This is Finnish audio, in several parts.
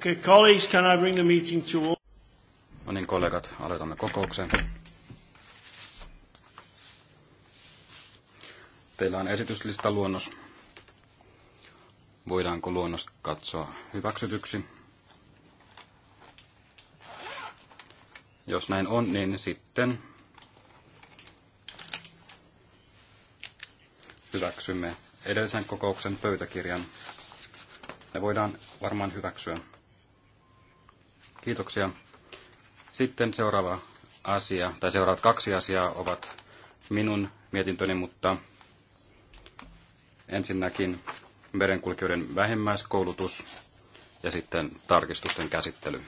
Okay, colleagues, can I bring the meeting to... No niin, kollegat, aloitamme kokouksen. Teillä on esityslista luonnos. Voidaanko luonnos katsoa hyväksytyksi? Jos näin on, niin sitten hyväksymme edellisen kokouksen pöytäkirjan. Ne voidaan varmaan hyväksyä. Kiitoksia. Sitten seuraava asia, tai seuraavat kaksi asiaa ovat minun mietintöni, mutta ensinnäkin merenkulkijoiden vähimmäiskoulutus ja sitten tarkistusten käsittely.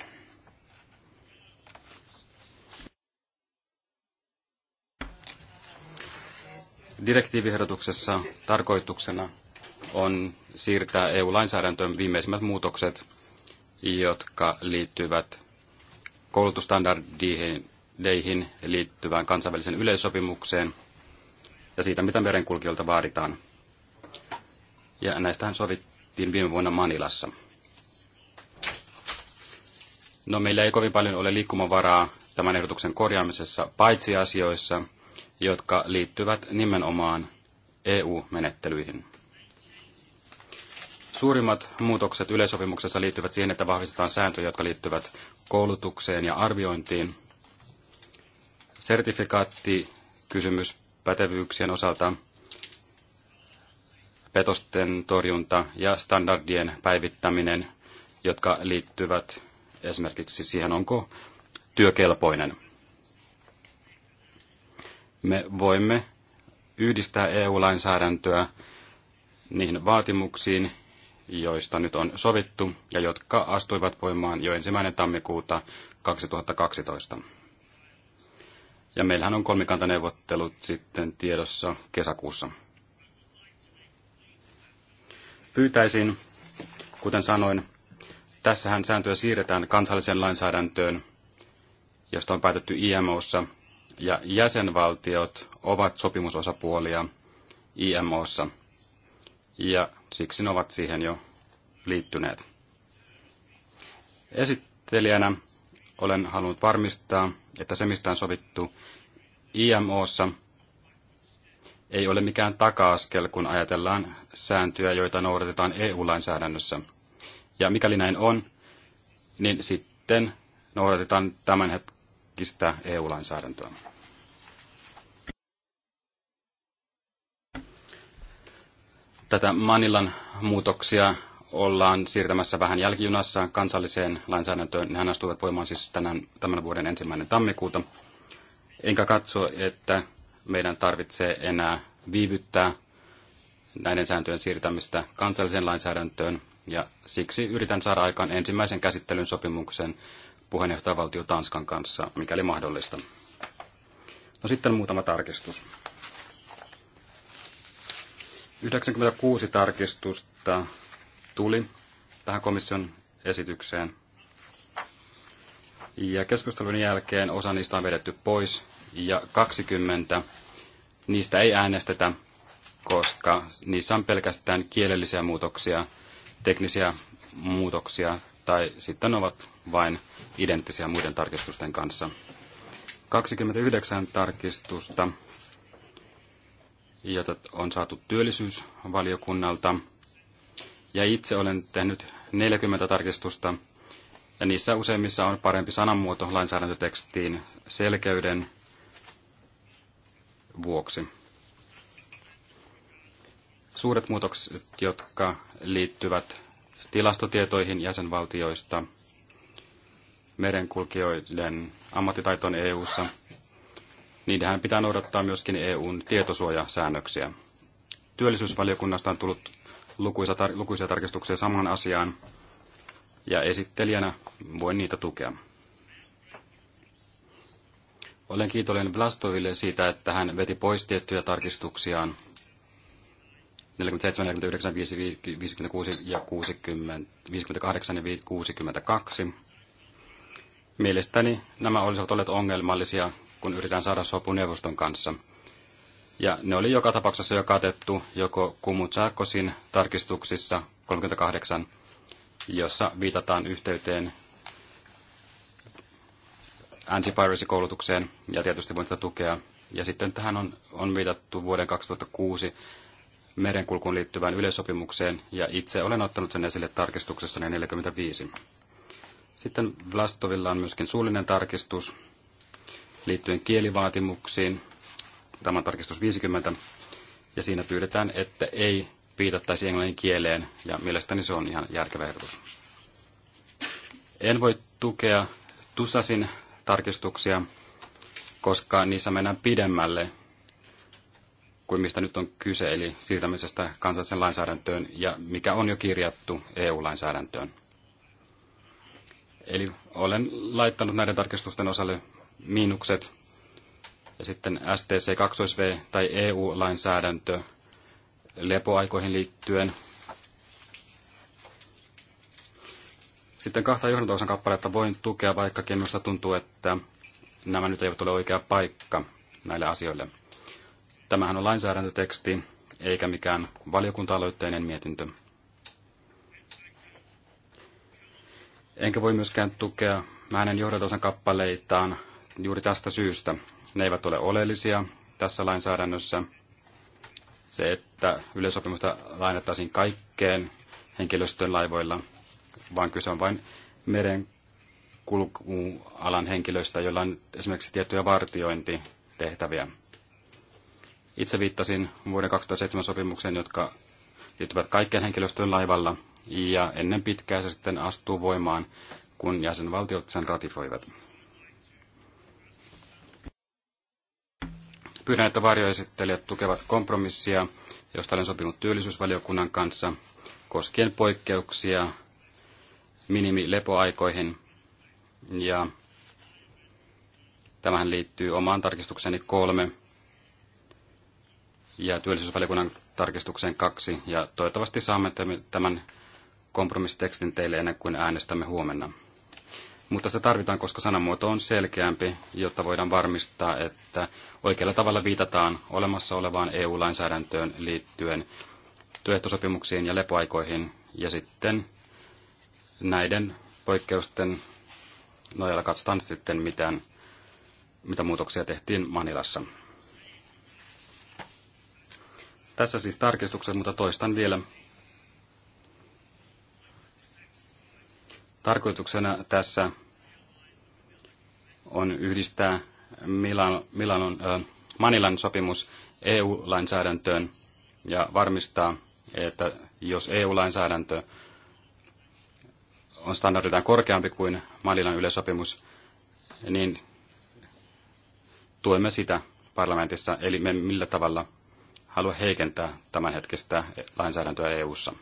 Direktiiviehdotuksessa tarkoituksena on siirtää EU-lainsäädäntöön viimeisimmät muutokset jotka liittyvät koulutustandardeihin liittyvään kansainväliseen yleissopimukseen ja siitä, mitä merenkulkijoilta vaaditaan. Ja näistähän sovittiin viime vuonna Manilassa. No meillä ei kovin paljon ole liikkumavaraa tämän ehdotuksen korjaamisessa, paitsi asioissa, jotka liittyvät nimenomaan EU-menettelyihin. Suurimmat muutokset yleisopimuksessa liittyvät siihen, että vahvistetaan sääntöjä, jotka liittyvät koulutukseen ja arviointiin. kysymys pätevyyksien osalta, petosten torjunta ja standardien päivittäminen, jotka liittyvät esimerkiksi siihen, onko työkelpoinen. Me voimme yhdistää EU-lainsäädäntöä niihin vaatimuksiin, joista nyt on sovittu ja jotka astuivat voimaan jo ensimmäinen tammikuuta 2012. Ja meillähän on kolmikantaneuvottelut sitten tiedossa kesäkuussa. Pyytäisin, kuten sanoin, tässähän sääntöä siirretään kansalliseen lainsäädäntöön, josta on päätetty IMOssa, ja jäsenvaltiot ovat sopimusosapuolia IMOssa – ja siksi ne ovat siihen jo liittyneet. Esittelijänä olen halunnut varmistaa, että se mistä on sovittu IMOssa ei ole mikään taka-askel, kun ajatellaan sääntöjä, joita noudatetaan EU-lainsäädännössä. Ja mikäli näin on, niin sitten noudatetaan tämänhetkistä EU-lainsäädäntöä. Tätä Manilan muutoksia ollaan siirtämässä vähän jälkijunassa kansalliseen lainsäädäntöön. Nehän astuvat voimaan siis tänään, tämän vuoden ensimmäinen tammikuuta. Enkä katso, että meidän tarvitsee enää viivyttää näiden sääntöjen siirtämistä kansalliseen lainsäädäntöön, ja siksi yritän saada aikaan ensimmäisen käsittelyn sopimuksen puheenjohtajavaltio Tanskan kanssa, mikäli mahdollista. No sitten muutama tarkistus. 96 tarkistusta tuli tähän komission esitykseen. Ja keskustelun jälkeen osa niistä on vedetty pois ja 20 niistä ei äänestetä, koska niissä on pelkästään kielellisiä muutoksia, teknisiä muutoksia tai sitten ovat vain identtisiä muiden tarkistusten kanssa. 29 tarkistusta jota on saatu työllisyysvaliokunnalta. Ja itse olen tehnyt 40 tarkistusta, ja niissä useimmissa on parempi sanamuoto lainsäädäntötekstiin selkeyden vuoksi. Suuret muutokset, jotka liittyvät tilastotietoihin jäsenvaltioista, merenkulkijoiden ammattitaitoon EU-ssa – niidenhän pitää noudattaa myöskin EUn tietosuojasäännöksiä. Työllisyysvaliokunnasta on tullut lukuisa tar- lukuisia tarkistuksia samaan asiaan, ja esittelijänä voin niitä tukea. Olen kiitollinen Vlastoville siitä, että hän veti pois tiettyjä tarkistuksiaan 47, 49, 56 ja 60, 58 ja 62. Mielestäni nämä olisivat olleet ongelmallisia kun yritetään saada sopu neuvoston kanssa. Ja ne oli joka tapauksessa jo katettu joko Tsaakosin tarkistuksissa 38, jossa viitataan yhteyteen anti-piracy-koulutukseen ja tietysti voin tätä tukea. Ja sitten tähän on, on viitattu vuoden 2006 merenkulkuun liittyvään yleissopimukseen ja itse olen ottanut sen esille tarkistuksessa 45. Sitten Vlastovilla on myöskin suullinen tarkistus, liittyen kielivaatimuksiin. Tämä on tarkistus 50. Ja siinä pyydetään, että ei viitattaisi englannin kieleen, ja mielestäni se on ihan järkevä ehdotus. En voi tukea Tusasin tarkistuksia, koska niissä mennään pidemmälle kuin mistä nyt on kyse, eli siirtämisestä kansallisen lainsäädäntöön ja mikä on jo kirjattu EU-lainsäädäntöön. Eli olen laittanut näiden tarkistusten osalle miinukset. Ja sitten STC 2V tai EU-lainsäädäntö lepoaikoihin liittyen. Sitten kahta johdantosan kappaletta voin tukea, vaikkakin minusta tuntuu, että nämä nyt eivät ole oikea paikka näille asioille. Tämähän on lainsäädäntöteksti, eikä mikään valiokunta-aloitteinen mietintö. Enkä voi myöskään tukea hänen johdantosan kappaleitaan juuri tästä syystä. Ne eivät ole oleellisia tässä lainsäädännössä. Se, että yleisopimusta lainattaisiin kaikkeen henkilöstön laivoilla, vaan kyse on vain meren kulkualan henkilöstä, joilla on esimerkiksi tiettyjä vartiointitehtäviä. Itse viittasin vuoden 2007 sopimukseen, jotka liittyvät kaikkeen henkilöstön laivalla, ja ennen pitkää se sitten astuu voimaan, kun jäsenvaltiot sen ratifoivat. Pyydän, että varjoesittelijät tukevat kompromissia, josta olen sopinut työllisyysvaliokunnan kanssa, koskien poikkeuksia minimilepoaikoihin. Ja tämähän liittyy omaan tarkistukseni kolme ja työllisyysvaliokunnan tarkistukseen kaksi. Ja toivottavasti saamme tämän kompromissitekstin teille ennen kuin äänestämme huomenna. Mutta se tarvitaan, koska sanamuoto on selkeämpi, jotta voidaan varmistaa, että oikealla tavalla viitataan olemassa olevaan EU-lainsäädäntöön liittyen työehtosopimuksiin ja lepoaikoihin ja sitten näiden poikkeusten nojalla katsotaan sitten, mitään, mitä muutoksia tehtiin Manilassa. Tässä siis tarkistukset, mutta toistan vielä. Tarkoituksena tässä on yhdistää Milan, Milanon, äh, Manilan sopimus EU-lainsäädäntöön ja varmistaa, että jos EU-lainsäädäntö on standardiltaan korkeampi kuin Manilan yleisopimus, niin tuemme sitä parlamentissa, eli me millä tavalla halua heikentää tämänhetkistä lainsäädäntöä EU:ssa.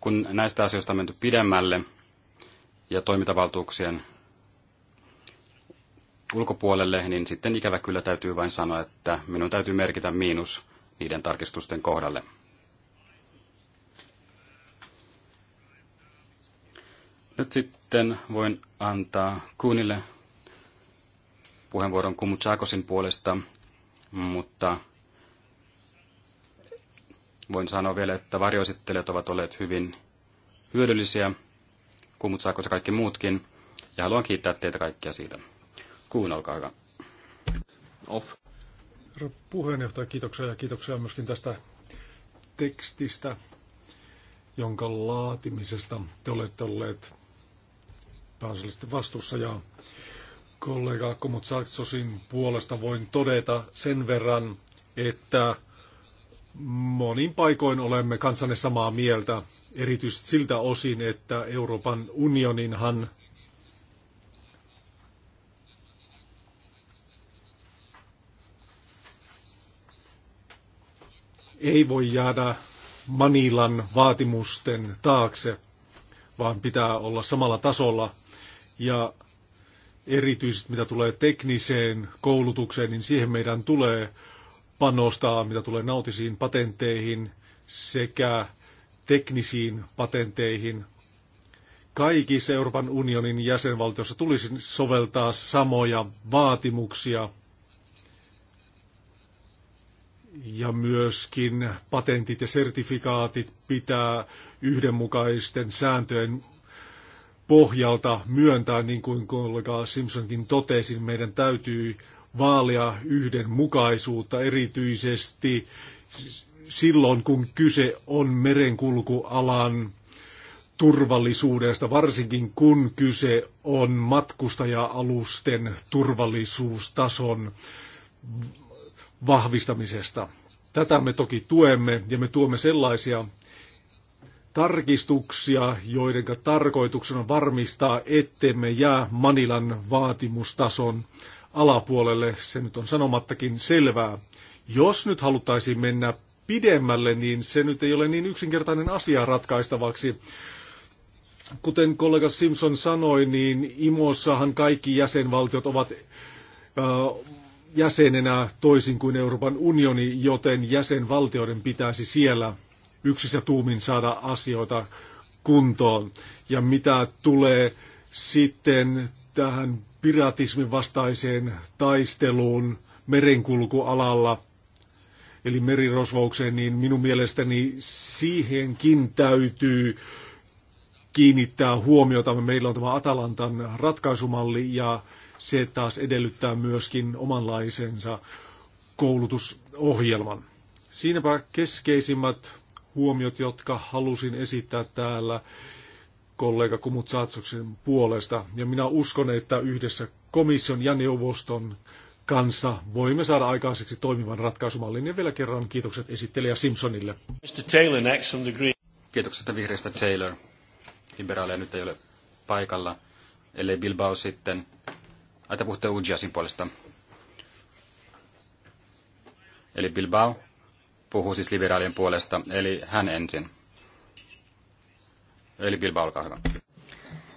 Kun näistä asioista on menty pidemmälle ja toimintavaltuuksien ulkopuolelle, niin sitten ikävä kyllä täytyy vain sanoa, että minun täytyy merkitä miinus niiden tarkistusten kohdalle. Nyt sitten voin antaa Kuunille puheenvuoron Kumutsakosin puolesta, mutta voin sanoa vielä, että varjoesittelijät ovat olleet hyvin hyödyllisiä, Kumutsakos ja kaikki muutkin, ja haluan kiittää teitä kaikkia siitä. Kuunnelkaa Off. Herra puheenjohtaja, kiitoksia ja kiitoksia myöskin tästä tekstistä, jonka laatimisesta te olette olleet pääasiallisesti vastuussa ja kollega Komut Saksosin puolesta voin todeta sen verran, että monin paikoin olemme kanssanne samaa mieltä, erityisesti siltä osin, että Euroopan unioninhan ei voi jäädä Manilan vaatimusten taakse, vaan pitää olla samalla tasolla. Ja erityisesti mitä tulee tekniseen koulutukseen, niin siihen meidän tulee panostaa, mitä tulee nautisiin patenteihin sekä teknisiin patenteihin. Kaikissa Euroopan unionin jäsenvaltiossa tulisi soveltaa samoja vaatimuksia – ja myöskin patentit ja sertifikaatit pitää yhdenmukaisten sääntöjen pohjalta myöntää, niin kuin kollega Simpsonkin totesi, meidän täytyy vaalia yhdenmukaisuutta erityisesti silloin, kun kyse on merenkulkualan turvallisuudesta, varsinkin kun kyse on matkustaja-alusten turvallisuustason vahvistamisesta. Tätä me toki tuemme ja me tuomme sellaisia tarkistuksia, joiden tarkoituksena on varmistaa, ettemme jää Manilan vaatimustason alapuolelle. Se nyt on sanomattakin selvää. Jos nyt haluttaisiin mennä pidemmälle, niin se nyt ei ole niin yksinkertainen asia ratkaistavaksi. Kuten kollega Simpson sanoi, niin Imossahan kaikki jäsenvaltiot ovat jäsenenä toisin kuin Euroopan unioni, joten jäsenvaltioiden pitäisi siellä yksissä tuumin saada asioita kuntoon. Ja mitä tulee sitten tähän piratismin vastaiseen taisteluun merenkulkualalla, eli merirosvoukseen, niin minun mielestäni siihenkin täytyy kiinnittää huomiota. Meillä on tämä Atalantan ratkaisumalli ja se taas edellyttää myöskin omanlaisensa koulutusohjelman. Siinäpä keskeisimmät huomiot, jotka halusin esittää täällä kollega Kumut Saatsoksen puolesta. Ja minä uskon, että yhdessä komission ja neuvoston kanssa voimme saada aikaiseksi toimivan ratkaisumallin. Ja vielä kerran kiitokset esittelijä Simpsonille. Mr. Taylor next the green. Kiitoksesta vihreistä Taylor. Liberaaleja nyt ei ole paikalla, ellei Bilbao sitten Aita te puhutte puolesta. Eli Bilbao puhuu siis liberaalien puolesta, eli hän ensin. Eli Bilbao, olkaa hyvä.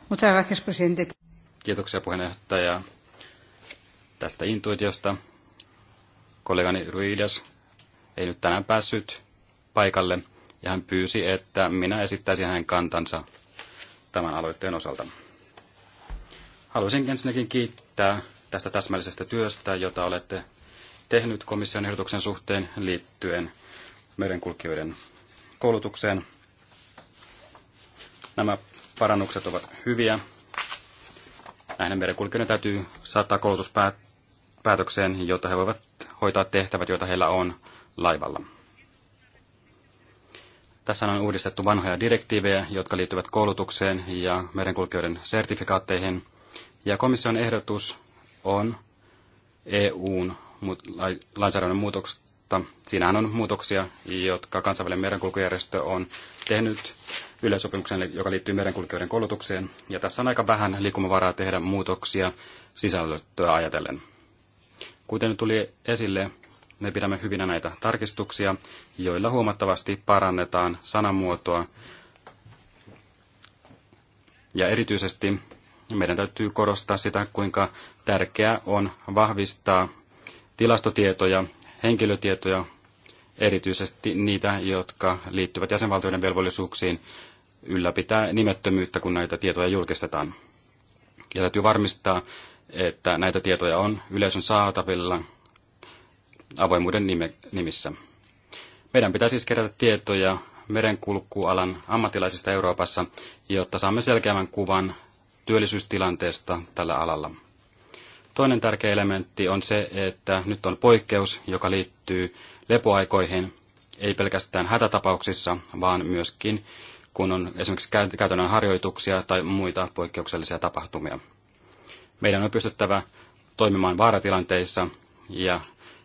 Muchas gracias, presidente. Kiitoksia puheenjohtaja tästä intuitiosta. Kollegani Ruidas ei nyt tänään päässyt paikalle ja hän pyysi, että minä esittäisin hänen kantansa tämän aloitteen osalta. Haluaisin ensinnäkin kiittää kiittää tästä täsmällisestä työstä, jota olette tehnyt komission ehdotuksen suhteen liittyen merenkulkijoiden koulutukseen. Nämä parannukset ovat hyviä. Näiden merenkulkijoiden täytyy saattaa koulutuspäätökseen, jotta he voivat hoitaa tehtävät, joita heillä on laivalla. Tässä on uudistettu vanhoja direktiivejä, jotka liittyvät koulutukseen ja merenkulkijoiden sertifikaatteihin – ja komission ehdotus on EUn lainsäädännön muutoksesta. Siinähän on muutoksia, jotka kansainvälinen merenkulkujärjestö on tehnyt yleisopimuksen, joka liittyy merenkulkijoiden koulutukseen. Ja tässä on aika vähän liikkumavaraa tehdä muutoksia sisältöä ajatellen. Kuten tuli esille, me pidämme hyvinä näitä tarkistuksia, joilla huomattavasti parannetaan sanamuotoa. Ja erityisesti meidän täytyy korostaa sitä, kuinka tärkeää on vahvistaa tilastotietoja, henkilötietoja, erityisesti niitä, jotka liittyvät jäsenvaltioiden velvollisuuksiin ylläpitää nimettömyyttä, kun näitä tietoja julkistetaan. Ja täytyy varmistaa, että näitä tietoja on yleisön saatavilla avoimuuden nimissä. Meidän pitää siis kerätä tietoja merenkulkualan ammattilaisista Euroopassa, jotta saamme selkeämmän kuvan työllisyystilanteesta tällä alalla. Toinen tärkeä elementti on se, että nyt on poikkeus, joka liittyy lepoaikoihin, ei pelkästään hätätapauksissa, vaan myöskin kun on esimerkiksi käytännön harjoituksia tai muita poikkeuksellisia tapahtumia. Meidän on pystyttävä toimimaan vaaratilanteissa, ja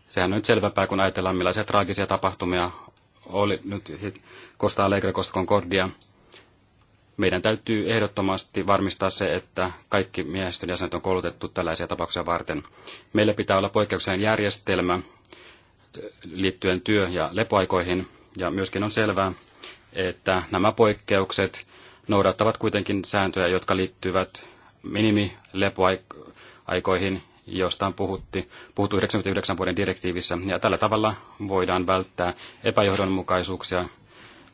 sehän on nyt selvempää, kun ajatellaan, millaisia traagisia tapahtumia oli nyt Costa Alegre, Costa Concordia meidän täytyy ehdottomasti varmistaa se, että kaikki miehistön jäsenet on koulutettu tällaisia tapauksia varten. Meillä pitää olla poikkeuksellinen järjestelmä liittyen työ- ja lepoaikoihin, ja myöskin on selvää, että nämä poikkeukset noudattavat kuitenkin sääntöjä, jotka liittyvät minimilepoaikoihin, josta on puhutti, puhuttu 99 vuoden direktiivissä, ja tällä tavalla voidaan välttää epäjohdonmukaisuuksia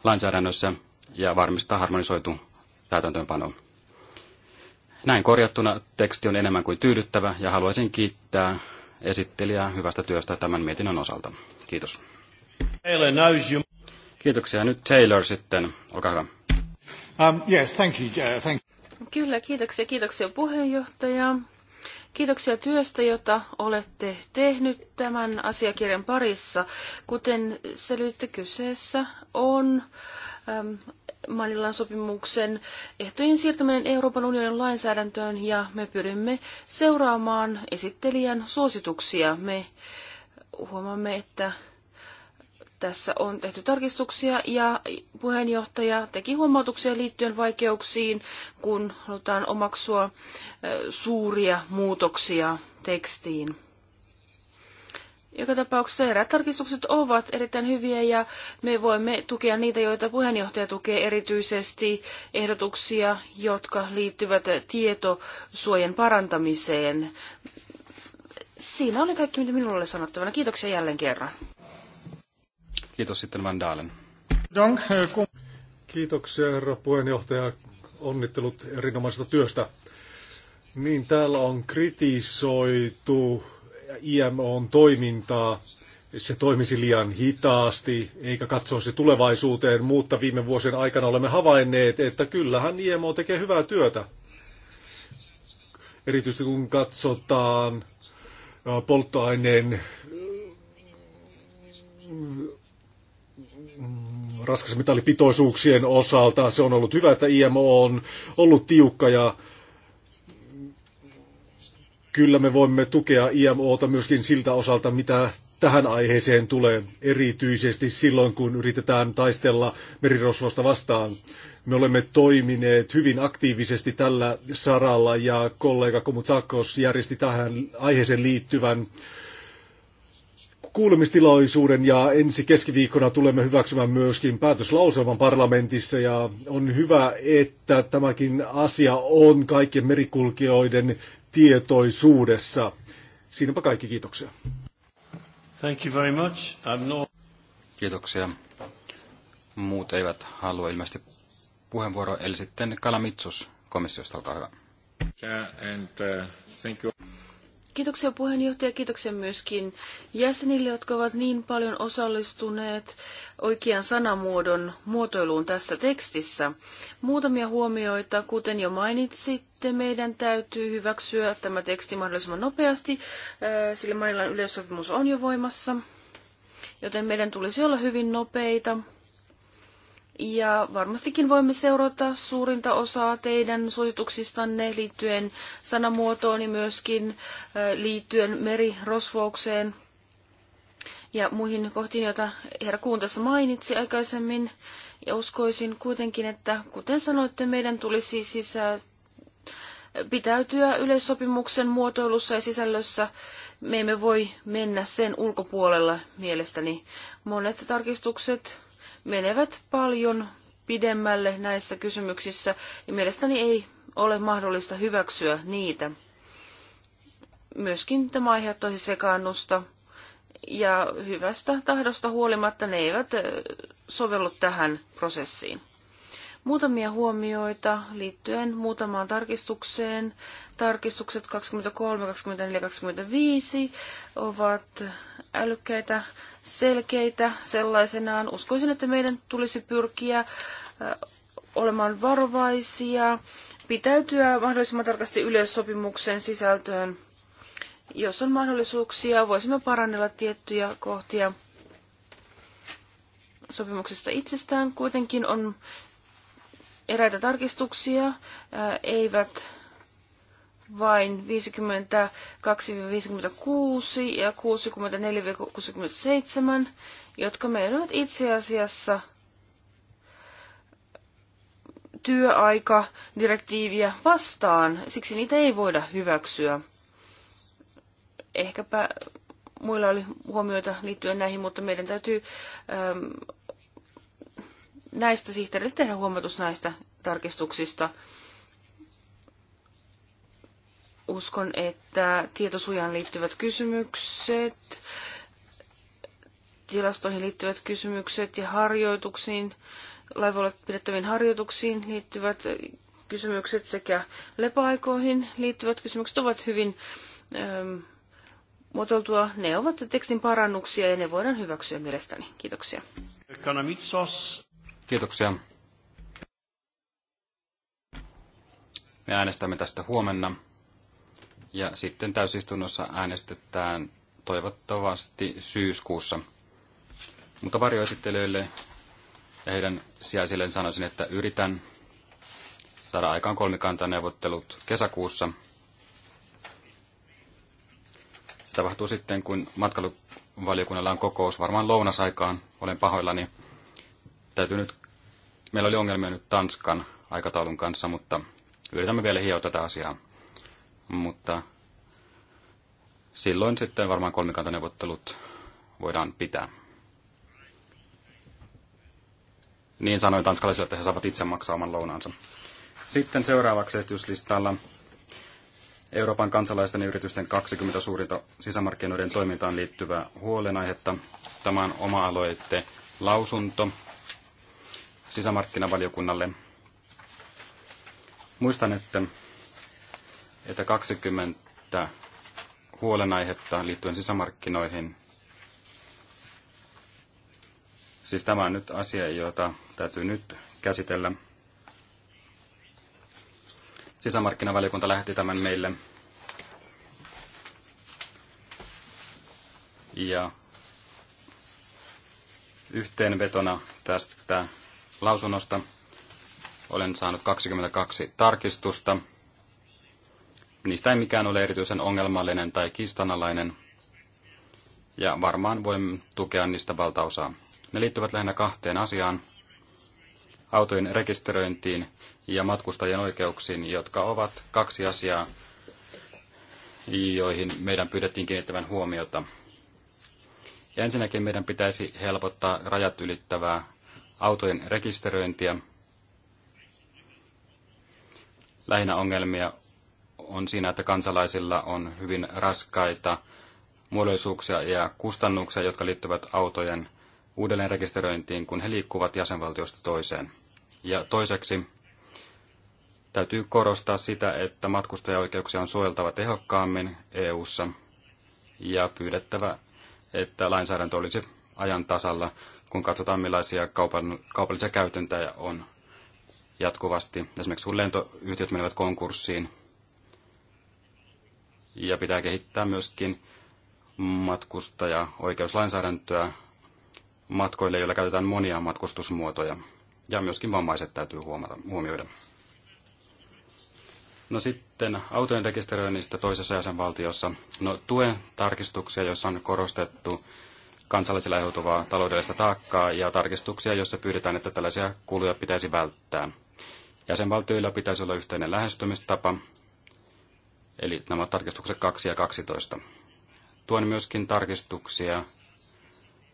lainsäädännössä ja varmistaa harmonisoitu täytäntöönpanoon. Näin korjattuna teksti on enemmän kuin tyydyttävä ja haluaisin kiittää esittelijää hyvästä työstä tämän mietinnön osalta. Kiitos. Kiitoksia. Nyt Taylor sitten. Olkaa hyvä. Um, yes, thank you. Yeah, uh, thank you. Kyllä, kiitoksia. Kiitoksia puheenjohtaja. Kiitoksia työstä, jota olette tehnyt tämän asiakirjan parissa. Kuten selitte, kyseessä on um, Manilan sopimuksen ehtojen siirtäminen Euroopan unionin lainsäädäntöön ja me pyrimme seuraamaan esittelijän suosituksia. Me huomaamme, että tässä on tehty tarkistuksia ja puheenjohtaja teki huomautuksia liittyen vaikeuksiin, kun halutaan omaksua suuria muutoksia tekstiin. Joka tapauksessa eräät tarkistukset ovat erittäin hyviä ja me voimme tukea niitä, joita puheenjohtaja tukee erityisesti ehdotuksia, jotka liittyvät tietosuojan parantamiseen. Siinä oli kaikki, mitä minulle oli sanottavana. Kiitoksia jälleen kerran. Kiitos sitten Van Dalen. Eh, Kiitoksia herra puheenjohtaja. Onnittelut erinomaisesta työstä. Niin täällä on kritisoitu IMOn toimintaa. Se toimisi liian hitaasti, eikä katsoisi tulevaisuuteen, mutta viime vuosien aikana olemme havainneet, että kyllähän IMO tekee hyvää työtä. Erityisesti kun katsotaan polttoaineen mm, raskasmetallipitoisuuksien osalta. Se on ollut hyvä, että IMO on ollut tiukka ja kyllä me voimme tukea IMOta myöskin siltä osalta, mitä tähän aiheeseen tulee, erityisesti silloin, kun yritetään taistella merirosvosta vastaan. Me olemme toimineet hyvin aktiivisesti tällä saralla ja kollega Komutsakos järjesti tähän aiheeseen liittyvän kuulemistilaisuuden ja ensi keskiviikkona tulemme hyväksymään myöskin päätöslauselman parlamentissa ja on hyvä, että tämäkin asia on kaikkien merikulkijoiden tietoisuudessa. Siinäpä kaikki, kiitoksia. Thank you very much. I'm not... Kiitoksia. Muut eivät halua ilmeisesti puheenvuoroa, eli sitten Kalamitsus komissiosta, olkaa hyvä. Yeah, and, uh, thank you. Kiitoksia puheenjohtaja, kiitoksia myöskin jäsenille, jotka ovat niin paljon osallistuneet oikean sanamuodon muotoiluun tässä tekstissä. Muutamia huomioita, kuten jo mainitsitte, meidän täytyy hyväksyä tämä teksti mahdollisimman nopeasti, äh, sillä Manilan yleissopimus on jo voimassa, joten meidän tulisi olla hyvin nopeita ja varmastikin voimme seurata suurinta osaa teidän suosituksistanne liittyen sanamuotoon ja myöskin liittyen merirosvoukseen ja muihin kohtiin, joita herra Kuun tässä mainitsi aikaisemmin. Ja uskoisin kuitenkin, että kuten sanoitte, meidän tulisi sisä, pitäytyä yleissopimuksen muotoilussa ja sisällössä. Me emme voi mennä sen ulkopuolella mielestäni. Monet tarkistukset menevät paljon pidemmälle näissä kysymyksissä ja mielestäni ei ole mahdollista hyväksyä niitä. Myöskin tämä aiheuttaisi sekaannusta ja hyvästä tahdosta huolimatta ne eivät sovellu tähän prosessiin. Muutamia huomioita liittyen muutamaan tarkistukseen, tarkistukset 23, 24, 25 ovat älykkäitä, selkeitä sellaisenaan. Uskoisin, että meidän tulisi pyrkiä olemaan varovaisia, pitäytyä mahdollisimman tarkasti yleissopimuksen sisältöön. Jos on mahdollisuuksia, voisimme parannella tiettyjä kohtia sopimuksesta itsestään. Kuitenkin on eräitä tarkistuksia, eivät vain 52-56 ja 64-67, jotka meidän itse asiassa työaikadirektiiviä vastaan. Siksi niitä ei voida hyväksyä. Ehkäpä muilla oli huomioita liittyen näihin, mutta meidän täytyy äm, näistä sihteerille tehdä huomautus näistä tarkistuksista uskon, että tietosuojaan liittyvät kysymykset, tilastoihin liittyvät kysymykset ja harjoituksiin, laivoilla pidettäviin harjoituksiin liittyvät kysymykset sekä lepoaikoihin liittyvät kysymykset ovat hyvin ähm, muotoiltua. Ne ovat tekstin parannuksia ja ne voidaan hyväksyä mielestäni. Kiitoksia. Kiitoksia. Me äänestämme tästä huomenna ja sitten täysistunnossa äänestetään toivottavasti syyskuussa. Mutta varjoesittelijöille ja heidän sijaisilleen sanoisin, että yritän saada aikaan kolmikantaneuvottelut kesäkuussa. Se tapahtuu sitten, kun matkailuvaliokunnalla on kokous varmaan lounasaikaan. Olen pahoillani. Täytyy nyt, meillä oli ongelmia nyt Tanskan aikataulun kanssa, mutta yritämme vielä hioa tätä asiaa mutta silloin sitten varmaan kolmikantaneuvottelut voidaan pitää. Niin sanoin tanskalaisille, että he saavat itse maksaa oman lounaansa. Sitten seuraavaksi esityslistalla Euroopan kansalaisten ja yritysten 20 suurinta sisämarkkinoiden toimintaan liittyvää huolenaihetta. Tämä on oma-aloitte lausunto sisämarkkinavaliokunnalle. Muistan, että että 20 huolenaihetta liittyen sisämarkkinoihin. Siis tämä on nyt asia, jota täytyy nyt käsitellä. Sisämarkkinavaliokunta lähti tämän meille. Ja yhteenvetona tästä lausunnosta olen saanut 22 tarkistusta niistä ei mikään ole erityisen ongelmallinen tai kiistanalainen, ja varmaan voimme tukea niistä valtaosaa. Ne liittyvät lähinnä kahteen asiaan, autojen rekisteröintiin ja matkustajien oikeuksiin, jotka ovat kaksi asiaa, joihin meidän pyydettiin kiinnittävän huomiota. Ja ensinnäkin meidän pitäisi helpottaa rajat ylittävää autojen rekisteröintiä. Lähinnä ongelmia on siinä, että kansalaisilla on hyvin raskaita muodollisuuksia ja kustannuksia, jotka liittyvät autojen uudelleenrekisteröintiin, kun he liikkuvat jäsenvaltiosta toiseen. Ja toiseksi täytyy korostaa sitä, että matkustajaoikeuksia on suojeltava tehokkaammin EU:ssa ja pyydettävä, että lainsäädäntö olisi ajan tasalla, kun katsotaan millaisia kaupan, kaupallisia käytäntöjä on jatkuvasti. Esimerkiksi kun lentoyhtiöt menevät konkurssiin, ja pitää kehittää myöskin matkustaja-oikeuslainsäädäntöä matkoille, joilla käytetään monia matkustusmuotoja. Ja myöskin vammaiset täytyy huomata, huomioida. No sitten autojen rekisteröinnistä toisessa jäsenvaltiossa. No tuen tarkistuksia, joissa on korostettu kansallisilla aiheutuvaa taloudellista taakkaa ja tarkistuksia, joissa pyydetään, että tällaisia kuluja pitäisi välttää. Jäsenvaltioilla pitäisi olla yhteinen lähestymistapa, Eli nämä tarkistukset 2 ja 12. Tuen myöskin tarkistuksia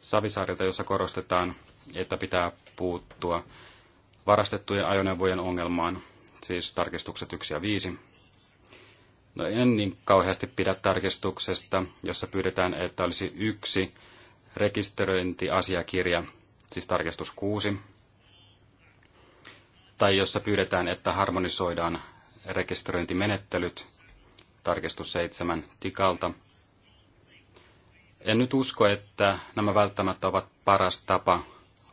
Savisaarilta, jossa korostetaan, että pitää puuttua varastettujen ajoneuvojen ongelmaan, siis tarkistukset 1 ja 5. No en niin kauheasti pidä tarkistuksesta, jossa pyydetään, että olisi yksi rekisteröintiasiakirja, siis tarkistus 6, tai jossa pyydetään, että harmonisoidaan rekisteröintimenettelyt – tarkistus seitsemän tikalta. En nyt usko, että nämä välttämättä ovat paras tapa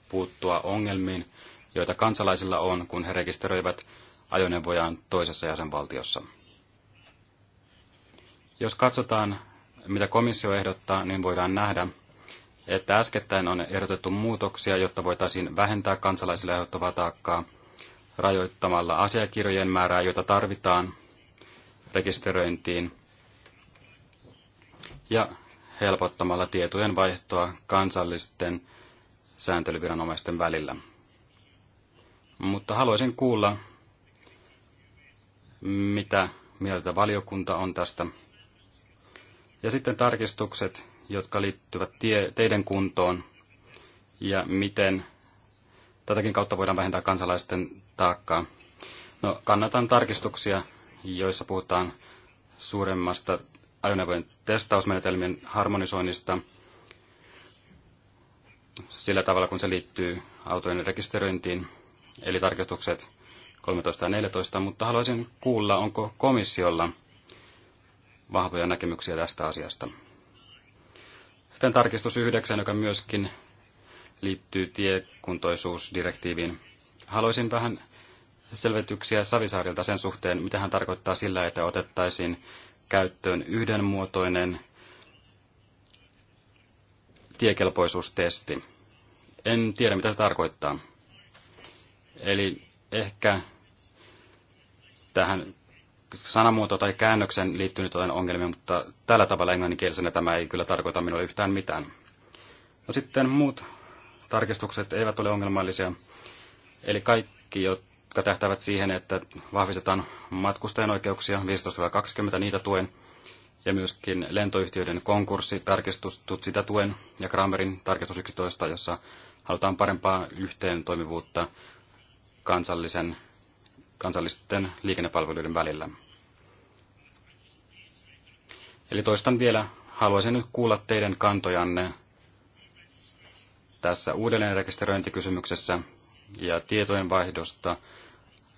puuttua ongelmiin, joita kansalaisilla on, kun he rekisteröivät ajoneuvojaan toisessa jäsenvaltiossa. Jos katsotaan, mitä komissio ehdottaa, niin voidaan nähdä, että äskettäin on ehdotettu muutoksia, jotta voitaisiin vähentää kansalaisille aiheuttavaa taakkaa rajoittamalla asiakirjojen määrää, jota tarvitaan rekisteröintiin ja helpottamalla tietojen vaihtoa kansallisten sääntelyviranomaisten välillä. Mutta haluaisin kuulla, mitä mieltä valiokunta on tästä. Ja sitten tarkistukset, jotka liittyvät tie, teidän kuntoon ja miten tätäkin kautta voidaan vähentää kansalaisten taakkaa. No, kannatan tarkistuksia, joissa puhutaan suuremmasta ajoneuvojen testausmenetelmien harmonisoinnista sillä tavalla, kun se liittyy autojen rekisteröintiin, eli tarkistukset 13 ja 14, mutta haluaisin kuulla, onko komissiolla vahvoja näkemyksiä tästä asiasta. Sitten tarkistus 9, joka myöskin liittyy tiekuntoisuusdirektiiviin. Haluaisin vähän selvityksiä Savisaarilta sen suhteen, mitä hän tarkoittaa sillä, että otettaisiin käyttöön yhdenmuotoinen tiekelpoisuustesti. En tiedä, mitä se tarkoittaa. Eli ehkä tähän sanamuoto tai käännöksen liittyy nyt ongelmia, mutta tällä tavalla englanninkielisenä tämä ei kyllä tarkoita minulle yhtään mitään. No sitten muut tarkistukset eivät ole ongelmallisia. Eli kaikki, jotka tähtävät siihen, että vahvistetaan matkustajan oikeuksia 15-20, niitä tuen, ja myöskin lentoyhtiöiden tarkistustut sitä tuen, ja Kramerin tarkistus 11, jossa halutaan parempaa yhteen toimivuutta kansallisen, kansallisten liikennepalveluiden välillä. Eli toistan vielä, haluaisin nyt kuulla teidän kantojanne tässä uudelleenrekisteröintikysymyksessä ja tietojen vaihdosta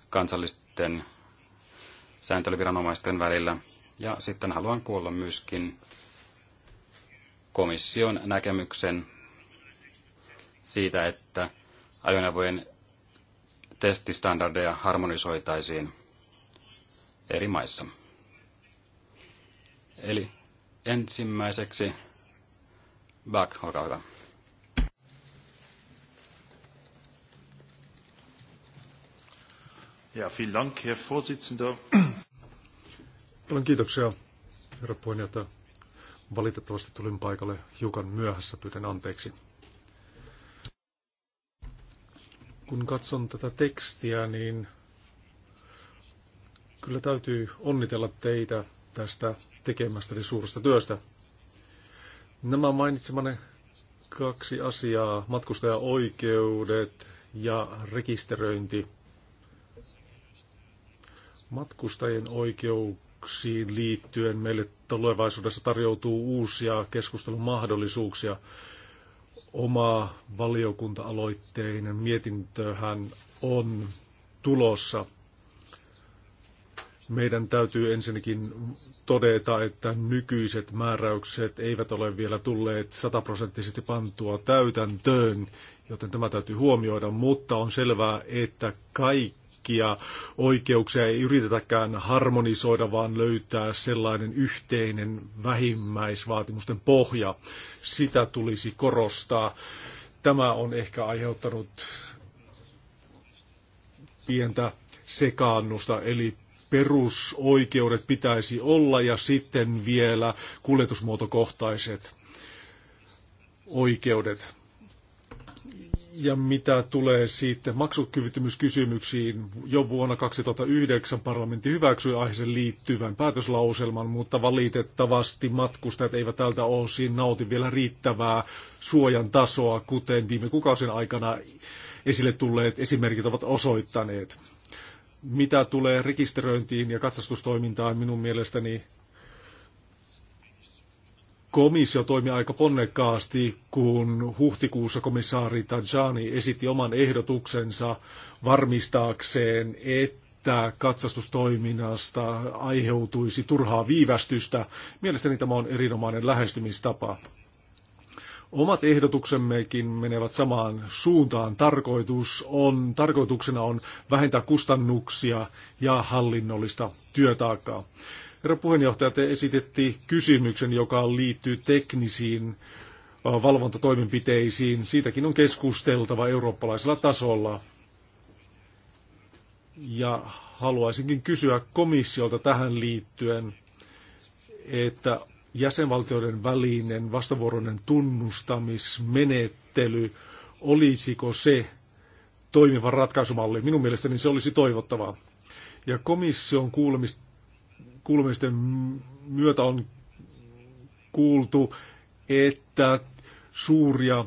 kansallisten sääntelyviranomaisten välillä. Ja sitten haluan kuulla myöskin komission näkemyksen siitä, että ajoneuvojen testistandardeja harmonisoitaisiin eri maissa. Eli ensimmäiseksi Back, olkaa hyvä. Ja, vielen Dank, Herr Vorsitzender. Paljon kiitoksia, herra puheenjohtaja. Valitettavasti tulin paikalle hiukan myöhässä, pyydän anteeksi. Kun katson tätä tekstiä, niin kyllä täytyy onnitella teitä tästä tekemästäni suuresta työstä. Nämä mainitsemanne kaksi asiaa, matkustajaoikeudet ja rekisteröinti, Matkustajien oikeuksiin liittyen meille tulevaisuudessa tarjoutuu uusia keskustelumahdollisuuksia. Oma valiokunta-aloitteinen mietintöhän on tulossa. Meidän täytyy ensinnäkin todeta, että nykyiset määräykset eivät ole vielä tulleet sataprosenttisesti pantua täytäntöön, joten tämä täytyy huomioida, mutta on selvää, että kaikki kaikkia oikeuksia ei yritetäkään harmonisoida, vaan löytää sellainen yhteinen vähimmäisvaatimusten pohja. Sitä tulisi korostaa. Tämä on ehkä aiheuttanut pientä sekaannusta, eli perusoikeudet pitäisi olla ja sitten vielä kuljetusmuotokohtaiset oikeudet. Ja mitä tulee sitten maksukyvyttömyyskysymyksiin, jo vuonna 2009 parlamentti hyväksyi aiheeseen liittyvän päätöslauselman, mutta valitettavasti matkustajat eivät tältä osin nauti vielä riittävää suojan tasoa, kuten viime kuukausien aikana esille tulleet esimerkit ovat osoittaneet. Mitä tulee rekisteröintiin ja katsastustoimintaan, minun mielestäni komissio toimi aika ponnekkaasti, kun huhtikuussa komissaari Tajani esitti oman ehdotuksensa varmistaakseen, että katsastustoiminnasta aiheutuisi turhaa viivästystä. Mielestäni tämä on erinomainen lähestymistapa. Omat ehdotuksemmekin menevät samaan suuntaan. Tarkoitus on, tarkoituksena on vähentää kustannuksia ja hallinnollista työtaakkaa. Herra puheenjohtaja, te esitetti kysymyksen, joka liittyy teknisiin valvontatoimenpiteisiin. Siitäkin on keskusteltava eurooppalaisella tasolla. Ja haluaisinkin kysyä komissiolta tähän liittyen, että jäsenvaltioiden välinen vastavuoroinen tunnustamismenettely, olisiko se toimiva ratkaisumalli? Minun mielestäni se olisi toivottavaa. Ja komission kuulemista kuulumisten myötä on kuultu, että suuria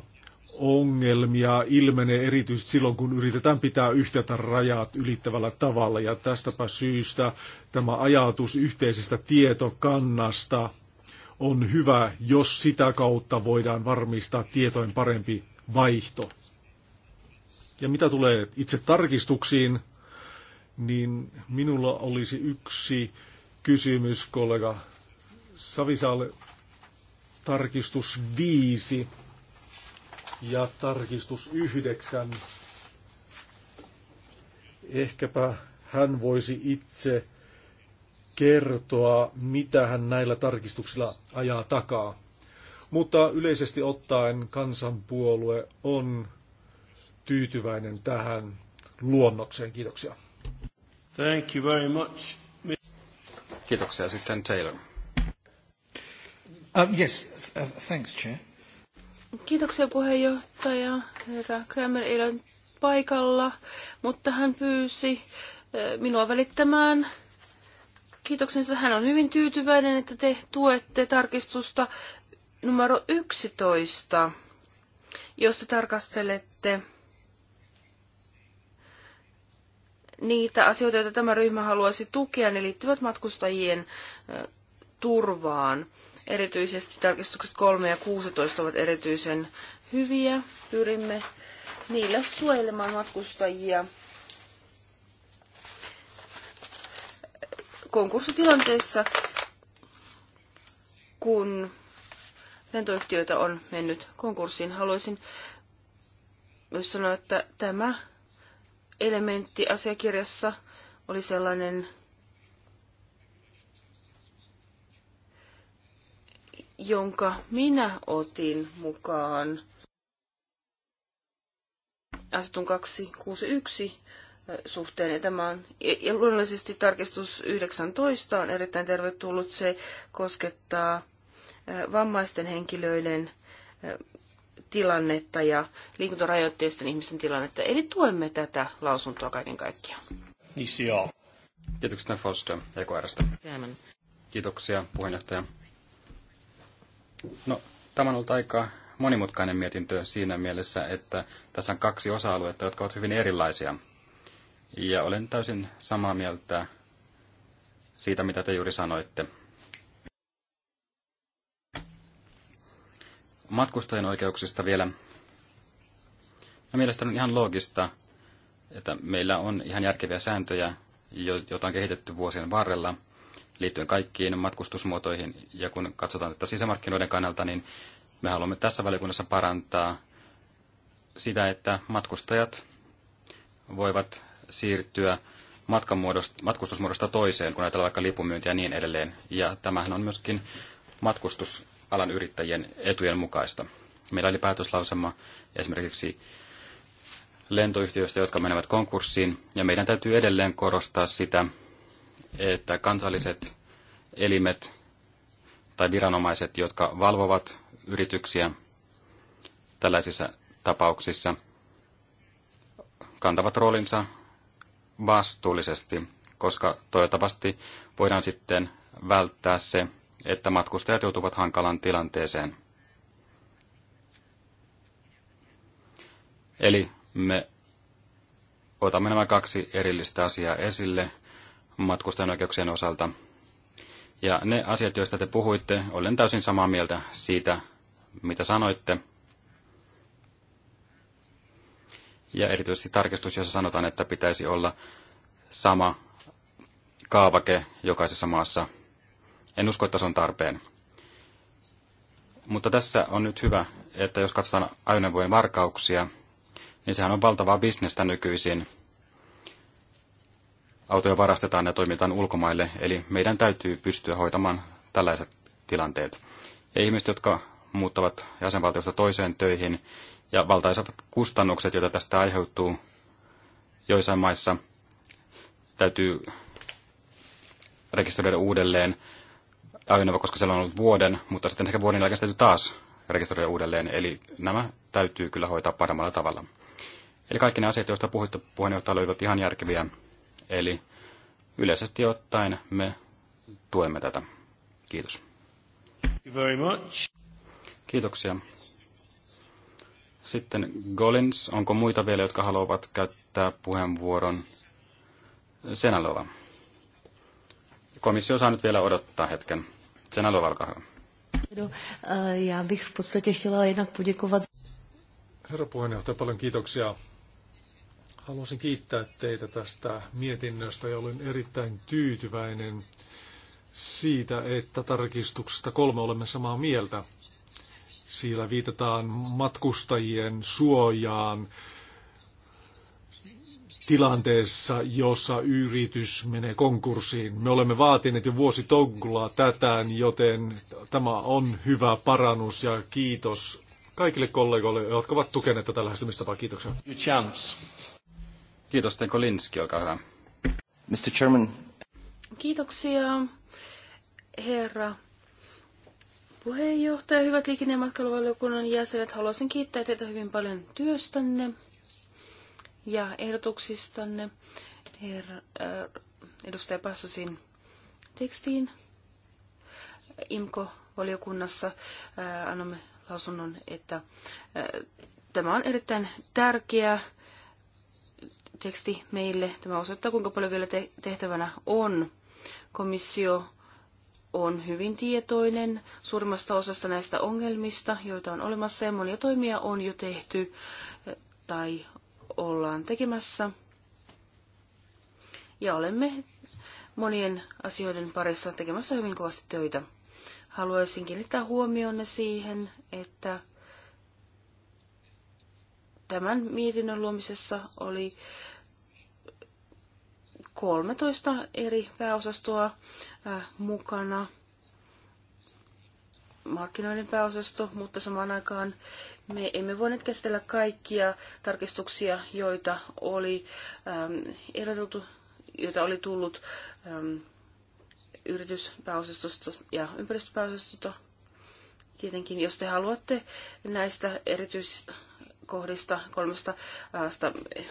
ongelmia ilmenee erityisesti silloin, kun yritetään pitää yhtä rajat ylittävällä tavalla. Ja tästäpä syystä tämä ajatus yhteisestä tietokannasta on hyvä, jos sitä kautta voidaan varmistaa tietojen parempi vaihto. Ja mitä tulee itse tarkistuksiin, niin minulla olisi yksi kysymys kollega Savisaalle. Tarkistus 5 ja tarkistus 9. Ehkäpä hän voisi itse kertoa, mitä hän näillä tarkistuksilla ajaa takaa. Mutta yleisesti ottaen kansanpuolue on tyytyväinen tähän luonnokseen. Kiitoksia. Thank you very much. Kiitoksia sitten Taylor. Um, yes, uh, thanks, Chair. Kiitoksia puheenjohtaja. Herra Kramer ei ole paikalla, mutta hän pyysi eh, minua välittämään kiitoksensa. Hän on hyvin tyytyväinen, että te tuette tarkistusta numero 11, jossa tarkastelette niitä asioita, joita tämä ryhmä haluaisi tukea, ne liittyvät matkustajien turvaan. Erityisesti tarkistukset 3 ja 16 ovat erityisen hyviä. Pyrimme niillä suojelemaan matkustajia konkurssitilanteessa, kun lentoyhtiöitä on mennyt konkurssiin. Haluaisin myös sanoa, että tämä elementti asiakirjassa oli sellainen, jonka minä otin mukaan asetun 261 suhteen. Ja, tämä on, ja luonnollisesti tarkistus 19 on erittäin tervetullut. Se koskettaa vammaisten henkilöiden tilannetta ja liikuntarajoitteisten ihmisten tilannetta. Eli tuemme tätä lausuntoa kaiken kaikkiaan. Isio. Niin Kiitoksia Foster EKRstä. Kiitoksia puheenjohtaja. No, tämä on ollut aika monimutkainen mietintö siinä mielessä, että tässä on kaksi osa-aluetta, jotka ovat hyvin erilaisia. Ja olen täysin samaa mieltä siitä, mitä te juuri sanoitte. matkustajien oikeuksista vielä. Ja mielestäni on ihan loogista, että meillä on ihan järkeviä sääntöjä, joita on kehitetty vuosien varrella liittyen kaikkiin matkustusmuotoihin. Ja kun katsotaan tätä sisämarkkinoiden kannalta, niin me haluamme tässä valiokunnassa parantaa sitä, että matkustajat voivat siirtyä matkustusmuodosta toiseen, kun ajatellaan vaikka lipunmyyntiä ja niin edelleen. Ja tämähän on myöskin matkustus alan yrittäjien etujen mukaista. Meillä oli päätöslausema esimerkiksi lentoyhtiöistä, jotka menevät konkurssiin, ja meidän täytyy edelleen korostaa sitä, että kansalliset elimet tai viranomaiset, jotka valvovat yrityksiä tällaisissa tapauksissa, kantavat roolinsa vastuullisesti, koska toivottavasti voidaan sitten välttää se, että matkustajat joutuvat hankalan tilanteeseen. Eli me otamme nämä kaksi erillistä asiaa esille matkustajan oikeuksien osalta. Ja ne asiat, joista te puhuitte, olen täysin samaa mieltä siitä, mitä sanoitte. Ja erityisesti tarkistus, jossa sanotaan, että pitäisi olla sama kaavake jokaisessa maassa – en usko, että se on tarpeen. Mutta tässä on nyt hyvä, että jos katsotaan ajoneuvojen varkauksia, niin sehän on valtavaa bisnestä nykyisin. Autoja varastetaan ja toimitaan ulkomaille, eli meidän täytyy pystyä hoitamaan tällaiset tilanteet. Ja ihmiset, jotka muuttavat jäsenvaltiosta toiseen töihin, ja valtaisat kustannukset, joita tästä aiheutuu joissain maissa, täytyy rekisteröidä uudelleen ajoneuvo, koska siellä on ollut vuoden, mutta sitten ehkä vuoden jälkeen täytyy taas rekisteröidä uudelleen. Eli nämä täytyy kyllä hoitaa paremmalla tavalla. Eli kaikki ne asiat, joista puhuttu puheenjohtaja, olivat ihan järkeviä. Eli yleisesti ottaen me tuemme tätä. Kiitos. Thank you very much. Kiitoksia. Sitten Golins, onko muita vielä, jotka haluavat käyttää puheenvuoron? Senalova. Komissio saa nyt vielä odottaa hetken. Cena do hyvä. Já bych v podstatě chtěla jednak poděkovat. Herra puheenjohtaja, paljon kiitoksia. Haluaisin kiittää teitä tästä mietinnöstä ja olen erittäin tyytyväinen siitä, että tarkistuksesta kolme olemme samaa mieltä. Siellä viitataan matkustajien suojaan, tilanteessa, jossa yritys menee konkurssiin. Me olemme vaatineet jo vuosi tonkulaa tätään, joten tämä on hyvä parannus ja kiitos kaikille kollegoille, jotka ovat tukeneet tätä lähestymistapaa. Kiitoksia. Kiitos, Tenko Linski, olkaa hyvä. Mr. Chairman. Kiitoksia, herra puheenjohtaja, hyvät liikenne- ja matkailuvaliokunnan jäsenet. Haluaisin kiittää teitä hyvin paljon työstänne ja ehdotuksistanne her, äh, edustaja Passosin tekstiin. IMKO-valiokunnassa äh, annamme lausunnon, että äh, tämä on erittäin tärkeä teksti meille. Tämä osoittaa, kuinka paljon vielä te- tehtävänä on. Komissio on hyvin tietoinen suurimmasta osasta näistä ongelmista, joita on olemassa, ja monia toimia on jo tehty äh, tai ollaan tekemässä. Ja olemme monien asioiden parissa tekemässä hyvin kovasti töitä. Haluaisin kiinnittää huomionne siihen, että tämän mietinnön luomisessa oli 13 eri pääosastoa äh, mukana. Markkinoiden pääosasto, mutta samaan aikaan me emme voineet käsitellä kaikkia tarkistuksia, joita oli ähm, ehdotettu, joita oli tullut ähm, yrityspääosastosta ja ympäristöpääosastosta. Tietenkin, jos te haluatte näistä erityiskohdista, kolmesta alasta äh,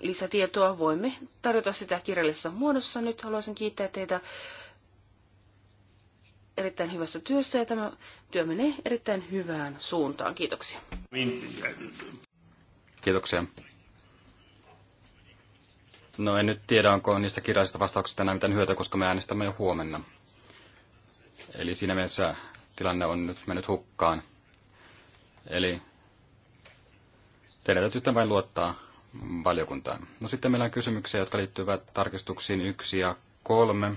lisätietoa, voimme tarjota sitä kirjallisessa muodossa. Nyt haluaisin kiittää teitä erittäin hyvässä työssä ja tämä työ menee erittäin hyvään suuntaan. Kiitoksia. Kiitoksia. No en nyt tiedä, onko niistä kirjallisista vastauksista enää mitään hyötyä, koska me äänestämme jo huomenna. Eli siinä mielessä tilanne on nyt mennyt hukkaan. Eli teidän täytyy vain luottaa valiokuntaan. No sitten meillä on kysymyksiä, jotka liittyvät tarkistuksiin 1 ja 3.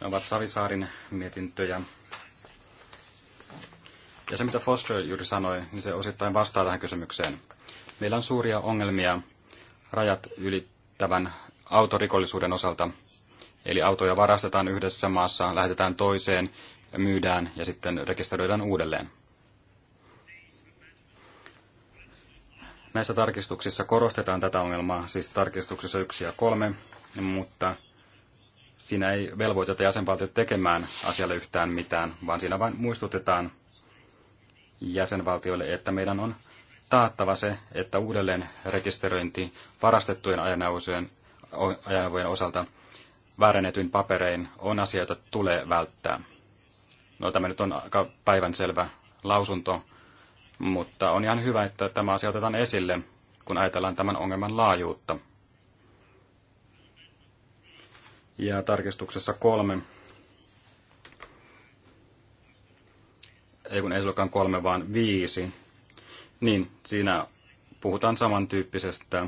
Ne ovat Savisaarin mietintöjä. Ja se, mitä Foster juuri sanoi, niin se osittain vastaa tähän kysymykseen. Meillä on suuria ongelmia rajat ylittävän autorikollisuuden osalta. Eli autoja varastetaan yhdessä maassa, lähetetään toiseen, myydään ja sitten rekisteröidään uudelleen. Näissä tarkistuksissa korostetaan tätä ongelmaa, siis tarkistuksissa 1 ja 3, mutta siinä ei velvoiteta jäsenvaltiot tekemään asialle yhtään mitään, vaan siinä vain muistutetaan jäsenvaltioille, että meidän on taattava se, että uudelleen rekisteröinti varastettujen ajoneuvojen, osalta väärennetyin paperein on asia, jota tulee välttää. No, tämä nyt on aika päivänselvä lausunto, mutta on ihan hyvä, että tämä asia otetaan esille, kun ajatellaan tämän ongelman laajuutta – ja tarkistuksessa kolme, ei kun ei olekaan kolme, vaan viisi, niin siinä puhutaan samantyyppisestä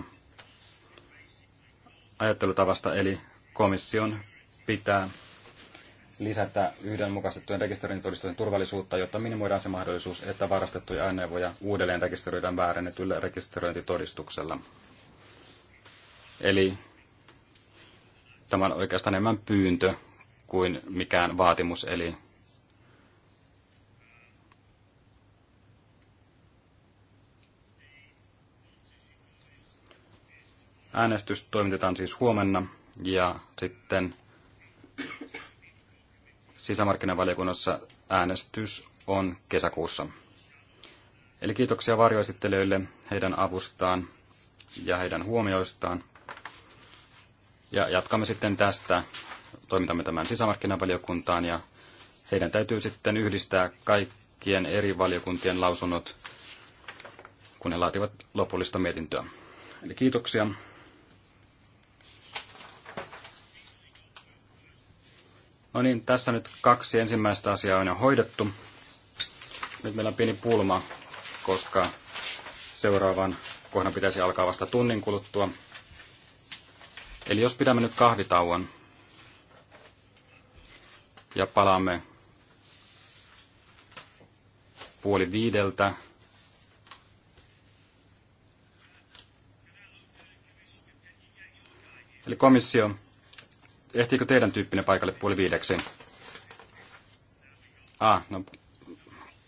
ajattelutavasta, eli komission pitää lisätä yhdenmukaistettujen rekisteröintitodistusten turvallisuutta, jotta minimoidaan se mahdollisuus, että varastettuja aineivoja uudelleen rekisteröidään väärennetyllä rekisteröintitodistuksella. Eli Tämä on oikeastaan enemmän pyyntö kuin mikään vaatimus, eli Äänestys toimitetaan siis huomenna ja sitten sisämarkkinavaliokunnassa äänestys on kesäkuussa. Eli kiitoksia varjoesittelijöille heidän avustaan ja heidän huomioistaan. Ja jatkamme sitten tästä, toimitamme tämän sisämarkkinavaliokuntaan ja heidän täytyy sitten yhdistää kaikkien eri valiokuntien lausunnot, kun he laativat lopullista mietintöä. Eli kiitoksia. No niin, tässä nyt kaksi ensimmäistä asiaa on jo hoidettu. Nyt meillä on pieni pulma, koska seuraavan kohdan pitäisi alkaa vasta tunnin kuluttua. Eli jos pidämme nyt kahvitauon ja palaamme puoli viideltä Eli komissio, ehtiikö teidän tyyppinen paikalle puoli viideksi? Ah, no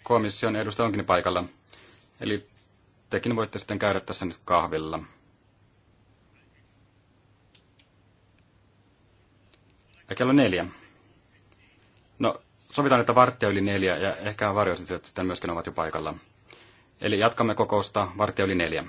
komission edustaja onkin paikalla. Eli tekin voitte sitten käydä tässä nyt kahvilla. Ja kello neljä. No, sovitaan, että varttia yli neljä ja ehkä varjoisit, että sitten myöskin ovat jo paikalla. Eli jatkamme kokousta varttia yli neljä.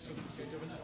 sobre usted, yo me la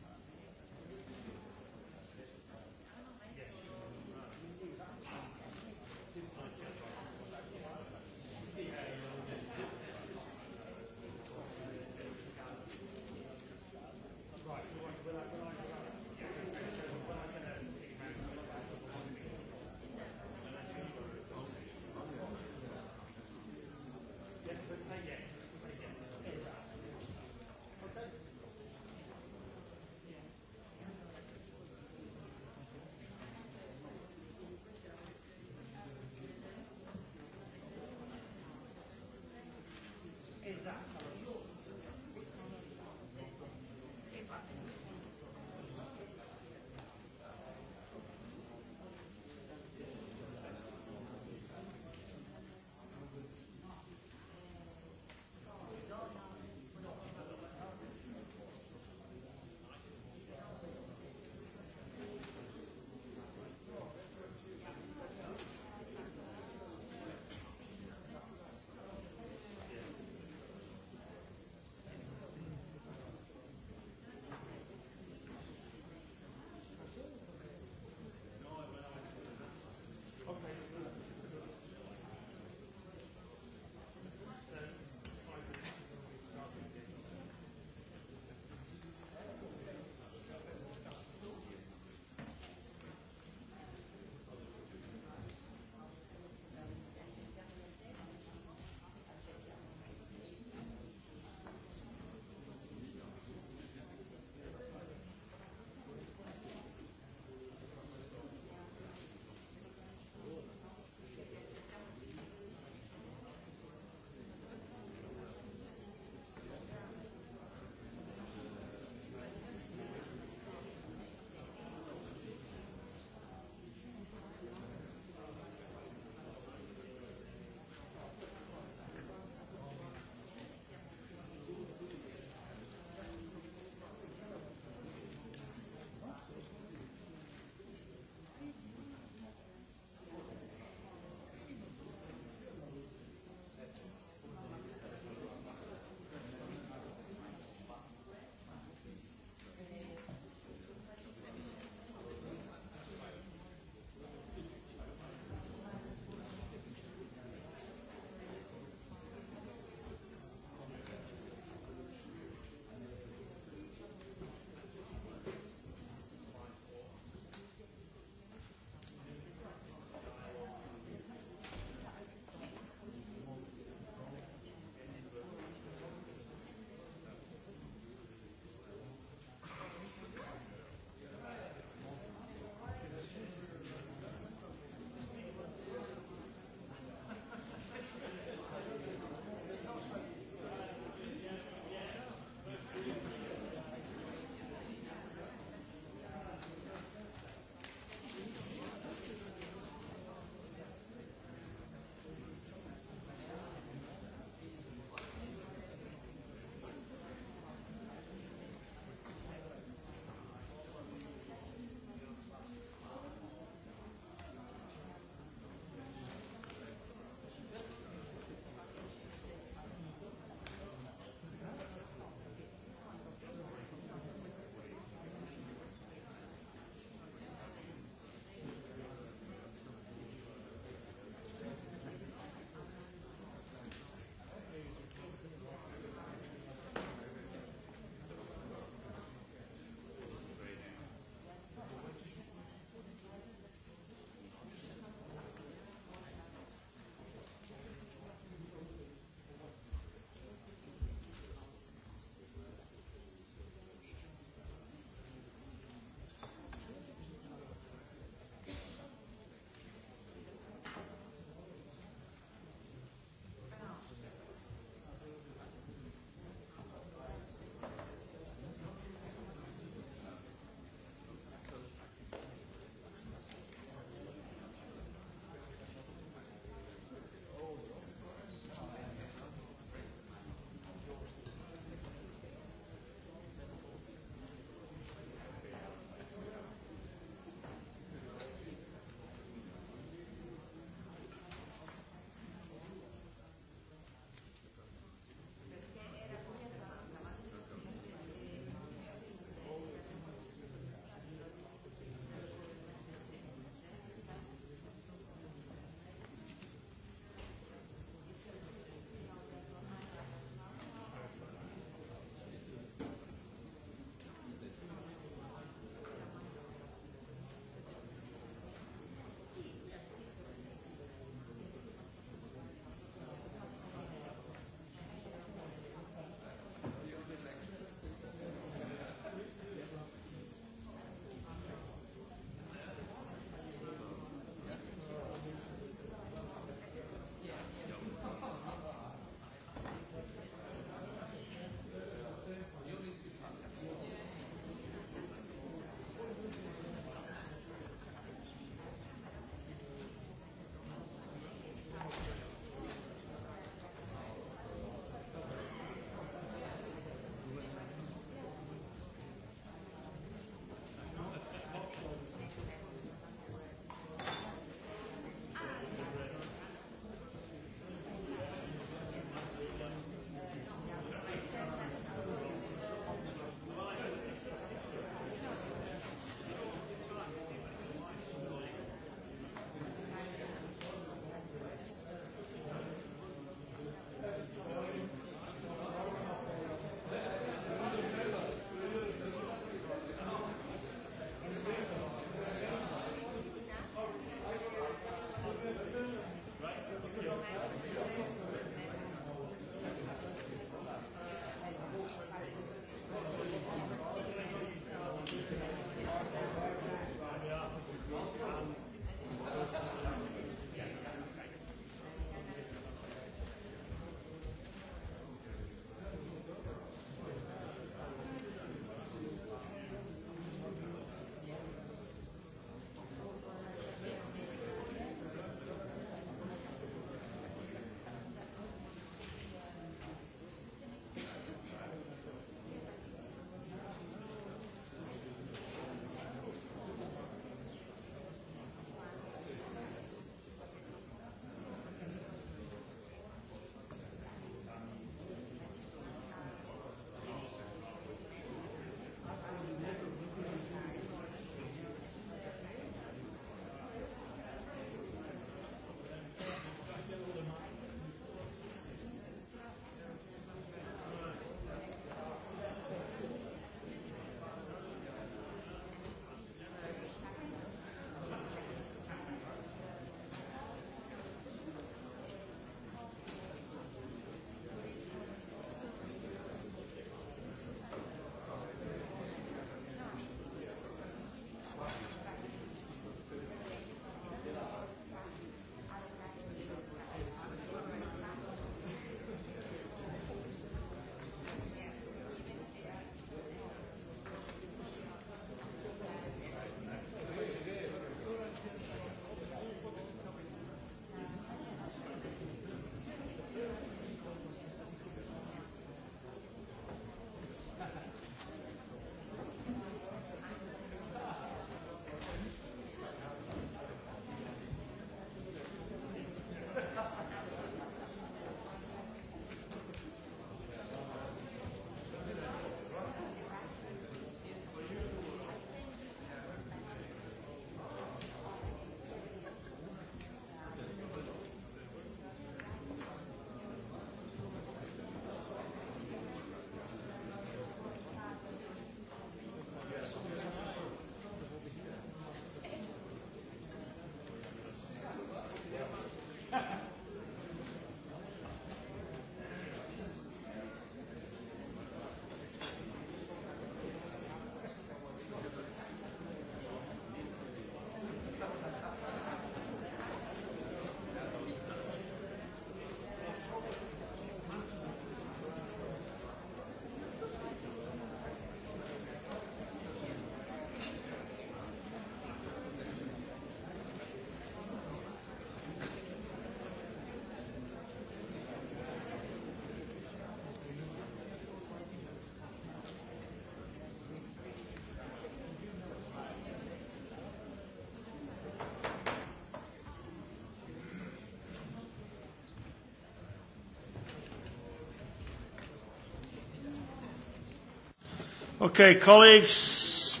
Okay, colleagues,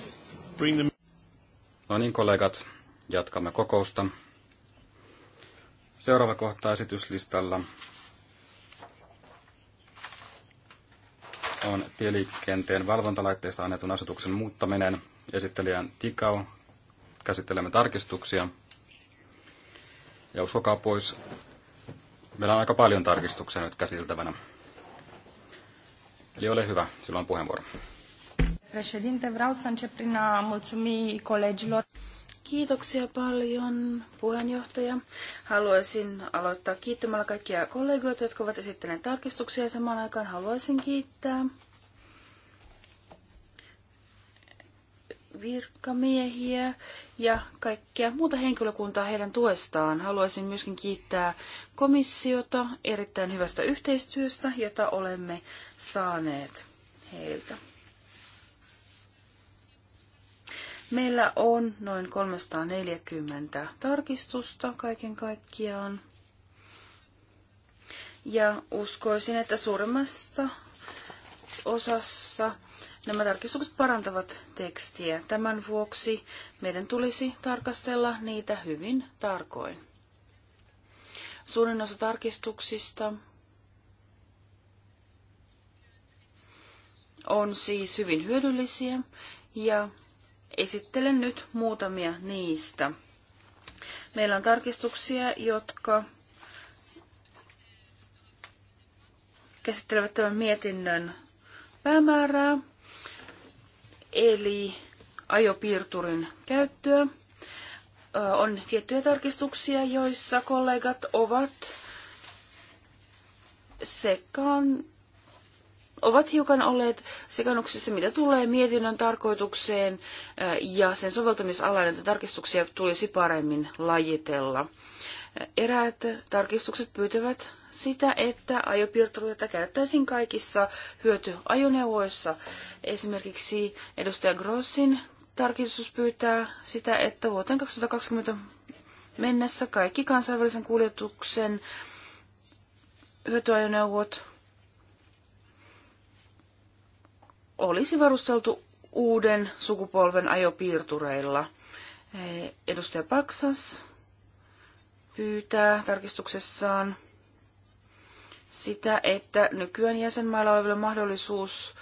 bring No niin, kollegat, jatkamme kokousta. Seuraava kohta esityslistalla on tieliikenteen valvontalaitteista annetun asetuksen muuttaminen. Esittelijän Tikau. Käsittelemme tarkistuksia. Ja uskokaa pois, meillä on aika paljon tarkistuksia nyt käsiteltävänä. Eli ole hyvä, silloin puheenvuoro președinte. Vreau să încep prin a mulțumi colegilor. Kiitoksia paljon, puheenjohtaja. Haluaisin aloittaa kiittämällä kaikkia kollegoita, jotka ovat esittäneet tarkistuksia ja samaan aikaan haluaisin kiittää virkamiehiä ja kaikkia muuta henkilökuntaa heidän tuestaan. Haluaisin myöskin kiittää komissiota erittäin hyvästä yhteistyöstä, jota olemme saaneet heiltä. Meillä on noin 340 tarkistusta kaiken kaikkiaan. Ja uskoisin, että suurimmasta osassa nämä tarkistukset parantavat tekstiä. Tämän vuoksi meidän tulisi tarkastella niitä hyvin tarkoin. Suurin osa tarkistuksista on siis hyvin hyödyllisiä ja Esittelen nyt muutamia niistä. Meillä on tarkistuksia, jotka käsittelevät tämän mietinnön päämäärää, eli ajopiirturin käyttöä. On tiettyjä tarkistuksia, joissa kollegat ovat sekaan ovat hiukan olleet sekannuksessa, mitä tulee mietinnön tarkoitukseen ja sen soveltamisalan, että tarkistuksia tulisi paremmin lajitella. Eräät tarkistukset pyytävät sitä, että ajopiirtureita käyttäisiin kaikissa hyötyajoneuvoissa. Esimerkiksi edustaja Grossin tarkistus pyytää sitä, että vuoteen 2020 mennessä kaikki kansainvälisen kuljetuksen hyötyajoneuvot olisi varusteltu uuden sukupolven ajopiirtureilla. Edustaja Paksas pyytää tarkistuksessaan sitä, että nykyään jäsenmailla oleville mahdollisuus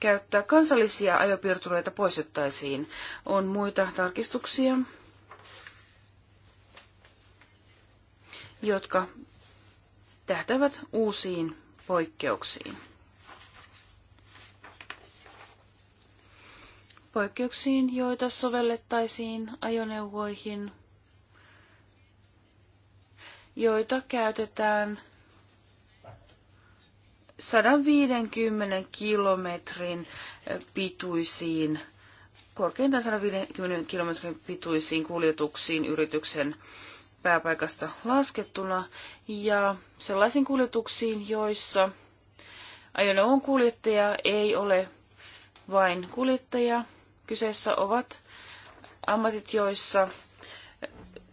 käyttää kansallisia ajopiirtureita poistettaisiin. On muita tarkistuksia, jotka tähtävät uusiin poikkeuksiin. poikkeuksiin, joita sovellettaisiin ajoneuvoihin, joita käytetään 150 kilometrin pituisiin, korkeintaan 150 kilometrin pituisiin kuljetuksiin yrityksen pääpaikasta laskettuna ja sellaisiin kuljetuksiin, joissa ajoneuvon kuljettaja ei ole vain kuljettaja, Kyseessä ovat ammatit, joissa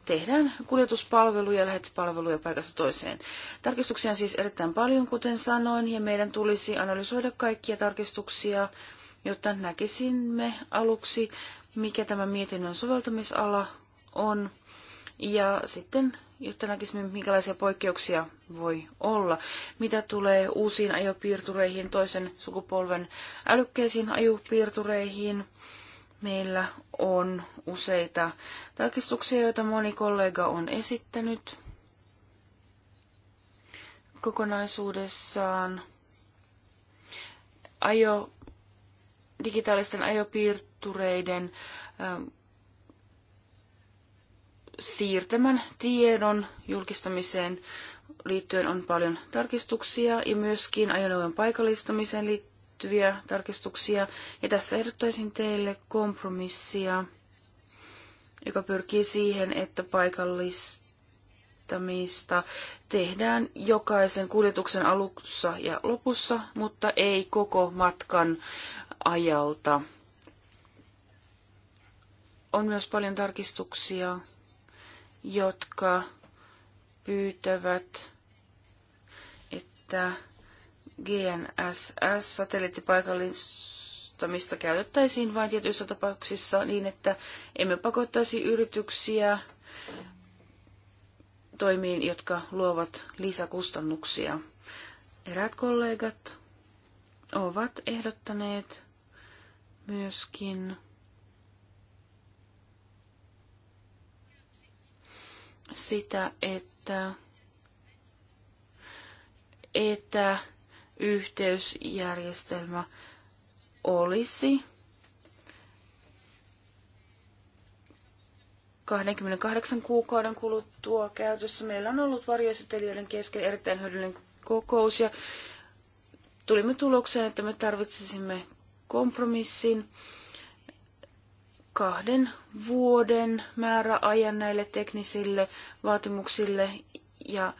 tehdään kuljetuspalveluja, lähetyspalveluja paikasta toiseen. Tarkistuksia on siis erittäin paljon, kuten sanoin, ja meidän tulisi analysoida kaikkia tarkistuksia, jotta näkisimme aluksi, mikä tämä mietinnön soveltamisala on, ja sitten, jotta näkisimme, minkälaisia poikkeuksia voi olla. Mitä tulee uusiin ajopiirtureihin, toisen sukupolven älykkäisiin ajopiirtureihin, Meillä on useita tarkistuksia, joita moni kollega on esittänyt kokonaisuudessaan. Ajo, digitaalisten ajopiirtureiden ähm, siirtämän tiedon julkistamiseen liittyen on paljon tarkistuksia ja myöskin ajoneuvon paikallistamiseen liittyen liittyviä tarkistuksia. Ja tässä ehdottaisin teille kompromissia, joka pyrkii siihen, että paikallistamista tehdään jokaisen kuljetuksen alussa ja lopussa, mutta ei koko matkan ajalta. On myös paljon tarkistuksia, jotka pyytävät, että GNSS-satelliittipaikallistamista käytettäisiin vain tietyissä tapauksissa niin, että emme pakottaisi yrityksiä toimiin, jotka luovat lisäkustannuksia. Eräät kollegat ovat ehdottaneet myöskin sitä, että että yhteysjärjestelmä olisi 28 kuukauden kuluttua käytössä. Meillä on ollut varjoesittelijöiden kesken erittäin hyödyllinen kokous ja tulimme tulokseen, että me tarvitsisimme kompromissin kahden vuoden määräajan näille teknisille vaatimuksille ja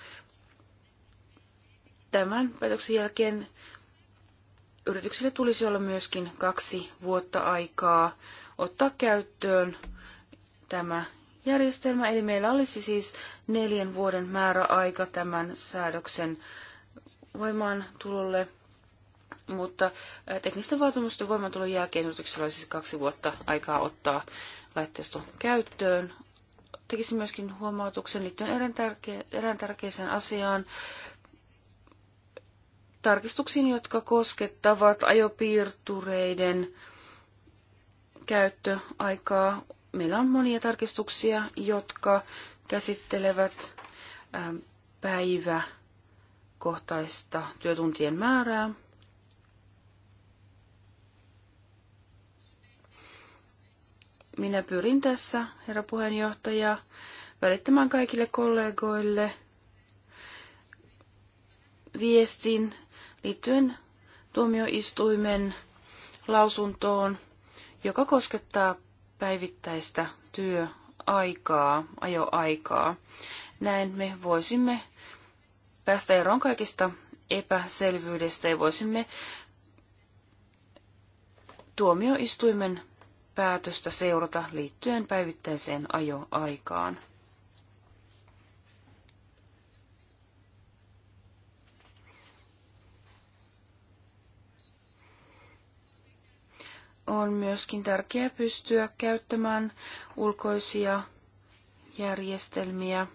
Tämän päätöksen jälkeen yrityksille tulisi olla myöskin kaksi vuotta aikaa ottaa käyttöön tämä järjestelmä. Eli meillä olisi siis neljän vuoden määräaika tämän säädöksen voimaan tulolle, mutta äh, teknisten vaatimusten voimaantulon jälkeen yrityksellä olisi siis kaksi vuotta aikaa ottaa laitteisto käyttöön. Tekisin myöskin huomautuksen liittyen erään, erään tärkeään asiaan tarkistuksiin, jotka koskettavat ajopiirtureiden käyttöaikaa. Meillä on monia tarkistuksia, jotka käsittelevät ähm, päiväkohtaista työtuntien määrää. Minä pyrin tässä, herra puheenjohtaja, välittämään kaikille kollegoille viestin liittyen tuomioistuimen lausuntoon, joka koskettaa päivittäistä työaikaa, ajoaikaa. Näin me voisimme päästä eroon kaikista epäselvyydestä ja voisimme tuomioistuimen päätöstä seurata liittyen päivittäiseen ajoaikaan. on myöskin tärkeää pystyä käyttämään ulkoisia järjestelmiä.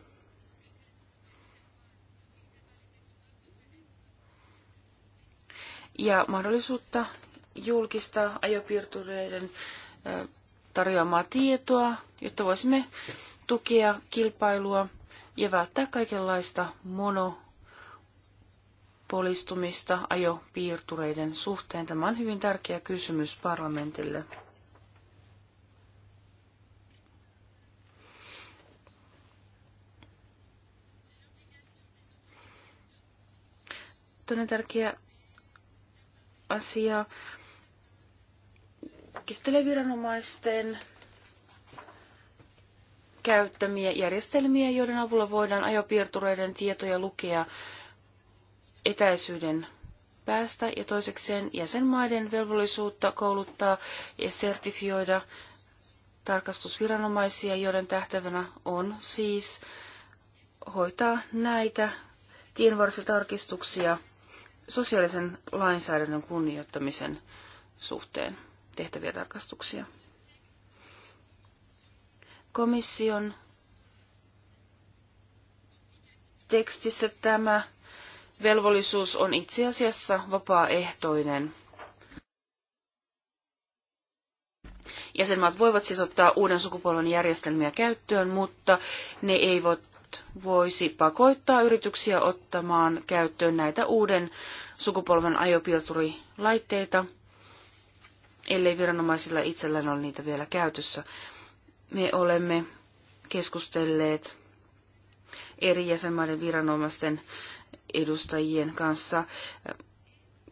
Ja mahdollisuutta julkista ajopiirtureiden tarjoamaa tietoa, jotta voisimme tukea kilpailua ja välttää kaikenlaista mono monipuolistumista ajopiirtureiden suhteen. Tämä on hyvin tärkeä kysymys parlamentille. Toinen tärkeä asia Kistelee viranomaisten käyttämiä järjestelmiä, joiden avulla voidaan ajopiirtureiden tietoja lukea etäisyyden päästä ja toisekseen jäsenmaiden velvollisuutta kouluttaa ja sertifioida tarkastusviranomaisia, joiden tähtävänä on siis hoitaa näitä tienvarsitarkistuksia sosiaalisen lainsäädännön kunnioittamisen suhteen tehtäviä tarkastuksia. Komission tekstissä tämä velvollisuus on itse asiassa vapaaehtoinen. Jäsenmaat voivat siis ottaa uuden sukupolven järjestelmiä käyttöön, mutta ne eivät voisi pakoittaa yrityksiä ottamaan käyttöön näitä uuden sukupolven ajopiirturilaitteita, ellei viranomaisilla itsellään ole niitä vielä käytössä. Me olemme keskustelleet eri jäsenmaiden viranomaisten edustajien kanssa,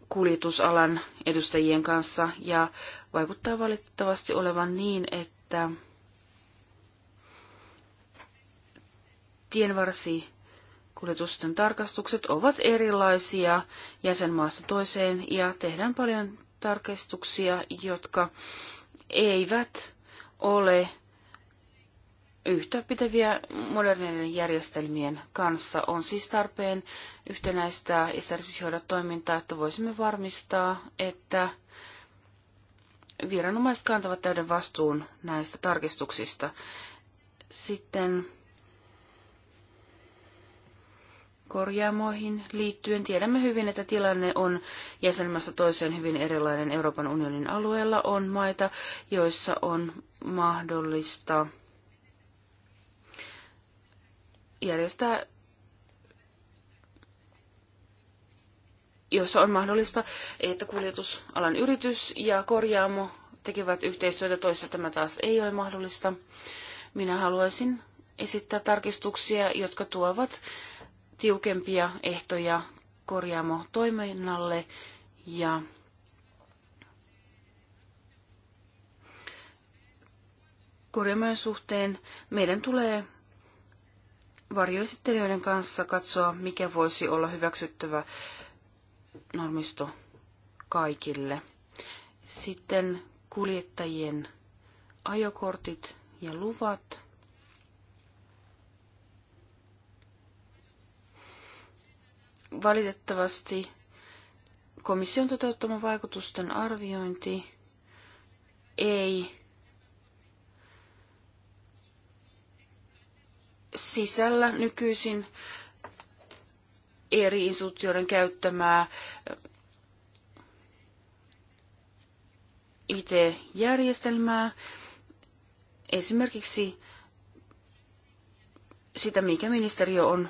kuljetusalan edustajien kanssa ja vaikuttaa valitettavasti olevan niin, että tienvarsi kuljetusten tarkastukset ovat erilaisia jäsenmaasta toiseen ja tehdään paljon tarkastuksia, jotka eivät ole Yhtäpitäviä modernien järjestelmien kanssa. On siis tarpeen yhtenäistää ja sertifioida toimintaa, että voisimme varmistaa, että viranomaiset kantavat täyden vastuun näistä tarkistuksista. Sitten korjaamoihin liittyen. Tiedämme hyvin, että tilanne on jäsenmässä toiseen hyvin erilainen. Euroopan unionin alueella on maita, joissa on mahdollista järjestää, jossa on mahdollista, että kuljetusalan yritys ja korjaamo tekevät yhteistyötä, toissa tämä taas ei ole mahdollista. Minä haluaisin esittää tarkistuksia, jotka tuovat tiukempia ehtoja korjaamo toiminnalle ja korjaamojen suhteen meidän tulee varjoesittelijöiden kanssa katsoa, mikä voisi olla hyväksyttävä normisto kaikille. Sitten kuljettajien ajokortit ja luvat. Valitettavasti komission toteuttama vaikutusten arviointi ei sisällä nykyisin eri instituutioiden käyttämää IT-järjestelmää, esimerkiksi sitä, mikä ministeriö on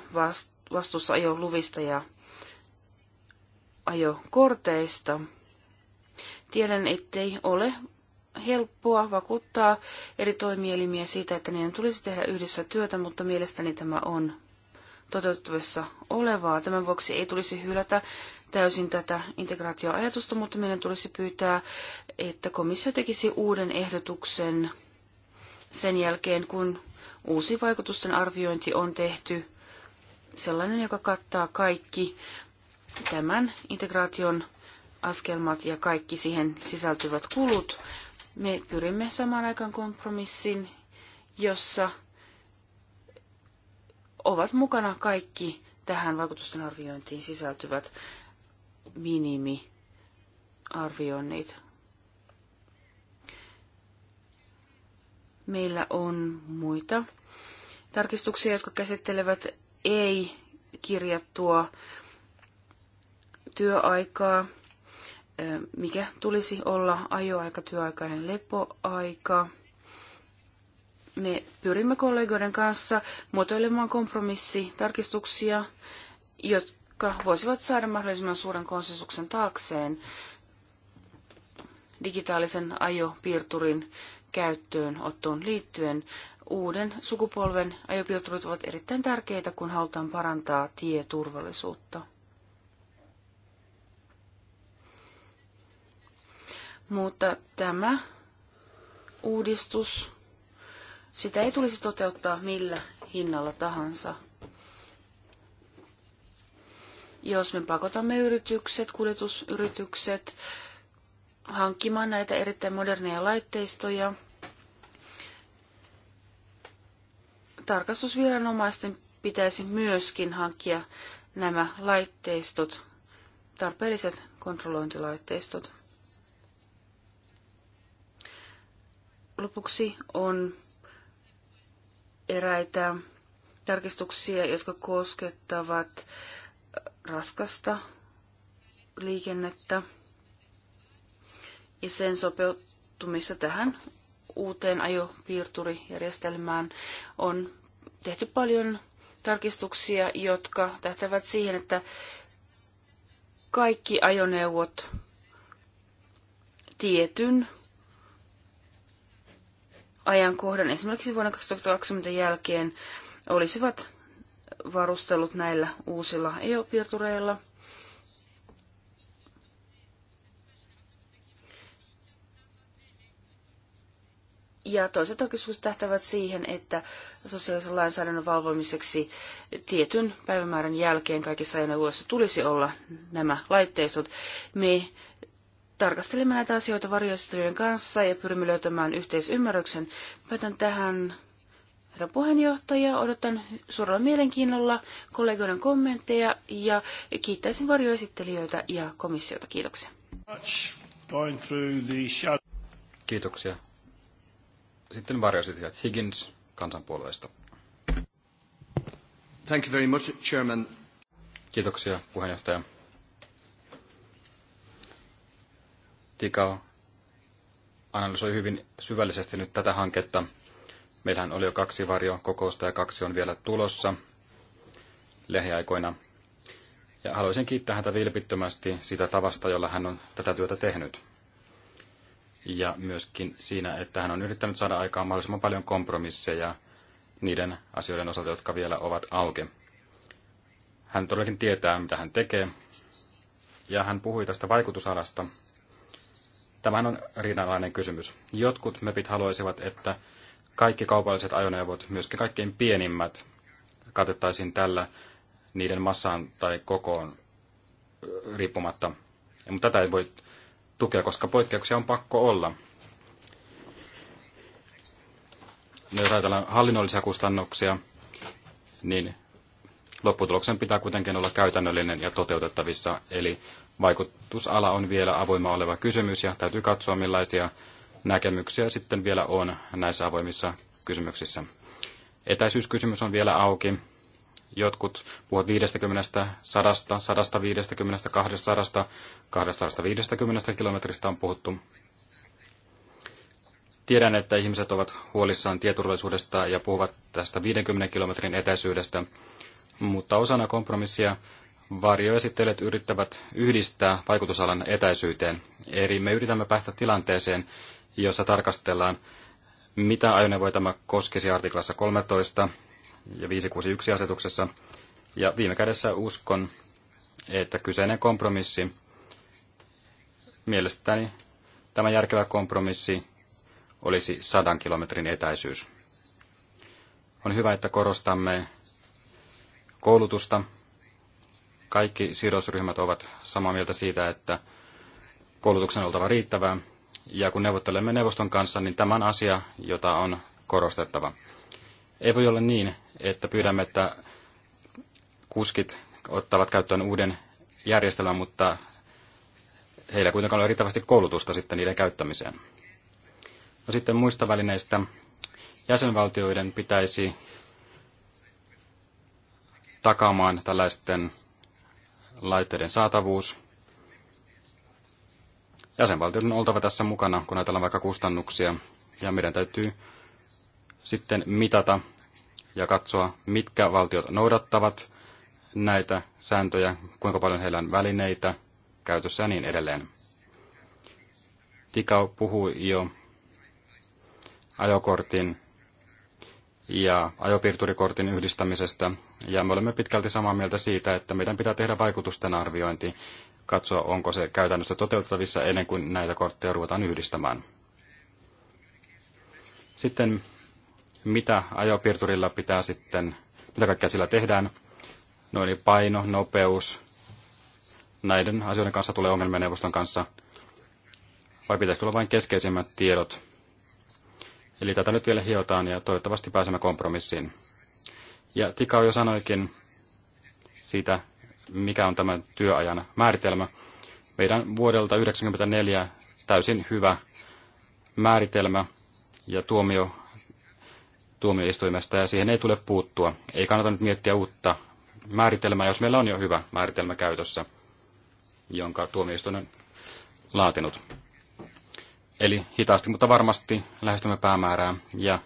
vastuussa ajoluvista ja ajokorteista. Tiedän, ettei ole helppoa vakuuttaa eri toimielimiä siitä, että niiden tulisi tehdä yhdessä työtä, mutta mielestäni tämä on toteuttavissa olevaa. Tämän vuoksi ei tulisi hylätä täysin tätä integraatioajatusta, mutta meidän tulisi pyytää, että komissio tekisi uuden ehdotuksen sen jälkeen, kun uusi vaikutusten arviointi on tehty, sellainen, joka kattaa kaikki tämän integraation askelmat ja kaikki siihen sisältyvät kulut. Me pyrimme samaan aikaan kompromissin, jossa ovat mukana kaikki tähän vaikutusten arviointiin sisältyvät minimiarvioinnit. Meillä on muita tarkistuksia, jotka käsittelevät ei-kirjattua työaikaa mikä tulisi olla ajoaika, työaikainen lepoaika. Me pyrimme kollegoiden kanssa muotoilemaan kompromissitarkistuksia, jotka voisivat saada mahdollisimman suuren konsensuksen taakseen digitaalisen ajopiirturin käyttöönottoon liittyen. Uuden sukupolven ajopiirturit ovat erittäin tärkeitä, kun halutaan parantaa tieturvallisuutta. mutta tämä uudistus, sitä ei tulisi toteuttaa millä hinnalla tahansa. Jos me pakotamme yritykset, kuljetusyritykset hankkimaan näitä erittäin moderneja laitteistoja, tarkastusviranomaisten pitäisi myöskin hankkia nämä laitteistot, tarpeelliset kontrollointilaitteistot. lopuksi on eräitä tarkistuksia, jotka koskettavat äh, raskasta liikennettä ja sen sopeutumista tähän uuteen ajopiirturijärjestelmään on tehty paljon tarkistuksia, jotka tähtävät siihen, että kaikki ajoneuvot tietyn ajankohdan, esimerkiksi vuonna 2020 jälkeen, olisivat varustellut näillä uusilla EU-piirtureilla. Ja toiset oikeuskysymykset tähtävät siihen, että sosiaalisen lainsäädännön valvomiseksi tietyn päivämäärän jälkeen kaikissa ajoneuvoissa tulisi olla nämä laitteistot. Me tarkastelemme näitä asioita varjoistelujen kanssa ja pyrimme löytämään yhteisymmärryksen. Päätän tähän herra puheenjohtaja. Odotan suurella mielenkiinnolla kollegoiden kommentteja ja kiittäisin varjoesittelijöitä ja komissiota. Kiitoksia. Kiitoksia. Sitten varjoesittelijät Higgins kansanpuolueesta. Thank you very much, Chairman. Kiitoksia puheenjohtaja. Tikao analysoi hyvin syvällisesti nyt tätä hanketta. Meillähän oli jo kaksi kokousta ja kaksi on vielä tulossa lähiaikoina. Ja haluaisin kiittää häntä vilpittömästi sitä tavasta, jolla hän on tätä työtä tehnyt. Ja myöskin siinä, että hän on yrittänyt saada aikaan mahdollisimman paljon kompromisseja niiden asioiden osalta, jotka vielä ovat auki. Hän todellakin tietää, mitä hän tekee. Ja hän puhui tästä vaikutusalasta, Tämähän on riidanalainen kysymys. Jotkut mepit haluaisivat, että kaikki kaupalliset ajoneuvot, myöskin kaikkein pienimmät, katettaisiin tällä niiden massaan tai kokoon riippumatta. Mutta tätä ei voi tukea, koska poikkeuksia on pakko olla. No jos ajatellaan hallinnollisia kustannuksia, niin lopputuloksen pitää kuitenkin olla käytännöllinen ja toteutettavissa, eli vaikutusala on vielä avoima oleva kysymys ja täytyy katsoa millaisia näkemyksiä sitten vielä on näissä avoimissa kysymyksissä. Etäisyyskysymys on vielä auki. Jotkut puhuvat 50, 100, 150, 200, 250 kilometristä on puhuttu. Tiedän, että ihmiset ovat huolissaan tieturvallisuudesta ja puhuvat tästä 50 kilometrin etäisyydestä, mutta osana kompromissia varjoesittelijät yrittävät yhdistää vaikutusalan etäisyyteen. Eli me yritämme päästä tilanteeseen, jossa tarkastellaan, mitä ajoneuvoja tämä koskisi artiklassa 13 ja 561 asetuksessa. Ja viime kädessä uskon, että kyseinen kompromissi, mielestäni tämä järkevä kompromissi olisi sadan kilometrin etäisyys. On hyvä, että korostamme koulutusta kaikki sidosryhmät ovat samaa mieltä siitä, että koulutuksen on oltava riittävää. Ja kun neuvottelemme neuvoston kanssa, niin tämä on asia, jota on korostettava. Ei voi olla niin, että pyydämme, että kuskit ottavat käyttöön uuden järjestelmän, mutta heillä kuitenkaan ole riittävästi koulutusta sitten niiden käyttämiseen. No sitten muista välineistä. Jäsenvaltioiden pitäisi takaamaan tällaisten laitteiden saatavuus. Jäsenvaltiot on oltava tässä mukana, kun ajatellaan vaikka kustannuksia, ja meidän täytyy sitten mitata ja katsoa, mitkä valtiot noudattavat näitä sääntöjä, kuinka paljon heillä on välineitä käytössä ja niin edelleen. Tikau puhui jo ajokortin ja ajopiirturikortin yhdistämisestä, ja me olemme pitkälti samaa mieltä siitä, että meidän pitää tehdä vaikutusten arviointi, katsoa onko se käytännössä toteutettavissa ennen kuin näitä kortteja ruvetaan yhdistämään. Sitten mitä ajopiirturilla pitää sitten, mitä kaikkea sillä tehdään, noin niin, paino, nopeus, näiden asioiden kanssa tulee ongelmia neuvoston kanssa, vai pitäisikö olla vain keskeisimmät tiedot, Eli tätä nyt vielä hiotaan ja toivottavasti pääsemme kompromissiin. Ja Tikao jo sanoikin siitä, mikä on tämän työajan määritelmä. Meidän vuodelta 1994 täysin hyvä määritelmä ja tuomio tuomioistuimesta ja siihen ei tule puuttua. Ei kannata nyt miettiä uutta määritelmää, jos meillä on jo hyvä määritelmä käytössä, jonka tuomioistuin on laatinut. Eli hitaasti, mutta varmasti lähestymme päämäärää ja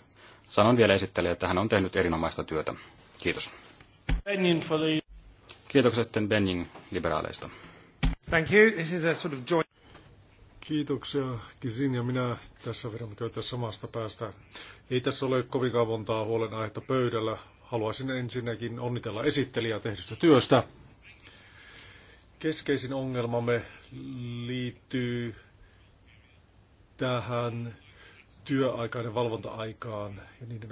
sanon vielä esittelijä, että hän on tehnyt erinomaista työtä. Kiitos. Kiitokset sitten Benning liberaaleista. Thank you. This is a sort of joint... Kiitoksia Kisin ja minä tässä vedämme samasta päästä. Ei tässä ole kovinkaan montaa huolenaihetta pöydällä. Haluaisin ensinnäkin onnitella esittelijää tehdystä työstä. Keskeisin ongelmamme liittyy tähän työaikaan ja valvonta-aikaan ja niiden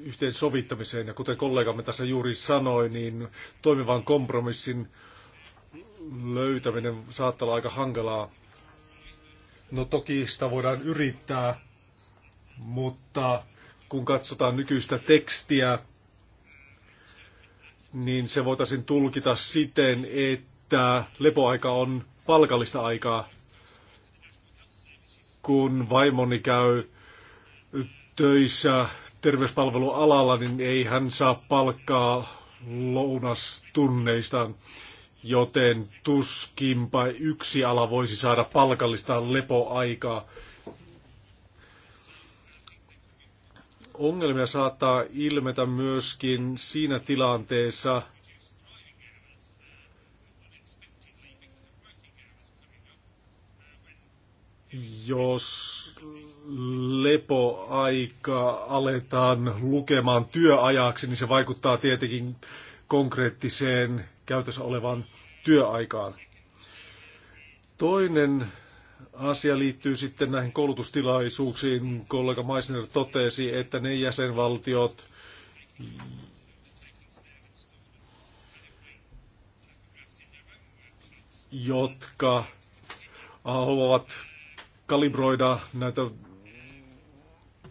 yhteensovittamiseen. Ja kuten kollegamme tässä juuri sanoi, niin toimivan kompromissin löytäminen saattaa olla aika hankalaa. No toki sitä voidaan yrittää, mutta kun katsotaan nykyistä tekstiä, niin se voitaisiin tulkita siten, että lepoaika on palkallista aikaa kun vaimoni käy töissä terveyspalvelualalla, niin ei hän saa palkkaa lounastunneistaan, joten tuskinpa yksi ala voisi saada palkallista lepoaikaa. Ongelmia saattaa ilmetä myöskin siinä tilanteessa, jos lepoaika aletaan lukemaan työajaksi, niin se vaikuttaa tietenkin konkreettiseen käytössä olevaan työaikaan. Toinen asia liittyy sitten näihin koulutustilaisuuksiin. Kollega Meissner totesi, että ne jäsenvaltiot, jotka haluavat kalibroida näitä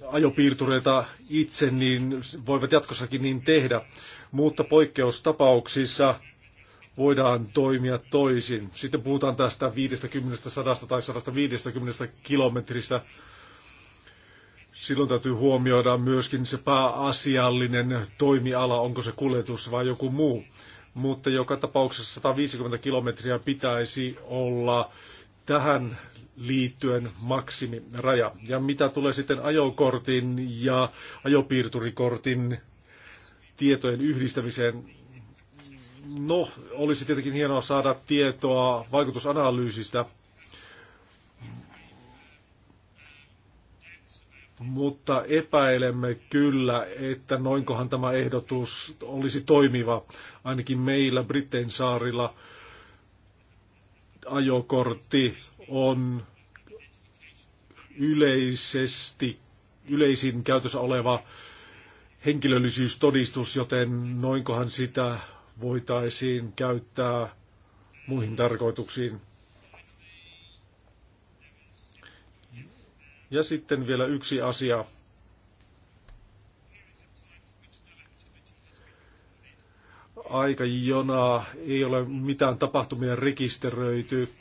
ajopiirtureita itse, niin voivat jatkossakin niin tehdä. Mutta poikkeustapauksissa voidaan toimia toisin. Sitten puhutaan tästä 50, 100 tai 150 kilometristä. Silloin täytyy huomioida myöskin se pääasiallinen toimiala, onko se kuljetus vai joku muu. Mutta joka tapauksessa 150 kilometriä pitäisi olla tähän liittyen maksimiraja. Ja mitä tulee sitten ajokortin ja ajopiirturikortin tietojen yhdistämiseen, no olisi tietenkin hienoa saada tietoa vaikutusanalyysistä, mutta epäilemme kyllä, että noinkohan tämä ehdotus olisi toimiva, ainakin meillä Brittein saarilla ajokortti on yleisesti, yleisin käytössä oleva henkilöllisyystodistus, joten noinkohan sitä voitaisiin käyttää muihin tarkoituksiin. Ja sitten vielä yksi asia. Aika jona ei ole mitään tapahtumia rekisteröity.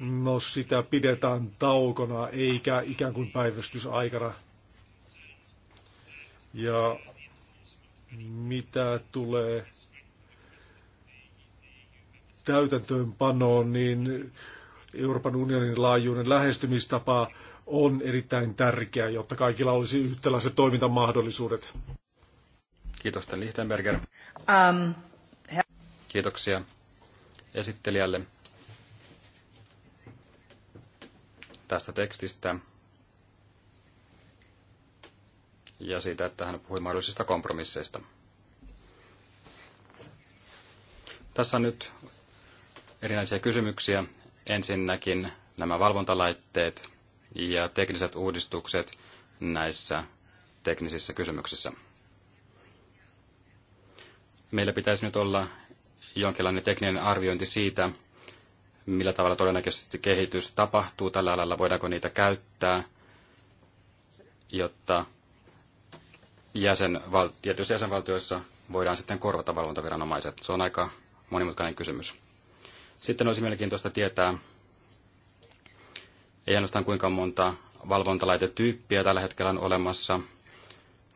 No sitä pidetään taukona eikä ikään kuin päivystysaikana. Ja mitä tulee täytäntöönpanoon, niin Euroopan unionin laajuinen lähestymistapa on erittäin tärkeä, jotta kaikilla olisi yhtäläiset toimintamahdollisuudet. Kiitos, Lichtenberger. Um, Kiitoksia esittelijälle tästä tekstistä ja siitä, että hän puhui mahdollisista kompromisseista. Tässä on nyt erinäisiä kysymyksiä. Ensinnäkin nämä valvontalaitteet ja tekniset uudistukset näissä teknisissä kysymyksissä. Meillä pitäisi nyt olla jonkinlainen tekninen arviointi siitä, millä tavalla todennäköisesti kehitys tapahtuu tällä alalla, voidaanko niitä käyttää, jotta jäsenval- tietyissä jäsenvaltioissa voidaan sitten korvata valvontaviranomaiset. Se on aika monimutkainen kysymys. Sitten olisi mielenkiintoista tietää, ei ainoastaan kuinka monta valvontalaitetyyppiä tällä hetkellä on olemassa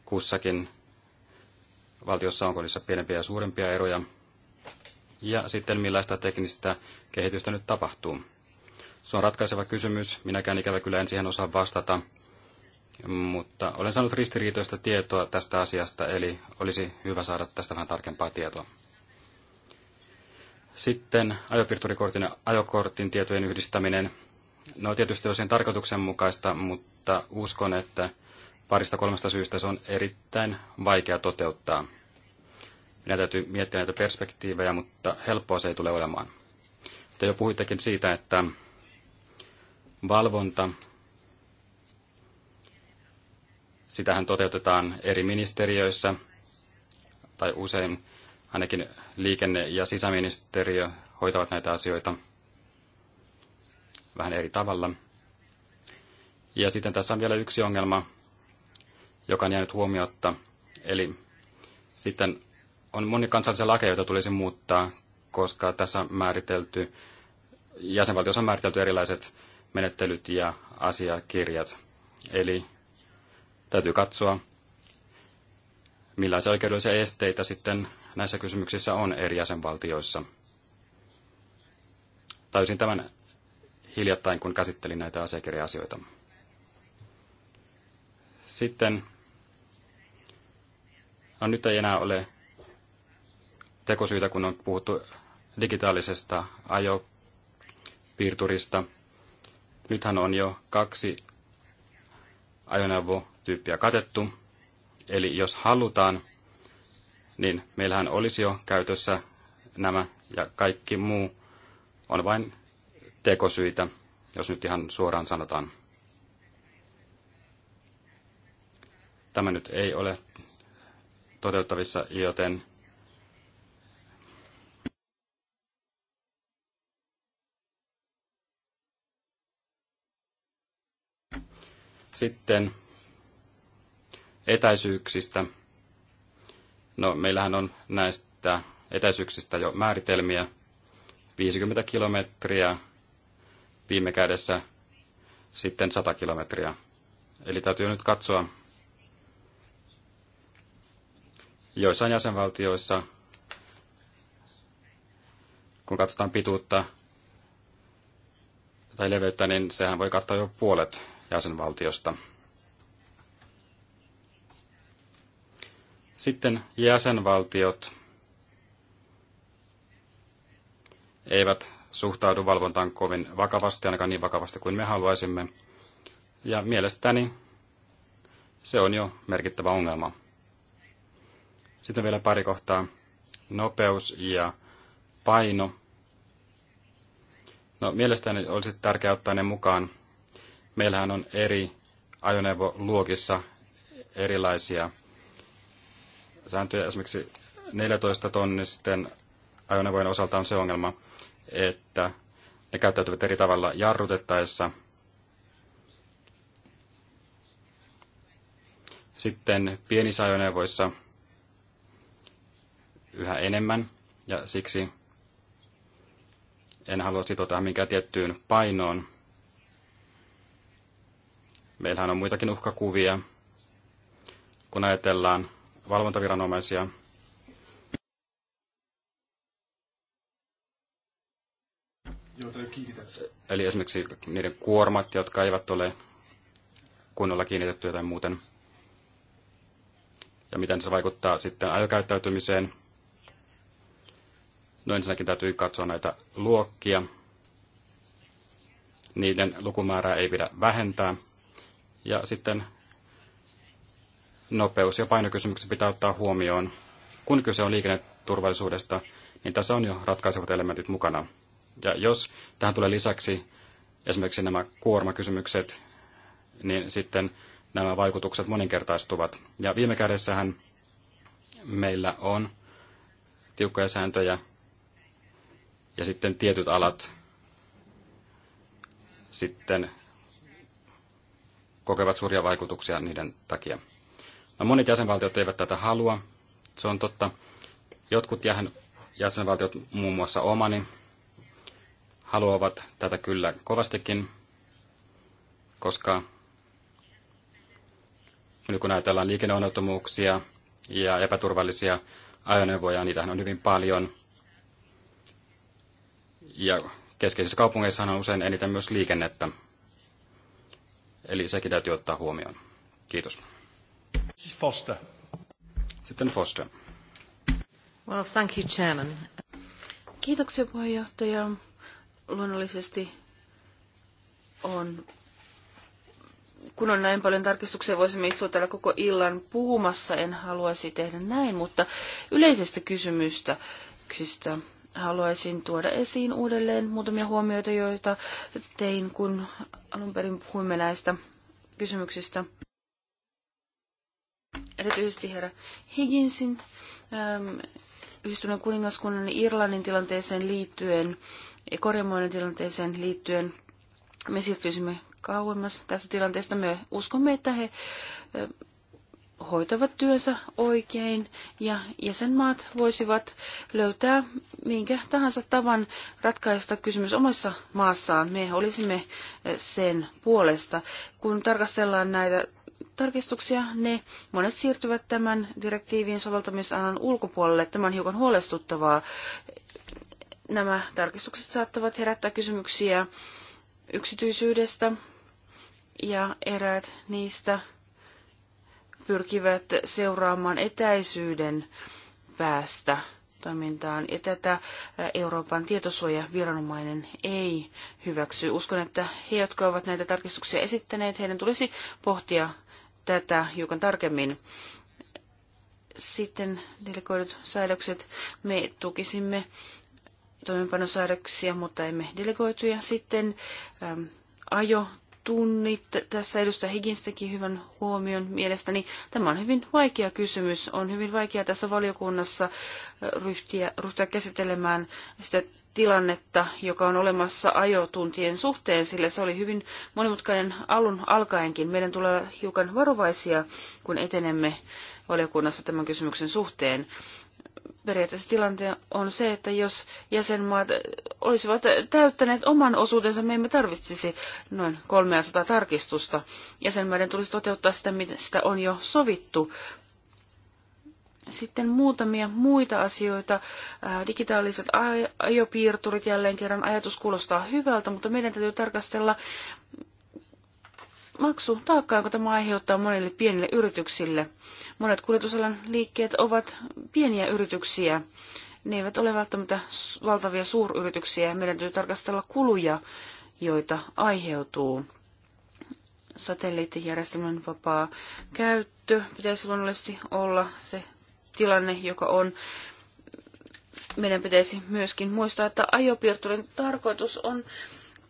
kussakin valtiossa, onko niissä pienempiä ja suurempia eroja, ja sitten millaista teknistä kehitystä nyt tapahtuu. Se on ratkaiseva kysymys. Minäkään ikävä kyllä en siihen osaa vastata, mutta olen saanut ristiriitoista tietoa tästä asiasta, eli olisi hyvä saada tästä vähän tarkempaa tietoa. Sitten ajopiirturikortin ja ajokortin tietojen yhdistäminen. No tietysti on sen tarkoituksenmukaista, mutta uskon, että parista kolmesta syystä se on erittäin vaikea toteuttaa. Minä täytyy miettiä näitä perspektiivejä, mutta helppoa se ei tule olemaan. Te jo puhuittekin siitä, että valvonta, sitähän toteutetaan eri ministeriöissä, tai usein ainakin liikenne- ja sisäministeriö hoitavat näitä asioita vähän eri tavalla. Ja sitten tässä on vielä yksi ongelma, joka on jäänyt huomiotta, eli sitten on monikansallisia lakeja, joita tulisi muuttaa, koska tässä on määritelty, jäsenvaltiossa on määritelty erilaiset menettelyt ja asiakirjat. Eli täytyy katsoa, millaisia oikeudellisia esteitä sitten näissä kysymyksissä on eri jäsenvaltioissa. Täysin tämän hiljattain, kun käsittelin näitä asiakirja-asioita. Sitten, no nyt ei enää ole tekosyitä, kun on puhuttu digitaalisesta ajopiirturista. Nythän on jo kaksi ajoneuvotyyppiä katettu. Eli jos halutaan, niin meillähän olisi jo käytössä nämä ja kaikki muu on vain tekosyitä, jos nyt ihan suoraan sanotaan. Tämä nyt ei ole toteuttavissa, joten Sitten etäisyyksistä. No, meillähän on näistä etäisyyksistä jo määritelmiä. 50 kilometriä viime kädessä, sitten 100 kilometriä. Eli täytyy nyt katsoa, joissain jäsenvaltioissa, kun katsotaan pituutta tai leveyttä, niin sehän voi kattaa jo puolet jäsenvaltiosta. Sitten jäsenvaltiot eivät suhtaudu valvontaan kovin vakavasti, ainakaan niin vakavasti kuin me haluaisimme. Ja mielestäni se on jo merkittävä ongelma. Sitten vielä pari kohtaa. Nopeus ja paino. No, mielestäni olisi tärkeää ottaa ne mukaan, Meillähän on eri ajoneuvoluokissa erilaisia sääntöjä. Esimerkiksi 14 tonnisten ajoneuvojen osalta on se ongelma, että ne käyttäytyvät eri tavalla jarrutettaessa. Sitten pienissä ajoneuvoissa yhä enemmän, ja siksi en halua tähän minkään tiettyyn painoon, Meillähän on muitakin uhkakuvia, kun ajatellaan valvontaviranomaisia. Eli esimerkiksi niiden kuormat, jotka eivät ole kunnolla kiinnitettyä tai muuten. Ja miten se vaikuttaa sitten ajokäyttäytymiseen. No ensinnäkin täytyy katsoa näitä luokkia. Niiden lukumäärää ei pidä vähentää. Ja sitten nopeus- ja painokysymykset pitää ottaa huomioon. Kun kyse on liikenneturvallisuudesta, niin tässä on jo ratkaisevat elementit mukana. Ja jos tähän tulee lisäksi esimerkiksi nämä kuormakysymykset, niin sitten nämä vaikutukset moninkertaistuvat. Ja viime kädessähän meillä on tiukkoja sääntöjä ja sitten tietyt alat sitten kokevat suuria vaikutuksia niiden takia. No, monet jäsenvaltiot eivät tätä halua, se on totta. Jotkut jäsenvaltiot, muun muassa omani, haluavat tätä kyllä kovastikin, koska nyt kun ajatellaan liikenneonnettomuuksia ja epäturvallisia ajoneuvoja, niitähän on hyvin paljon. Ja keskeisissä kaupungeissa on usein eniten myös liikennettä. Eli sekin täytyy ottaa huomioon. Kiitos. Foster. Sitten Foster. Well, thank you, Chairman. Kiitoksia puheenjohtaja. Luonnollisesti on, kun on näin paljon tarkistuksia, voisimme istua täällä koko illan puhumassa. En haluaisi tehdä näin, mutta yleisestä kysymystä haluaisin tuoda esiin uudelleen muutamia huomioita, joita tein, kun alun perin puhuimme näistä kysymyksistä. Erityisesti herra Higginsin ähm, yhdistyneen kuningaskunnan Irlannin tilanteeseen liittyen ja korjamoinnin tilanteeseen liittyen. Me siirtyisimme kauemmas tästä tilanteesta. Me uskomme, että he hoitavat työnsä oikein ja jäsenmaat voisivat löytää minkä tahansa tavan ratkaista kysymys omassa maassaan. Me olisimme sen puolesta. Kun tarkastellaan näitä tarkistuksia, ne monet siirtyvät tämän direktiivin soveltamisalan ulkopuolelle. Tämä on hiukan huolestuttavaa. Nämä tarkistukset saattavat herättää kysymyksiä yksityisyydestä ja eräät niistä – pyrkivät seuraamaan etäisyyden päästä toimintaan. Ja tätä Euroopan tietosuojaviranomainen ei hyväksy. Uskon, että he, jotka ovat näitä tarkistuksia esittäneet, heidän tulisi pohtia tätä hiukan tarkemmin. Sitten delegoidut säädökset. Me tukisimme toimenpanosäädöksiä, mutta emme delegoituja. Sitten ähm, ajo tunnit. Tässä edustaja Higgins teki hyvän huomion mielestäni. Tämä on hyvin vaikea kysymys. On hyvin vaikea tässä valiokunnassa ryhtiä, ryhtyä käsittelemään sitä tilannetta, joka on olemassa ajotuntien suhteen, sillä se oli hyvin monimutkainen alun alkaenkin. Meidän tulee hiukan varovaisia, kun etenemme valiokunnassa tämän kysymyksen suhteen periaatteessa tilanne on se, että jos jäsenmaat olisivat täyttäneet oman osuutensa, me emme tarvitsisi noin 300 tarkistusta. Jäsenmaiden tulisi toteuttaa sitä, mistä on jo sovittu. Sitten muutamia muita asioita. Äh, digitaaliset ajopiirturit jälleen kerran ajatus kuulostaa hyvältä, mutta meidän täytyy tarkastella maksutaakka, jonka tämä aiheuttaa monille pienille yrityksille. Monet kuljetusalan liikkeet ovat pieniä yrityksiä. Ne eivät ole välttämättä valtavia suuryrityksiä. Meidän täytyy tarkastella kuluja, joita aiheutuu. Satelliittijärjestelmän vapaa käyttö pitäisi luonnollisesti olla se tilanne, joka on. Meidän pitäisi myöskin muistaa, että ajopiirturin tarkoitus on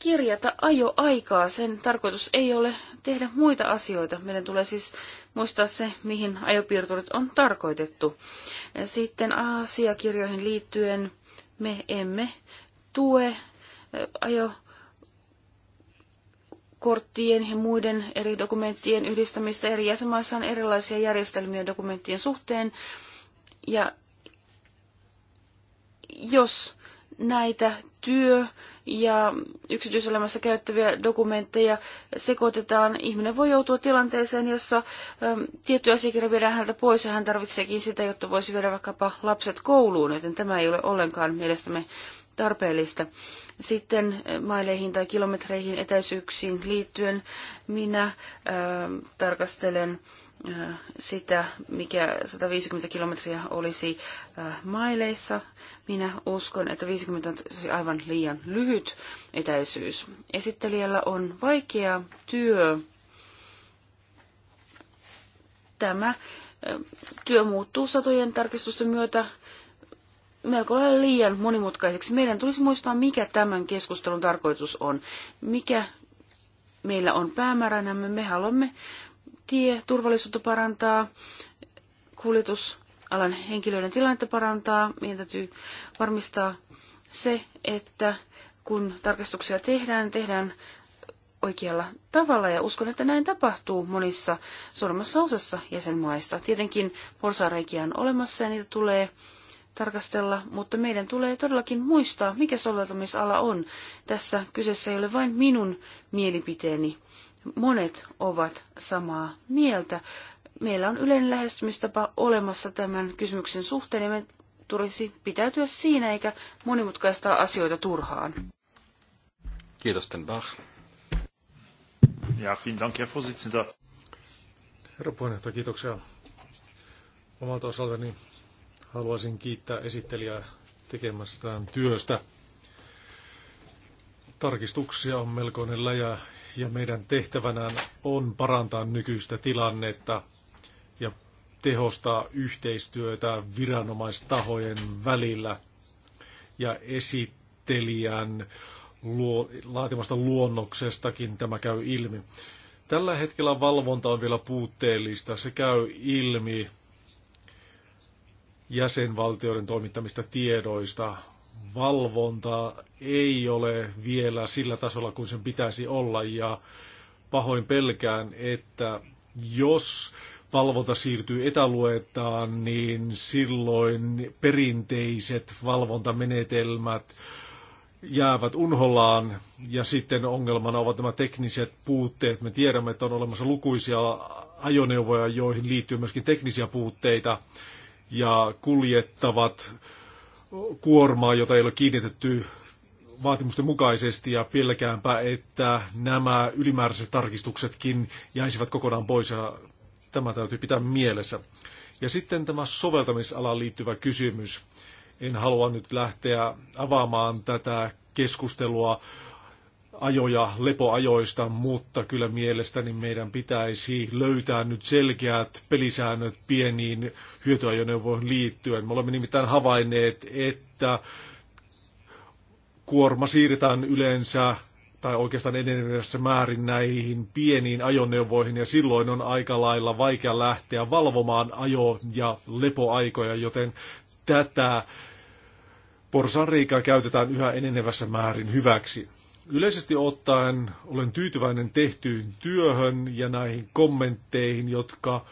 kirjata ajoaikaa. Sen tarkoitus ei ole tehdä muita asioita. Meidän tulee siis muistaa se, mihin ajopiirturit on tarkoitettu. Sitten asiakirjoihin liittyen me emme tue ajo korttien ja muiden eri dokumenttien yhdistämistä eri jäsenmaissa on erilaisia järjestelmiä dokumenttien suhteen. Ja jos näitä työ- ja yksityiselämässä käyttäviä dokumentteja sekoitetaan, ihminen voi joutua tilanteeseen, jossa äm, tietty asiakirja viedään häneltä pois ja hän tarvitseekin sitä, jotta voisi viedä vaikkapa lapset kouluun, joten tämä ei ole ollenkaan mielestämme tarpeellista. Sitten äh, maileihin tai kilometreihin etäisyyksiin liittyen minä ää, ähm, tarkastelen sitä, mikä 150 kilometriä olisi maileissa. Minä uskon, että 50 on tosi siis aivan liian lyhyt etäisyys. Esittelijällä on vaikea työ. Tämä työ muuttuu satojen tarkistusten myötä melko lailla liian monimutkaiseksi. Meidän tulisi muistaa, mikä tämän keskustelun tarkoitus on, mikä meillä on päämääränämme. Me haluamme tie turvallisuutta parantaa, kuljetusalan henkilöiden tilannetta parantaa. Meidän täytyy varmistaa se, että kun tarkastuksia tehdään, tehdään oikealla tavalla ja uskon, että näin tapahtuu monissa suurimmassa osassa jäsenmaista. Tietenkin porsareikiä on olemassa ja niitä tulee tarkastella, mutta meidän tulee todellakin muistaa, mikä soveltamisala on. Tässä kyseessä ei ole vain minun mielipiteeni Monet ovat samaa mieltä. Meillä on yleinen lähestymistapa olemassa tämän kysymyksen suhteen ja me tulisi pitäytyä siinä eikä monimutkaistaa asioita turhaan. Kiitos, Ten Bach. Ja, vielen Dank, Herr Vorsitzender. Herra puheenjohtaja, kiitoksia. Omalta osaltani haluaisin kiittää esittelijää tekemästään työstä. Tarkistuksia on melkoinen läjä ja meidän tehtävänään on parantaa nykyistä tilannetta ja tehostaa yhteistyötä viranomaistahojen välillä ja esittelijän luo, laatimasta luonnoksestakin tämä käy ilmi. Tällä hetkellä valvonta on vielä puutteellista. Se käy ilmi jäsenvaltioiden toimittamista tiedoista, valvonta ei ole vielä sillä tasolla kuin sen pitäisi olla ja pahoin pelkään, että jos valvonta siirtyy etäluettaan, niin silloin perinteiset valvontamenetelmät jäävät unholaan ja sitten ongelmana ovat nämä tekniset puutteet. Me tiedämme, että on olemassa lukuisia ajoneuvoja, joihin liittyy myöskin teknisiä puutteita ja kuljettavat kuormaa, jota ei ole kiinnitetty vaatimusten mukaisesti ja pelkäänpä, että nämä ylimääräiset tarkistuksetkin jäisivät kokonaan pois ja tämä täytyy pitää mielessä. Ja sitten tämä soveltamisalaan liittyvä kysymys. En halua nyt lähteä avaamaan tätä keskustelua ajoja lepoajoista, mutta kyllä mielestäni meidän pitäisi löytää nyt selkeät pelisäännöt pieniin hyötyajoneuvoihin liittyen. Me olemme nimittäin havainneet, että kuorma siirretään yleensä tai oikeastaan enenevässä määrin näihin pieniin ajoneuvoihin, ja silloin on aika lailla vaikea lähteä valvomaan ajo- ja lepoaikoja, joten tätä porsanreikaa käytetään yhä enenevässä määrin hyväksi. Yleisesti ottaen olen tyytyväinen tehtyyn työhön ja näihin kommentteihin, jotka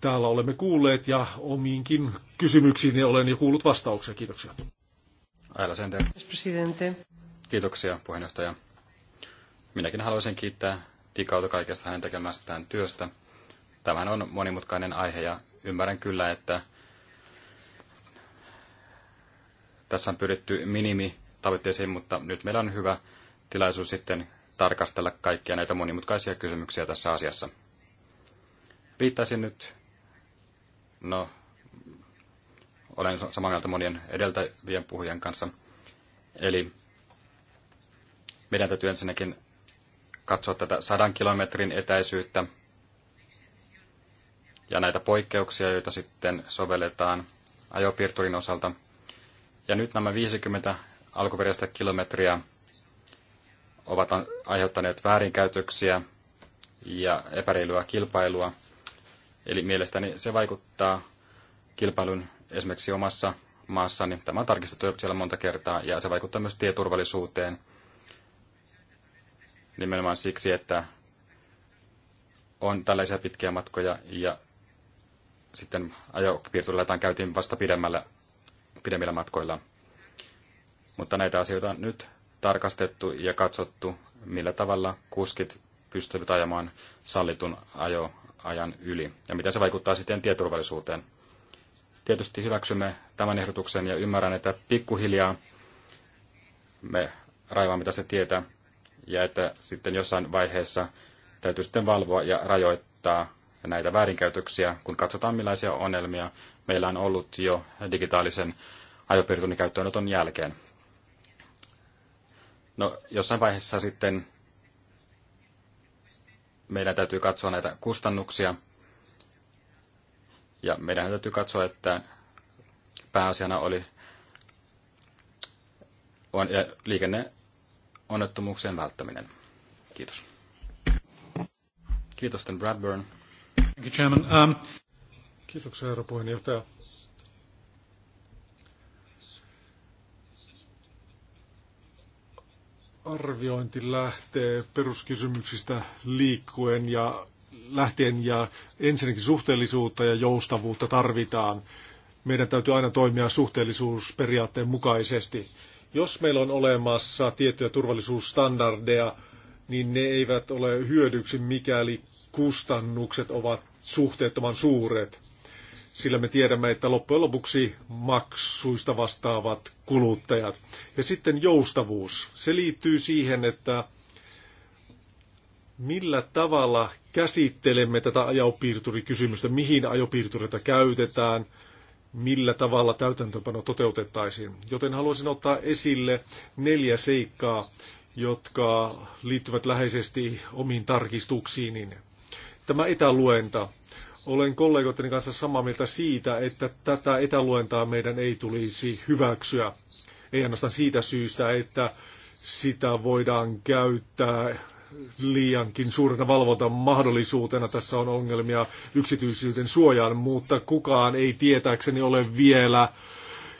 täällä olemme kuulleet ja omiinkin kysymyksiin olen jo kuullut vastauksia. Kiitoksia. Aila Sender. Presidente. Kiitoksia puheenjohtaja. Minäkin haluaisin kiittää Tikauta kaikesta hänen tekemästään työstä. Tämähän on monimutkainen aihe ja ymmärrän kyllä, että tässä on pyritty minimi tavoitteisiin, mutta nyt meillä on hyvä tilaisuus sitten tarkastella kaikkia näitä monimutkaisia kysymyksiä tässä asiassa. Viittaisin nyt, no, olen samaa mieltä monien edeltävien puhujien kanssa, eli meidän täytyy ensinnäkin katsoa tätä sadan kilometrin etäisyyttä ja näitä poikkeuksia, joita sitten sovelletaan ajopiirturin osalta. Ja nyt nämä 50 alkuperäistä kilometriä – ovat aiheuttaneet väärinkäytöksiä ja epäreilua kilpailua. Eli mielestäni se vaikuttaa kilpailun esimerkiksi omassa maassani. Tämä on tarkistettu siellä monta kertaa ja se vaikuttaa myös tieturvallisuuteen nimenomaan siksi, että on tällaisia pitkiä matkoja ja sitten ajopiirturilaitaan käytiin vasta pidemmällä, pidemmillä matkoilla. Mutta näitä asioita nyt tarkastettu ja katsottu, millä tavalla kuskit pystyvät ajamaan sallitun ajoajan yli ja miten se vaikuttaa sitten tieturvallisuuteen. Tietysti hyväksymme tämän ehdotuksen ja ymmärrän, että pikkuhiljaa me raivaamme tässä tietä ja että sitten jossain vaiheessa täytyy sitten valvoa ja rajoittaa näitä väärinkäytöksiä, kun katsotaan millaisia ongelmia meillä on ollut jo digitaalisen ajopiirtunin käyttöönoton jälkeen. No, jossain vaiheessa sitten meidän täytyy katsoa näitä kustannuksia. Ja meidän täytyy katsoa, että pääasiana oli on, liikenneonnettomuuksien välttäminen. Kiitos. Kiitos, Bradburn. Thank you, Chairman. Um... Kiitoksia, herra puheenjohtaja. arviointi lähtee peruskysymyksistä liikkuen ja lähtien ja ensinnäkin suhteellisuutta ja joustavuutta tarvitaan. Meidän täytyy aina toimia suhteellisuusperiaatteen mukaisesti. Jos meillä on olemassa tiettyjä turvallisuusstandardeja, niin ne eivät ole hyödyksi, mikäli kustannukset ovat suhteettoman suuret sillä me tiedämme, että loppujen lopuksi maksuista vastaavat kuluttajat. Ja sitten joustavuus. Se liittyy siihen, että millä tavalla käsittelemme tätä ajopiirturikysymystä, mihin ajopiirtureita käytetään, millä tavalla täytäntöpano toteutettaisiin. Joten haluaisin ottaa esille neljä seikkaa, jotka liittyvät läheisesti omiin tarkistuksiin. Tämä etäluenta olen kollegoitteni kanssa samaa mieltä siitä, että tätä etäluentaa meidän ei tulisi hyväksyä. Ei ainoastaan siitä syystä, että sitä voidaan käyttää liiankin suurena valvontamahdollisuutena. Tässä on ongelmia yksityisyyden suojaan, mutta kukaan ei tietääkseni ole vielä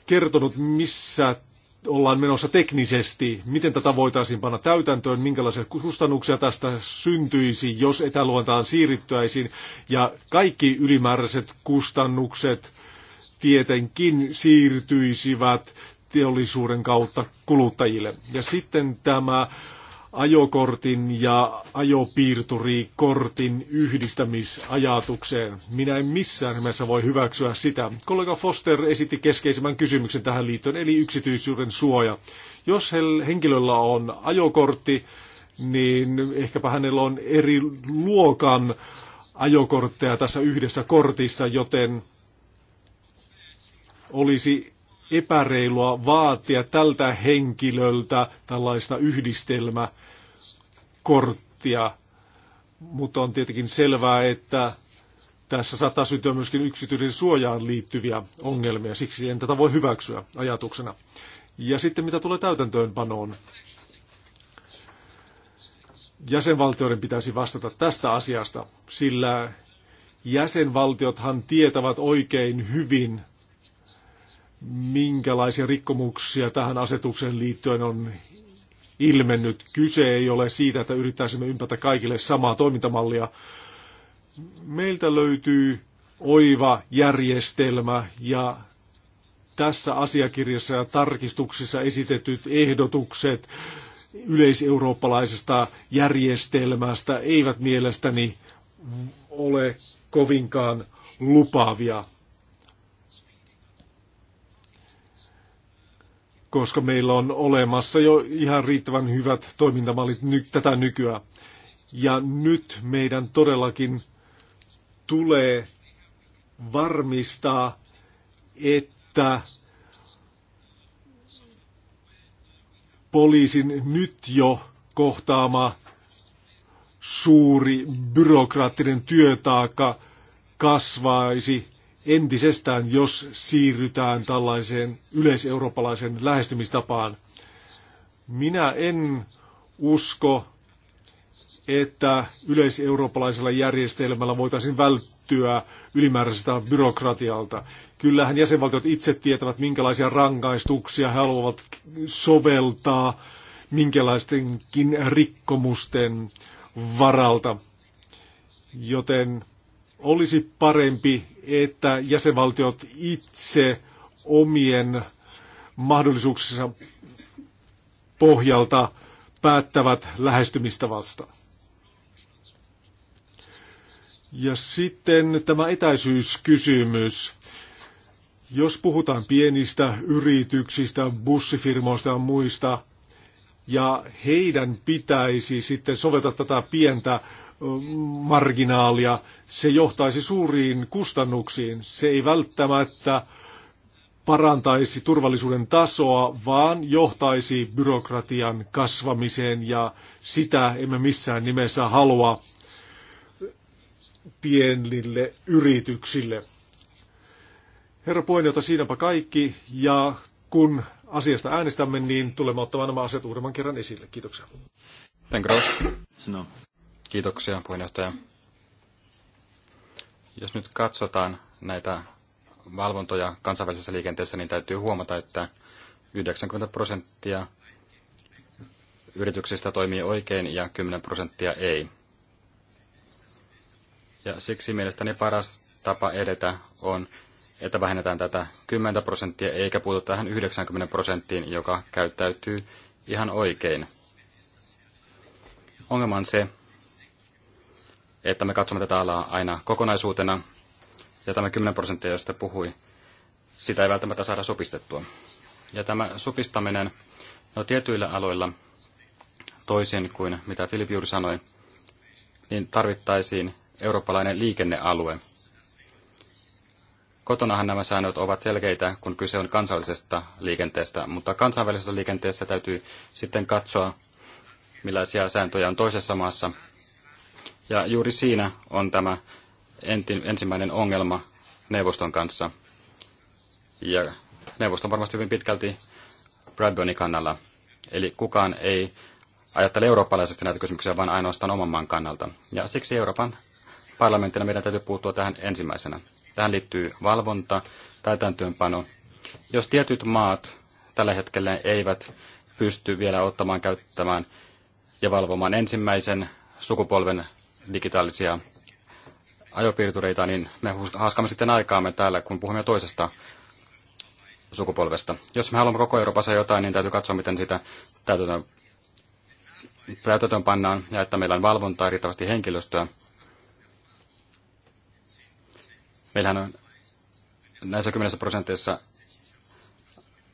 kertonut, missä ollaan menossa teknisesti, miten tätä voitaisiin panna täytäntöön, minkälaisia kustannuksia tästä syntyisi, jos etäluontaan siirryttäisiin, ja kaikki ylimääräiset kustannukset tietenkin siirtyisivät teollisuuden kautta kuluttajille. Ja sitten tämä ajokortin ja ajopiirturikortin yhdistämisajatukseen. Minä en missään nimessä voi hyväksyä sitä. Kollega Foster esitti keskeisemmän kysymyksen tähän liittyen, eli yksityisyyden suoja. Jos henkilöllä on ajokortti, niin ehkäpä hänellä on eri luokan ajokortteja tässä yhdessä kortissa, joten olisi epäreilua vaatia tältä henkilöltä tällaista yhdistelmäkorttia. Mutta on tietenkin selvää, että tässä saattaa syntyä myöskin yksityisen suojaan liittyviä ongelmia, siksi en tätä voi hyväksyä ajatuksena. Ja sitten mitä tulee täytäntöönpanoon, jäsenvaltioiden pitäisi vastata tästä asiasta, sillä jäsenvaltiothan tietävät oikein hyvin minkälaisia rikkomuksia tähän asetukseen liittyen on ilmennyt. Kyse ei ole siitä, että yrittäisimme ympätä kaikille samaa toimintamallia. Meiltä löytyy oiva järjestelmä ja tässä asiakirjassa ja tarkistuksissa esitetyt ehdotukset yleiseurooppalaisesta järjestelmästä eivät mielestäni ole kovinkaan lupaavia. koska meillä on olemassa jo ihan riittävän hyvät toimintamallit ny- tätä nykyään. Ja nyt meidän todellakin tulee varmistaa, että poliisin nyt jo kohtaama suuri byrokraattinen työtaakka kasvaisi entisestään, jos siirrytään tällaiseen yleiseurooppalaisen lähestymistapaan. Minä en usko, että yleiseurooppalaisella järjestelmällä voitaisiin välttyä ylimääräisestä byrokratialta. Kyllähän jäsenvaltiot itse tietävät, minkälaisia rangaistuksia he haluavat soveltaa minkälaistenkin rikkomusten varalta. Joten olisi parempi, että jäsenvaltiot itse omien mahdollisuuksensa pohjalta päättävät lähestymistavasta. Ja sitten tämä etäisyyskysymys. Jos puhutaan pienistä yrityksistä, bussifirmoista ja muista, ja heidän pitäisi sitten soveltaa tätä pientä marginaalia, se johtaisi suuriin kustannuksiin. Se ei välttämättä parantaisi turvallisuuden tasoa, vaan johtaisi byrokratian kasvamiseen ja sitä emme missään nimessä halua pienille yrityksille. Herra puheenjohtaja, siinäpä kaikki ja kun asiasta äänestämme, niin tulemme ottamaan nämä asiat uudemman kerran esille. Kiitoksia. Thank you. No. Kiitoksia, puheenjohtaja. Jos nyt katsotaan näitä valvontoja kansainvälisessä liikenteessä, niin täytyy huomata, että 90 prosenttia yrityksistä toimii oikein ja 10 prosenttia ei. Ja siksi mielestäni paras tapa edetä on, että vähennetään tätä 10 prosenttia eikä puutu tähän 90 prosenttiin, joka käyttäytyy ihan oikein. Ongelma on se, että me katsomme tätä alaa aina kokonaisuutena, ja tämä 10 prosenttia, josta puhui, sitä ei välttämättä saada supistettua. Ja tämä supistaminen, no tietyillä aloilla, toisin kuin mitä Filip juuri sanoi, niin tarvittaisiin eurooppalainen liikennealue. Kotonahan nämä säännöt ovat selkeitä, kun kyse on kansallisesta liikenteestä, mutta kansainvälisessä liikenteessä täytyy sitten katsoa, millaisia sääntöjä on toisessa maassa, ja juuri siinä on tämä ensimmäinen ongelma neuvoston kanssa. Ja neuvoston varmasti hyvin pitkälti Bradburnin kannalla. Eli kukaan ei ajattele eurooppalaisesti näitä kysymyksiä, vaan ainoastaan oman maan kannalta. Ja siksi Euroopan parlamenttina meidän täytyy puuttua tähän ensimmäisenä. Tähän liittyy valvonta, täytäntöönpano. Jos tietyt maat tällä hetkellä eivät pysty vielä ottamaan käyttämään ja valvomaan ensimmäisen sukupolven digitaalisia ajopiirtureita, niin me haaskaamme sitten aikaamme täällä, kun puhumme toisesta sukupolvesta. Jos me haluamme koko Euroopassa jotain, niin täytyy katsoa, miten sitä täytetään, täytetään pannaan ja että meillä on valvontaa riittävästi henkilöstöä. Meillähän on näissä 10 prosentissa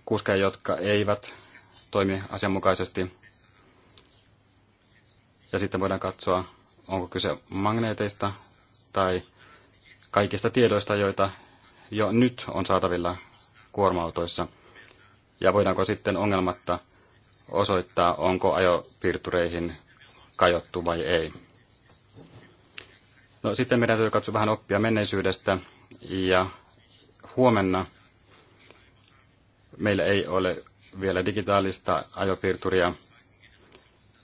kuskeja, jotka eivät toimi asianmukaisesti. Ja sitten voidaan katsoa, onko kyse magneeteista tai kaikista tiedoista, joita jo nyt on saatavilla kuorma-autoissa, ja voidaanko sitten ongelmatta osoittaa, onko ajopiirtureihin kajottu vai ei. No, sitten meidän täytyy katsoa vähän oppia menneisyydestä, ja huomenna meillä ei ole vielä digitaalista ajopiirturia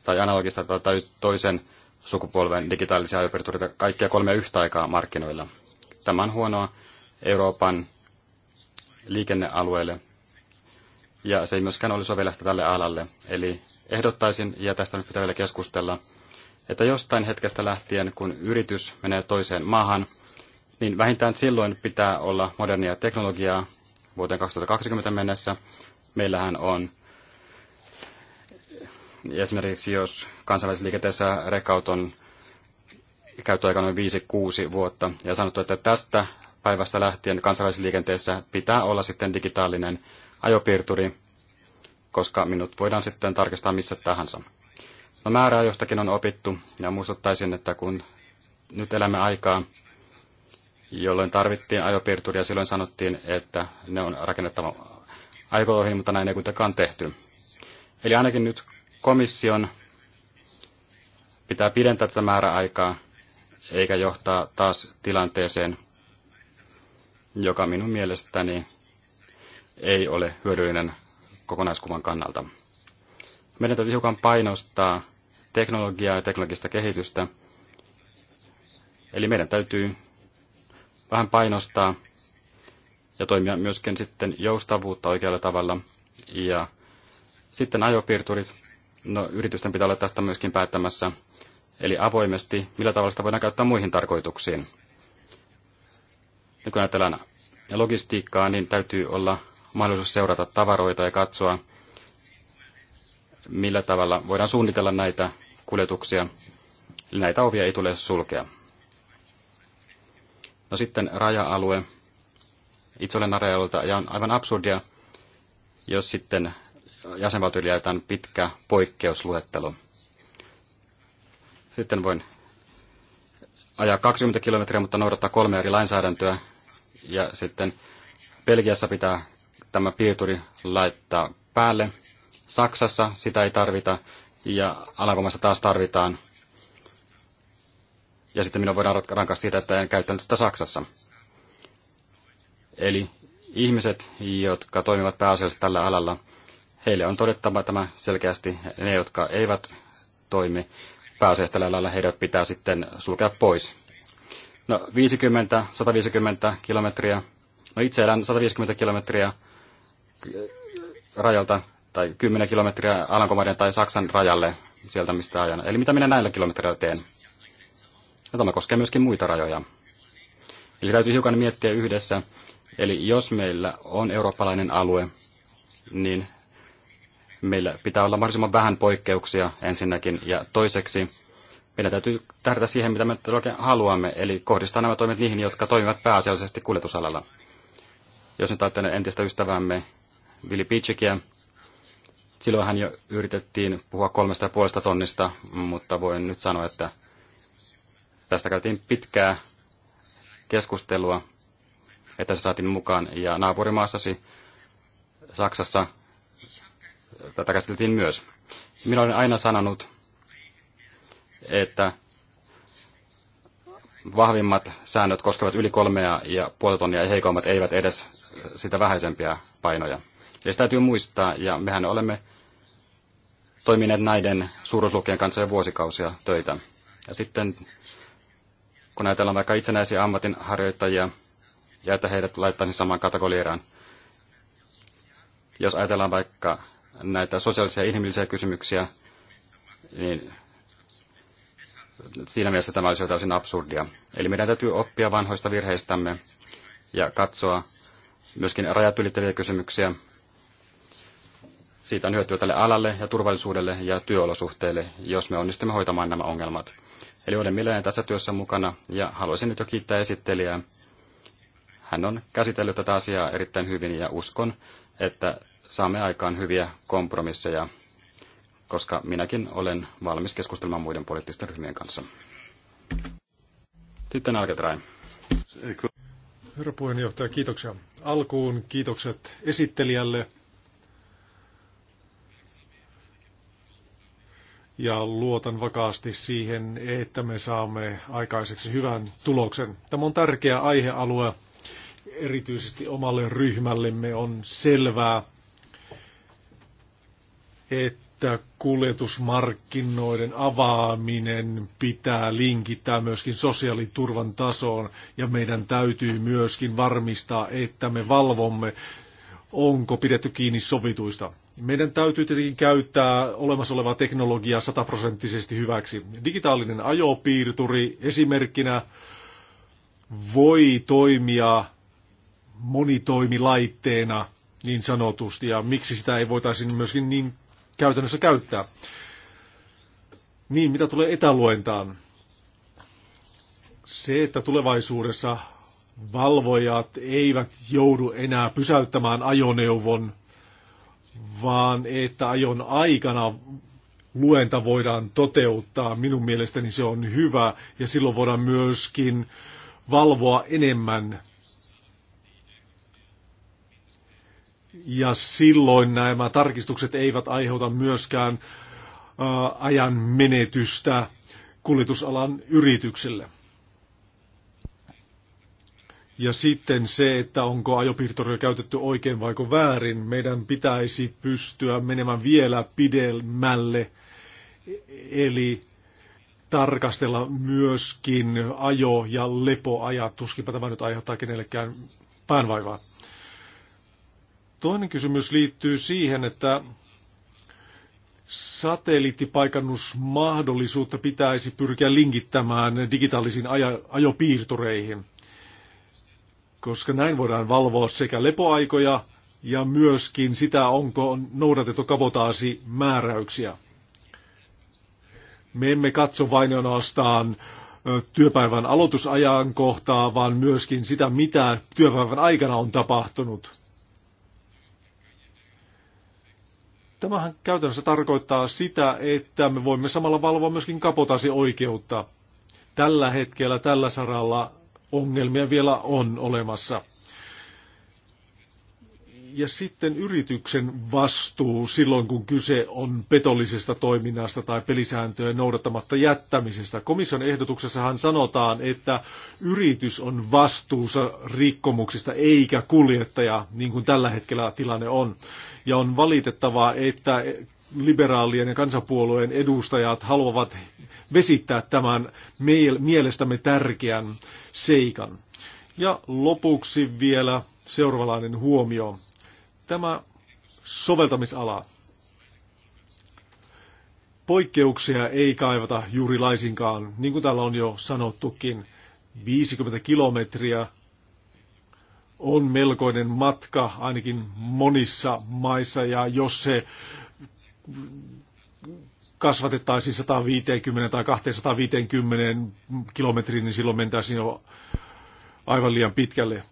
tai analogista tai toisen sukupolven digitaalisia ajopiirtureita kaikkia kolme yhtä aikaa markkinoilla. Tämä on huonoa Euroopan liikennealueelle ja se ei myöskään ole sovellasta tälle alalle. Eli ehdottaisin, ja tästä nyt pitää vielä keskustella, että jostain hetkestä lähtien, kun yritys menee toiseen maahan, niin vähintään silloin pitää olla modernia teknologiaa vuoteen 2020 mennessä. Meillähän on Esimerkiksi jos kansainvälisliikenteessä rekaut on käyttöaika noin 5-6 vuotta ja sanottu, että tästä päivästä lähtien kansainvälisliikenteessä pitää olla sitten digitaalinen ajopiirturi, koska minut voidaan sitten tarkistaa missä tahansa. No määrää jostakin on opittu ja muistuttaisin, että kun nyt elämme aikaa, jolloin tarvittiin ajopiirturia, silloin sanottiin, että ne on rakennettava aikoihin, mutta näin ei kuitenkaan tehty. Eli ainakin nyt komission pitää pidentää tätä määräaikaa, eikä johtaa taas tilanteeseen, joka minun mielestäni ei ole hyödyllinen kokonaiskuvan kannalta. Meidän täytyy hiukan painostaa teknologiaa ja teknologista kehitystä. Eli meidän täytyy vähän painostaa ja toimia myöskin sitten joustavuutta oikealla tavalla. Ja sitten ajopiirturit, No, yritysten pitää olla tästä myöskin päättämässä. Eli avoimesti, millä tavalla sitä voidaan käyttää muihin tarkoituksiin. Ja kun ajatellaan logistiikkaa, niin täytyy olla mahdollisuus seurata tavaroita ja katsoa, millä tavalla voidaan suunnitella näitä kuljetuksia. Eli näitä ovia ei tule sulkea. No sitten raja-alue. Itse olen raja ja on aivan absurdia, jos sitten jäsenvaltioille jaetaan pitkä poikkeusluettelo. Sitten voin ajaa 20 kilometriä, mutta noudattaa kolme eri lainsäädäntöä. Ja sitten Belgiassa pitää tämä piirturi laittaa päälle. Saksassa sitä ei tarvita ja Alankomaissa taas tarvitaan. Ja sitten minä voidaan rankaa siitä, että en käyttänyt sitä Saksassa. Eli ihmiset, jotka toimivat pääasiallisesti tällä alalla, Heille on todettava tämä selkeästi. Ne, jotka eivät toimi pääseestä tällä lailla, heidät pitää sitten sulkea pois. No 50, 150 kilometriä. No itse elän 150 kilometriä rajalta tai 10 kilometriä Alankomaiden tai Saksan rajalle sieltä, mistä ajan. Eli mitä minä näillä kilometreillä teen? Ja no, tämä koskee myöskin muita rajoja. Eli täytyy hiukan miettiä yhdessä. Eli jos meillä on eurooppalainen alue, niin meillä pitää olla mahdollisimman vähän poikkeuksia ensinnäkin, ja toiseksi meidän täytyy tähdätä siihen, mitä me oikein haluamme, eli kohdistaa nämä toimet niihin, jotka toimivat pääasiallisesti kuljetusalalla. Jos nyt ajattelen entistä ystävämme Vili Pitsikiä, silloin hän jo yritettiin puhua kolmesta ja puolesta tonnista, mutta voin nyt sanoa, että tästä käytiin pitkää keskustelua, että se saatiin mukaan. Ja naapurimaassasi Saksassa tätä käsiteltiin myös. Minä olen aina sanonut, että vahvimmat säännöt koskevat yli kolmea ja puolta tonnia ja heikommat eivät edes sitä vähäisempiä painoja. Ja sitä täytyy muistaa, ja mehän olemme toimineet näiden suuruuslukien kanssa jo vuosikausia töitä. Ja sitten kun ajatellaan vaikka itsenäisiä ammatinharjoittajia ja että heidät laittaisiin samaan kategoriaan. Jos ajatellaan vaikka näitä sosiaalisia ja inhimillisiä kysymyksiä, niin siinä mielessä tämä olisi täysin absurdia. Eli meidän täytyy oppia vanhoista virheistämme ja katsoa myöskin rajat ylittäviä kysymyksiä. Siitä on hyötyä tälle alalle ja turvallisuudelle ja työolosuhteille, jos me onnistumme hoitamaan nämä ongelmat. Eli olen mielelläni tässä työssä mukana ja haluaisin nyt jo kiittää esittelijää. Hän on käsitellyt tätä asiaa erittäin hyvin ja uskon, että saamme aikaan hyviä kompromisseja, koska minäkin olen valmis keskustelemaan muiden poliittisten ryhmien kanssa. Sitten Algetrain. Herra puheenjohtaja, kiitoksia. Alkuun kiitokset esittelijälle ja luotan vakaasti siihen, että me saamme aikaiseksi hyvän tuloksen. Tämä on tärkeä aihealue, erityisesti omalle ryhmällemme on selvää, että kuljetusmarkkinoiden avaaminen pitää linkittää myöskin sosiaaliturvan tasoon ja meidän täytyy myöskin varmistaa, että me valvomme, onko pidetty kiinni sovituista. Meidän täytyy tietenkin käyttää olemassa olevaa teknologiaa sataprosenttisesti hyväksi. Digitaalinen ajopiirturi esimerkkinä voi toimia monitoimilaitteena niin sanotusti, ja miksi sitä ei voitaisiin myöskin niin käytännössä käyttää. Niin, mitä tulee etäluentaan? Se, että tulevaisuudessa valvojat eivät joudu enää pysäyttämään ajoneuvon, vaan että ajon aikana luenta voidaan toteuttaa. Minun mielestäni se on hyvä ja silloin voidaan myöskin valvoa enemmän ja silloin nämä tarkistukset eivät aiheuta myöskään äh, ajan menetystä kuljetusalan yritykselle. Ja sitten se, että onko ajopiirtoria käytetty oikein vaiko väärin, meidän pitäisi pystyä menemään vielä pidemmälle, eli tarkastella myöskin ajo- ja lepoajat. Tuskinpä tämä nyt aiheuttaa kenellekään päänvaivaa. Toinen kysymys liittyy siihen, että satelliittipaikannusmahdollisuutta pitäisi pyrkiä linkittämään digitaalisiin ajopiirtureihin, koska näin voidaan valvoa sekä lepoaikoja ja myöskin sitä, onko noudatettu kabotaasi määräyksiä. Me emme katso vain ainoastaan työpäivän aloitusajankohtaa, vaan myöskin sitä, mitä työpäivän aikana on tapahtunut. Tämähän käytännössä tarkoittaa sitä, että me voimme samalla valvoa myöskin oikeutta Tällä hetkellä tällä saralla ongelmia vielä on olemassa. Ja sitten yrityksen vastuu silloin, kun kyse on petollisesta toiminnasta tai pelisääntöjen noudattamatta jättämisestä. Komission ehdotuksessahan sanotaan, että yritys on vastuussa rikkomuksista eikä kuljettaja, niin kuin tällä hetkellä tilanne on. Ja on valitettavaa, että liberaalien ja kansapuolueen edustajat haluavat vesittää tämän mielestämme tärkeän seikan. Ja lopuksi vielä seuraavanlainen huomio. Tämä soveltamisala. Poikkeuksia ei kaivata juuri laisinkaan, niin kuin täällä on jo sanottukin. 50 kilometriä on melkoinen matka ainakin monissa maissa ja jos se kasvatettaisiin 150 tai 250 kilometriin, niin silloin mentäisiin jo aivan liian pitkälle.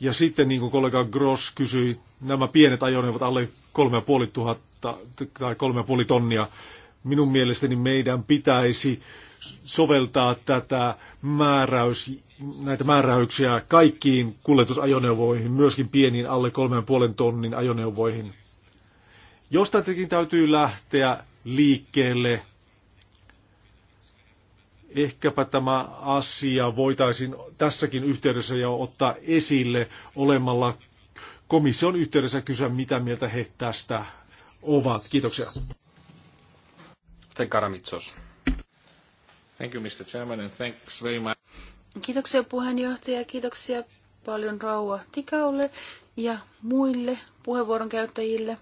Ja sitten, niin kuin kollega Gross kysyi, nämä pienet ajoneuvot alle 3500 tai 3,5 tonnia, minun mielestäni meidän pitäisi soveltaa tätä määräys, näitä määräyksiä kaikkiin kuljetusajoneuvoihin, myöskin pieniin alle 3,5 tonnin ajoneuvoihin. Jostain täytyy lähteä liikkeelle – ehkäpä tämä asia voitaisiin tässäkin yhteydessä jo ottaa esille olemalla komission yhteydessä kysyä, mitä mieltä he tästä ovat. Kiitoksia. Karamitsos. Thank you, Mr. Chairman, and thanks very much. Kiitoksia puheenjohtaja, kiitoksia paljon Rauha Tikaulle ja muille puheenvuoron käyttäjille.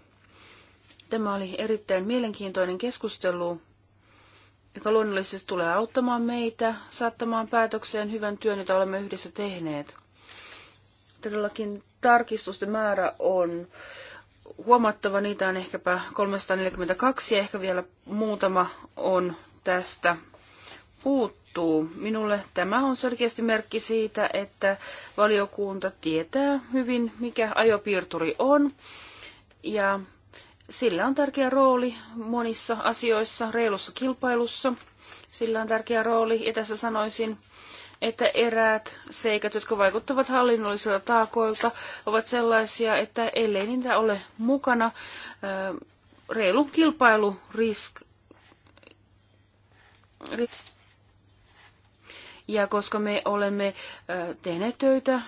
Tämä oli erittäin mielenkiintoinen keskustelu joka luonnollisesti tulee auttamaan meitä saattamaan päätökseen hyvän työn, jota olemme yhdessä tehneet. Todellakin tarkistusten määrä on huomattava. Niitä on ehkäpä 342 ja ehkä vielä muutama on tästä puuttuu. Minulle tämä on selkeästi merkki siitä, että valiokunta tietää hyvin, mikä ajopiirturi on. Ja sillä on tärkeä rooli monissa asioissa, reilussa kilpailussa. Sillä on tärkeä rooli, ja tässä sanoisin, että eräät seikat, jotka vaikuttavat hallinnollisilta taakoilta, ovat sellaisia, että ellei niitä ole mukana, reilu kilpailu Ja koska me olemme tehneet töitä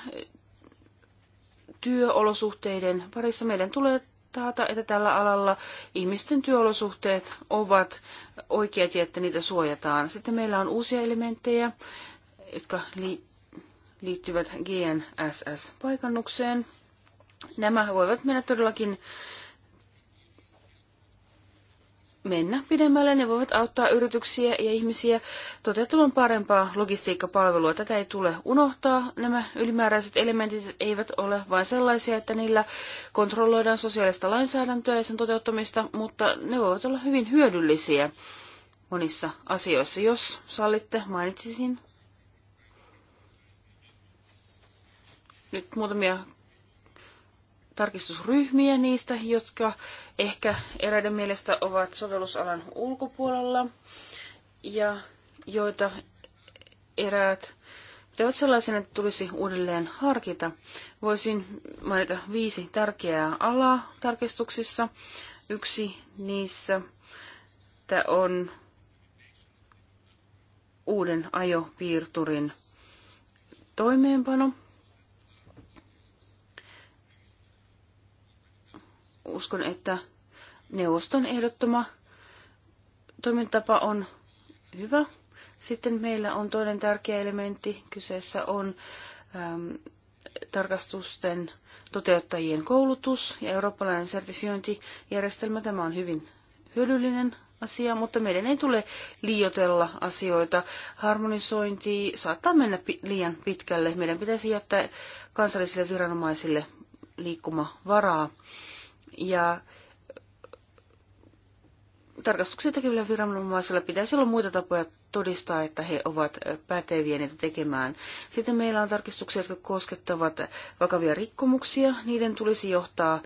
työolosuhteiden parissa, meidän tulee taata, että tällä alalla ihmisten työolosuhteet ovat oikeat ja että niitä suojataan. Sitten meillä on uusia elementtejä, jotka liittyvät GNSS-paikannukseen. Nämä voivat mennä todellakin mennä pidemmälle. Ne voivat auttaa yrityksiä ja ihmisiä toteuttamaan parempaa logistiikkapalvelua. Tätä ei tule unohtaa. Nämä ylimääräiset elementit eivät ole vain sellaisia, että niillä kontrolloidaan sosiaalista lainsäädäntöä ja sen toteuttamista, mutta ne voivat olla hyvin hyödyllisiä monissa asioissa. Jos sallitte, mainitsisin nyt muutamia tarkistusryhmiä niistä, jotka ehkä eräiden mielestä ovat sovellusalan ulkopuolella ja joita eräät pitävät sellaisena, että tulisi uudelleen harkita. Voisin mainita viisi tärkeää alaa tarkistuksissa. Yksi niissä tämä on uuden ajopiirturin toimeenpano. uskon, että neuvoston ehdottoma toimintatapa on hyvä. Sitten meillä on toinen tärkeä elementti. Kyseessä on äm, tarkastusten toteuttajien koulutus ja eurooppalainen sertifiointijärjestelmä. Tämä on hyvin hyödyllinen asia, mutta meidän ei tule liiotella asioita. Harmonisointi saattaa mennä liian pitkälle. Meidän pitäisi jättää kansallisille viranomaisille liikkumavaraa. varaa ja tarkastuksen tekevillä viranomaisilla pitäisi olla muita tapoja todistaa, että he ovat päteviä niitä tekemään. Sitten meillä on tarkistuksia, jotka koskettavat vakavia rikkomuksia. Niiden tulisi johtaa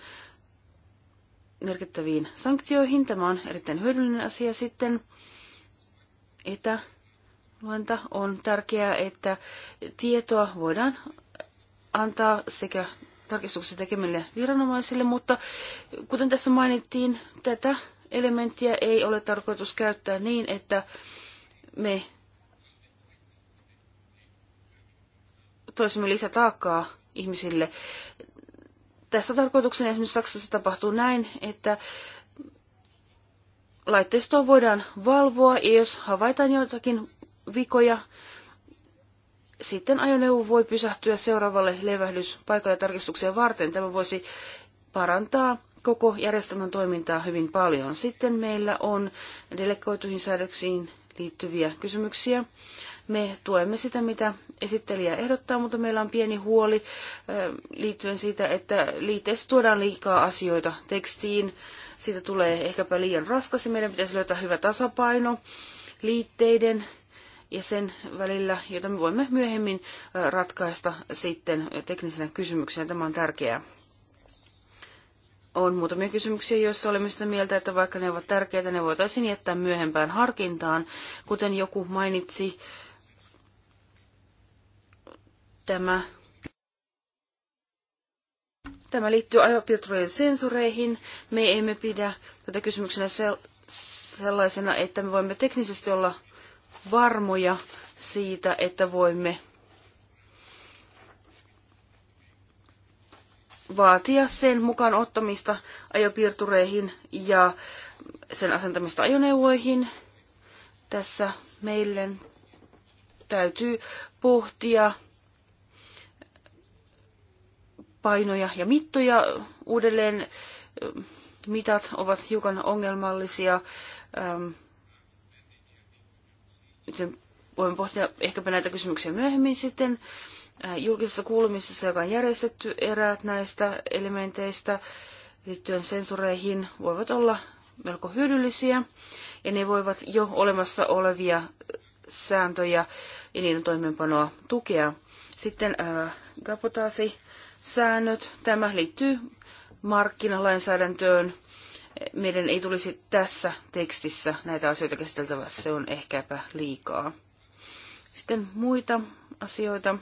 merkittäviin sanktioihin. Tämä on erittäin hyödyllinen asia sitten. Etäluenta on tärkeää, että tietoa voidaan antaa sekä tarkistuksen tekemille viranomaisille, mutta kuten tässä mainittiin, tätä elementtiä ei ole tarkoitus käyttää niin, että me toisimme lisätaakkaa ihmisille. Tässä tarkoituksena esimerkiksi Saksassa tapahtuu näin, että laitteistoa voidaan valvoa ja jos havaitaan joitakin vikoja, sitten ajoneuvo voi pysähtyä seuraavalle levähdyspaikalle tarkistukseen varten. Tämä voisi parantaa koko järjestelmän toimintaa hyvin paljon. Sitten meillä on delegoituihin säädöksiin liittyviä kysymyksiä. Me tuemme sitä, mitä esittelijä ehdottaa, mutta meillä on pieni huoli liittyen siitä, että liitteessä tuodaan liikaa asioita tekstiin. Siitä tulee ehkäpä liian raskas ja meidän pitäisi löytää hyvä tasapaino liitteiden ja sen välillä, jota me voimme myöhemmin ratkaista sitten teknisenä kysymyksenä. Tämä on tärkeää. On muutamia kysymyksiä, joissa olemme sitä mieltä, että vaikka ne ovat tärkeitä, ne voitaisiin jättää myöhempään harkintaan. Kuten joku mainitsi, tämä, tämä liittyy ajopiltrojen sensoreihin. Me emme pidä tätä kysymyksenä sellaisena, että me voimme teknisesti olla varmoja siitä, että voimme vaatia sen mukaan ottamista ajopiirtureihin ja sen asentamista ajoneuvoihin. Tässä meille täytyy pohtia painoja ja mittoja uudelleen. Mitat ovat hiukan ongelmallisia. Ähm, Joten voin pohtia ehkäpä näitä kysymyksiä myöhemmin sitten. Äh, julkisessa kuulemisessa, joka on järjestetty, eräät näistä elementeistä liittyen sensoreihin voivat olla melko hyödyllisiä, ja ne voivat jo olemassa olevia sääntöjä ja niiden toimeenpanoa tukea. Sitten äh, kapotaasisäännöt. Tämä liittyy markkinalainsäädäntöön meidän ei tulisi tässä tekstissä näitä asioita käsiteltävä, se on ehkäpä liikaa. Sitten muita asioita.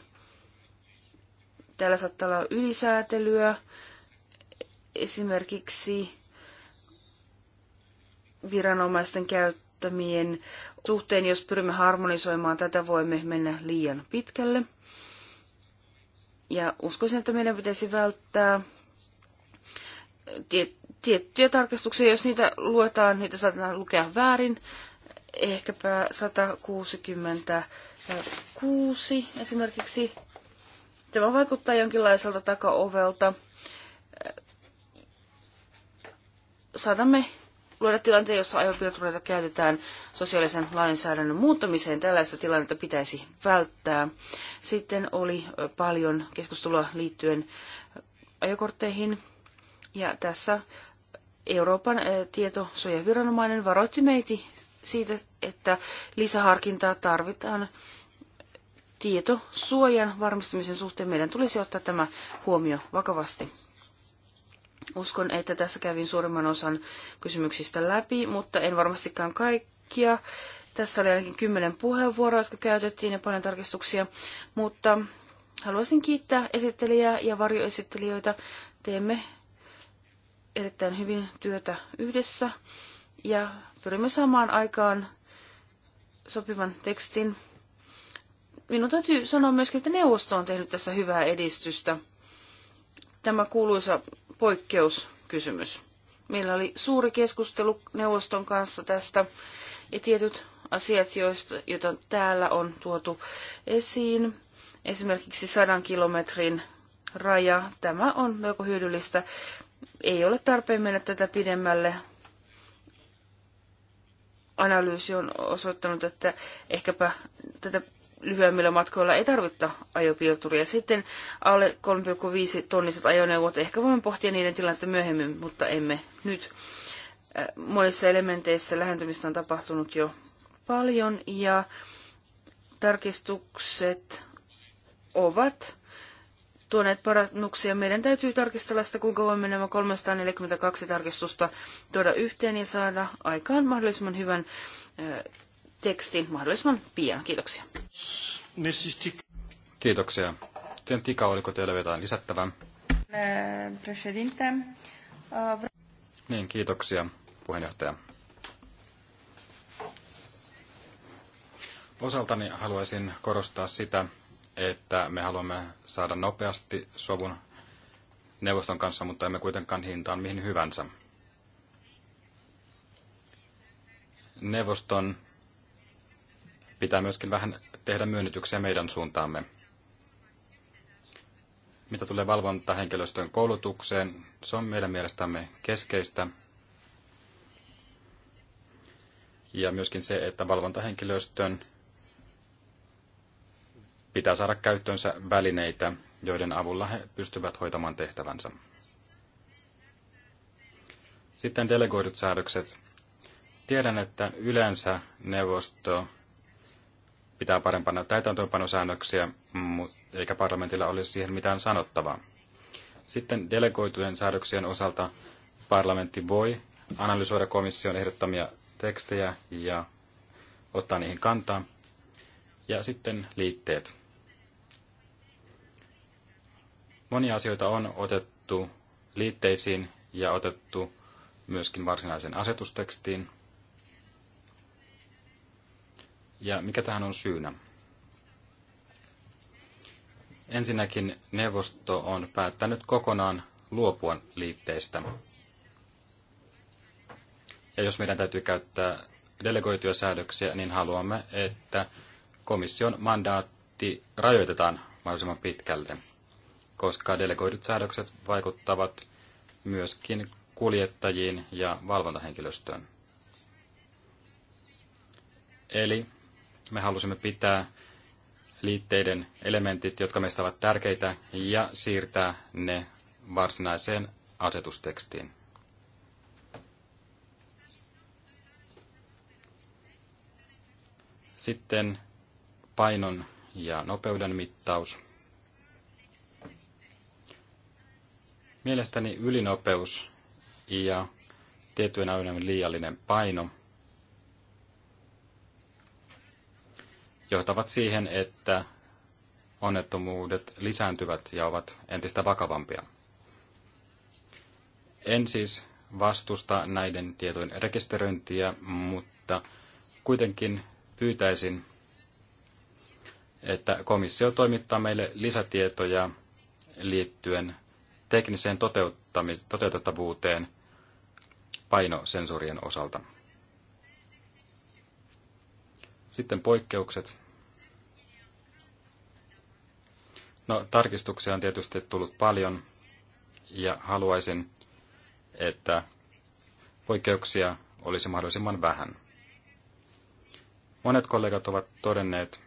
Täällä saattaa olla ylisäätelyä, esimerkiksi viranomaisten käyttämien suhteen, jos pyrimme harmonisoimaan tätä, voimme mennä liian pitkälle. Ja uskoisin, että meidän pitäisi välttää tiettyjä tarkastuksia, jos niitä luetaan, niitä saatetaan lukea väärin. Ehkäpä 166 esimerkiksi. Tämä vaikuttaa jonkinlaiselta takaovelta. Saatamme luoda tilanteen, jossa ajopiirtureita käytetään sosiaalisen lainsäädännön muuttamiseen. Tällaista tilannetta pitäisi välttää. Sitten oli paljon keskustelua liittyen ajokortteihin. Ja tässä Euroopan eh, tietosuojaviranomainen varoitti meitä siitä, että lisäharkintaa tarvitaan tietosuojan varmistamisen suhteen. Meidän tulisi ottaa tämä huomio vakavasti. Uskon, että tässä kävin suurimman osan kysymyksistä läpi, mutta en varmastikaan kaikkia. Tässä oli ainakin kymmenen puheenvuoroa, jotka käytettiin ja paljon tarkistuksia, mutta haluaisin kiittää esittelijää ja varjoesittelijöitä. Teemme erittäin hyvin työtä yhdessä ja pyrimme saamaan aikaan sopivan tekstin. Minun täytyy sanoa myöskin, että neuvosto on tehnyt tässä hyvää edistystä. Tämä kuuluisa poikkeuskysymys. Meillä oli suuri keskustelu neuvoston kanssa tästä ja tietyt asiat, joista, joita täällä on tuotu esiin. Esimerkiksi sadan kilometrin raja. Tämä on melko hyödyllistä ei ole tarpeen mennä tätä pidemmälle. Analyysi on osoittanut, että ehkäpä tätä lyhyemmillä matkoilla ei tarvitta ajopiirturia. Sitten alle 3,5 tonniset ajoneuvot, ehkä voimme pohtia niiden tilannetta myöhemmin, mutta emme nyt. Äh, monissa elementeissä lähentymistä on tapahtunut jo paljon ja tarkistukset ovat tuoneet parannuksia. Meidän täytyy tarkistella sitä, kuinka voimme nämä 342 tarkistusta tuoda yhteen ja saada aikaan mahdollisimman hyvän tekstin mahdollisimman pian. Kiitoksia. Kiitoksia. Sen Tika, oliko teillä jotain lisättävää? Niin, kiitoksia puheenjohtaja. Osaltani haluaisin korostaa sitä, että me haluamme saada nopeasti sovun neuvoston kanssa, mutta emme kuitenkaan hintaan mihin hyvänsä. Neuvoston pitää myöskin vähän tehdä myönnytyksiä meidän suuntaamme. Mitä tulee valvontahenkilöstön koulutukseen, se on meidän mielestämme keskeistä. Ja myöskin se, että valvontahenkilöstön pitää saada käyttöönsä välineitä, joiden avulla he pystyvät hoitamaan tehtävänsä. Sitten delegoidut säädökset. Tiedän, että yleensä neuvosto pitää parempana täytäntöönpanosäännöksiä, eikä parlamentilla ole siihen mitään sanottavaa. Sitten delegoitujen säädöksien osalta parlamentti voi analysoida komission ehdottamia tekstejä ja ottaa niihin kantaa. Ja sitten liitteet. Monia asioita on otettu liitteisiin ja otettu myöskin varsinaiseen asetustekstiin. Ja mikä tähän on syynä? Ensinnäkin neuvosto on päättänyt kokonaan luopua liitteistä. Ja jos meidän täytyy käyttää delegoituja säädöksiä, niin haluamme, että komission mandaatti rajoitetaan mahdollisimman pitkälle koska delegoidut säädökset vaikuttavat myöskin kuljettajiin ja valvontahenkilöstöön. Eli me halusimme pitää liitteiden elementit, jotka meistä ovat tärkeitä, ja siirtää ne varsinaiseen asetustekstiin. Sitten painon ja nopeuden mittaus. Mielestäni ylinopeus ja tiettyjen ajoneuvojen liiallinen paino johtavat siihen, että onnettomuudet lisääntyvät ja ovat entistä vakavampia. En siis vastusta näiden tietojen rekisteröintiä, mutta kuitenkin pyytäisin, että komissio toimittaa meille lisätietoja liittyen tekniseen toteutettavuuteen painosensorien osalta. Sitten poikkeukset. No, tarkistuksia on tietysti tullut paljon ja haluaisin, että poikkeuksia olisi mahdollisimman vähän. Monet kollegat ovat todenneet,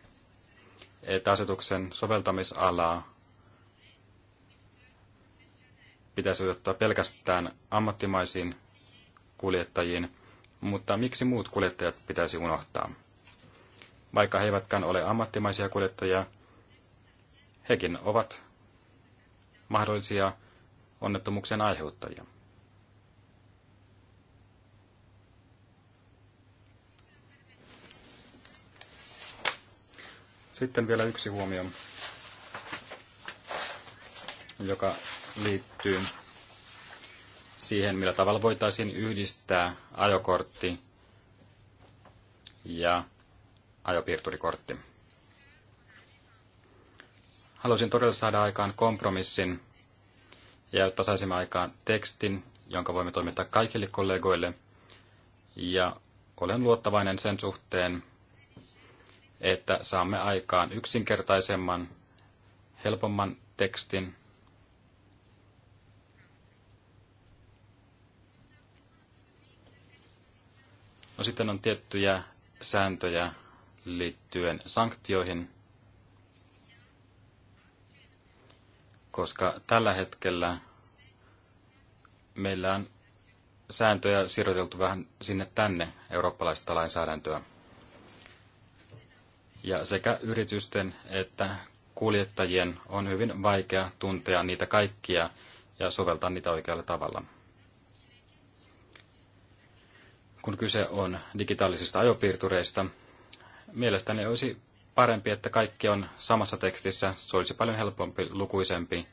että asetuksen soveltamisalaa pitäisi ottaa pelkästään ammattimaisiin kuljettajiin, mutta miksi muut kuljettajat pitäisi unohtaa? Vaikka he eivätkään ole ammattimaisia kuljettajia, hekin ovat mahdollisia onnettomuuksien aiheuttajia. Sitten vielä yksi huomio, joka liittyy siihen, millä tavalla voitaisiin yhdistää ajokortti ja ajopiirturikortti. Haluaisin todella saada aikaan kompromissin ja jotta saisimme aikaan tekstin, jonka voimme toimittaa kaikille kollegoille. Ja olen luottavainen sen suhteen, että saamme aikaan yksinkertaisemman, helpomman tekstin, sitten on tiettyjä sääntöjä liittyen sanktioihin, koska tällä hetkellä meillä on sääntöjä siirroteltu vähän sinne tänne eurooppalaista lainsäädäntöä. Ja sekä yritysten että kuljettajien on hyvin vaikea tuntea niitä kaikkia ja soveltaa niitä oikealla tavalla kun kyse on digitaalisista ajopiirtureista. Mielestäni olisi parempi, että kaikki on samassa tekstissä. Se olisi paljon helpompi, lukuisempi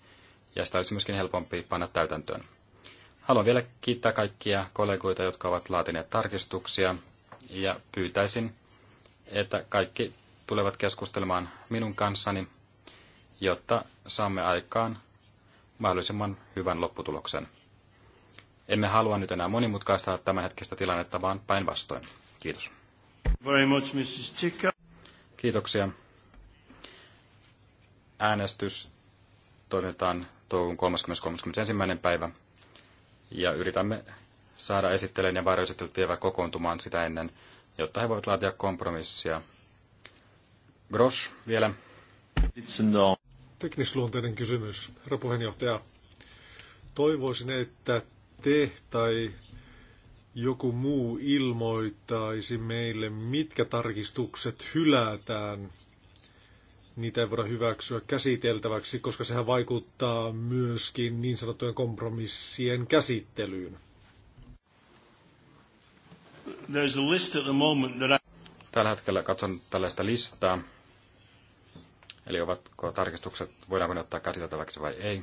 ja sitä olisi myöskin helpompi panna täytäntöön. Haluan vielä kiittää kaikkia kollegoita, jotka ovat laatineet tarkistuksia ja pyytäisin, että kaikki tulevat keskustelemaan minun kanssani, jotta saamme aikaan mahdollisimman hyvän lopputuloksen. Emme halua nyt enää monimutkaistaa tämänhetkistä tilannetta, vaan päinvastoin. Kiitos. Very much, Mrs. Kiitoksia. Äänestys toimitetaan touun 30.31. päivä. Ja yritämme saada esittelijän ja varjoesittelijät vielä kokoontumaan sitä ennen, jotta he voivat laatia kompromissia. Grosh vielä. Teknisluonteinen kysymys, herra puheenjohtaja. Toivoisin, että te tai joku muu ilmoittaisi meille, mitkä tarkistukset hylätään, niitä ei voida hyväksyä käsiteltäväksi, koska sehän vaikuttaa myöskin niin sanottujen kompromissien käsittelyyn. Tällä hetkellä katson tällaista listaa, eli ovatko tarkistukset, voidaanko ne ottaa käsiteltäväksi vai ei.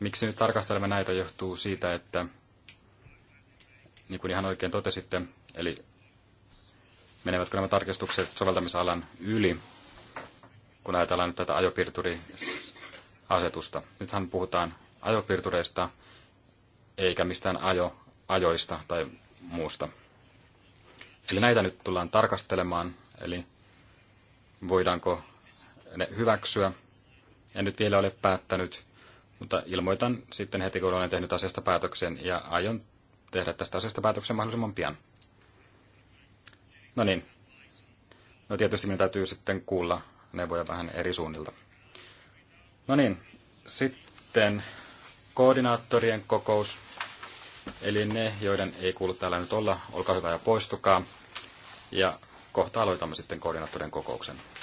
Miksi nyt tarkastelemme näitä johtuu siitä, että niin kuin ihan oikein totesitte, eli menevätkö nämä tarkistukset soveltamisalan yli, kun ajatellaan nyt tätä ajopiirturiasetusta. Nythän puhutaan ajopiirtureista, eikä mistään ajo, ajoista tai muusta. Eli näitä nyt tullaan tarkastelemaan, eli voidaanko ne hyväksyä. En nyt vielä ole päättänyt, mutta ilmoitan sitten heti, kun olen tehnyt asiasta päätöksen ja aion tehdä tästä asiasta päätöksen mahdollisimman pian. No niin. No tietysti minun täytyy sitten kuulla neuvoja vähän eri suunnilta. No niin, sitten koordinaattorien kokous. Eli ne, joiden ei kuulu täällä nyt olla, olkaa hyvä ja poistukaa. Ja kohta aloitamme sitten koordinaattorien kokouksen.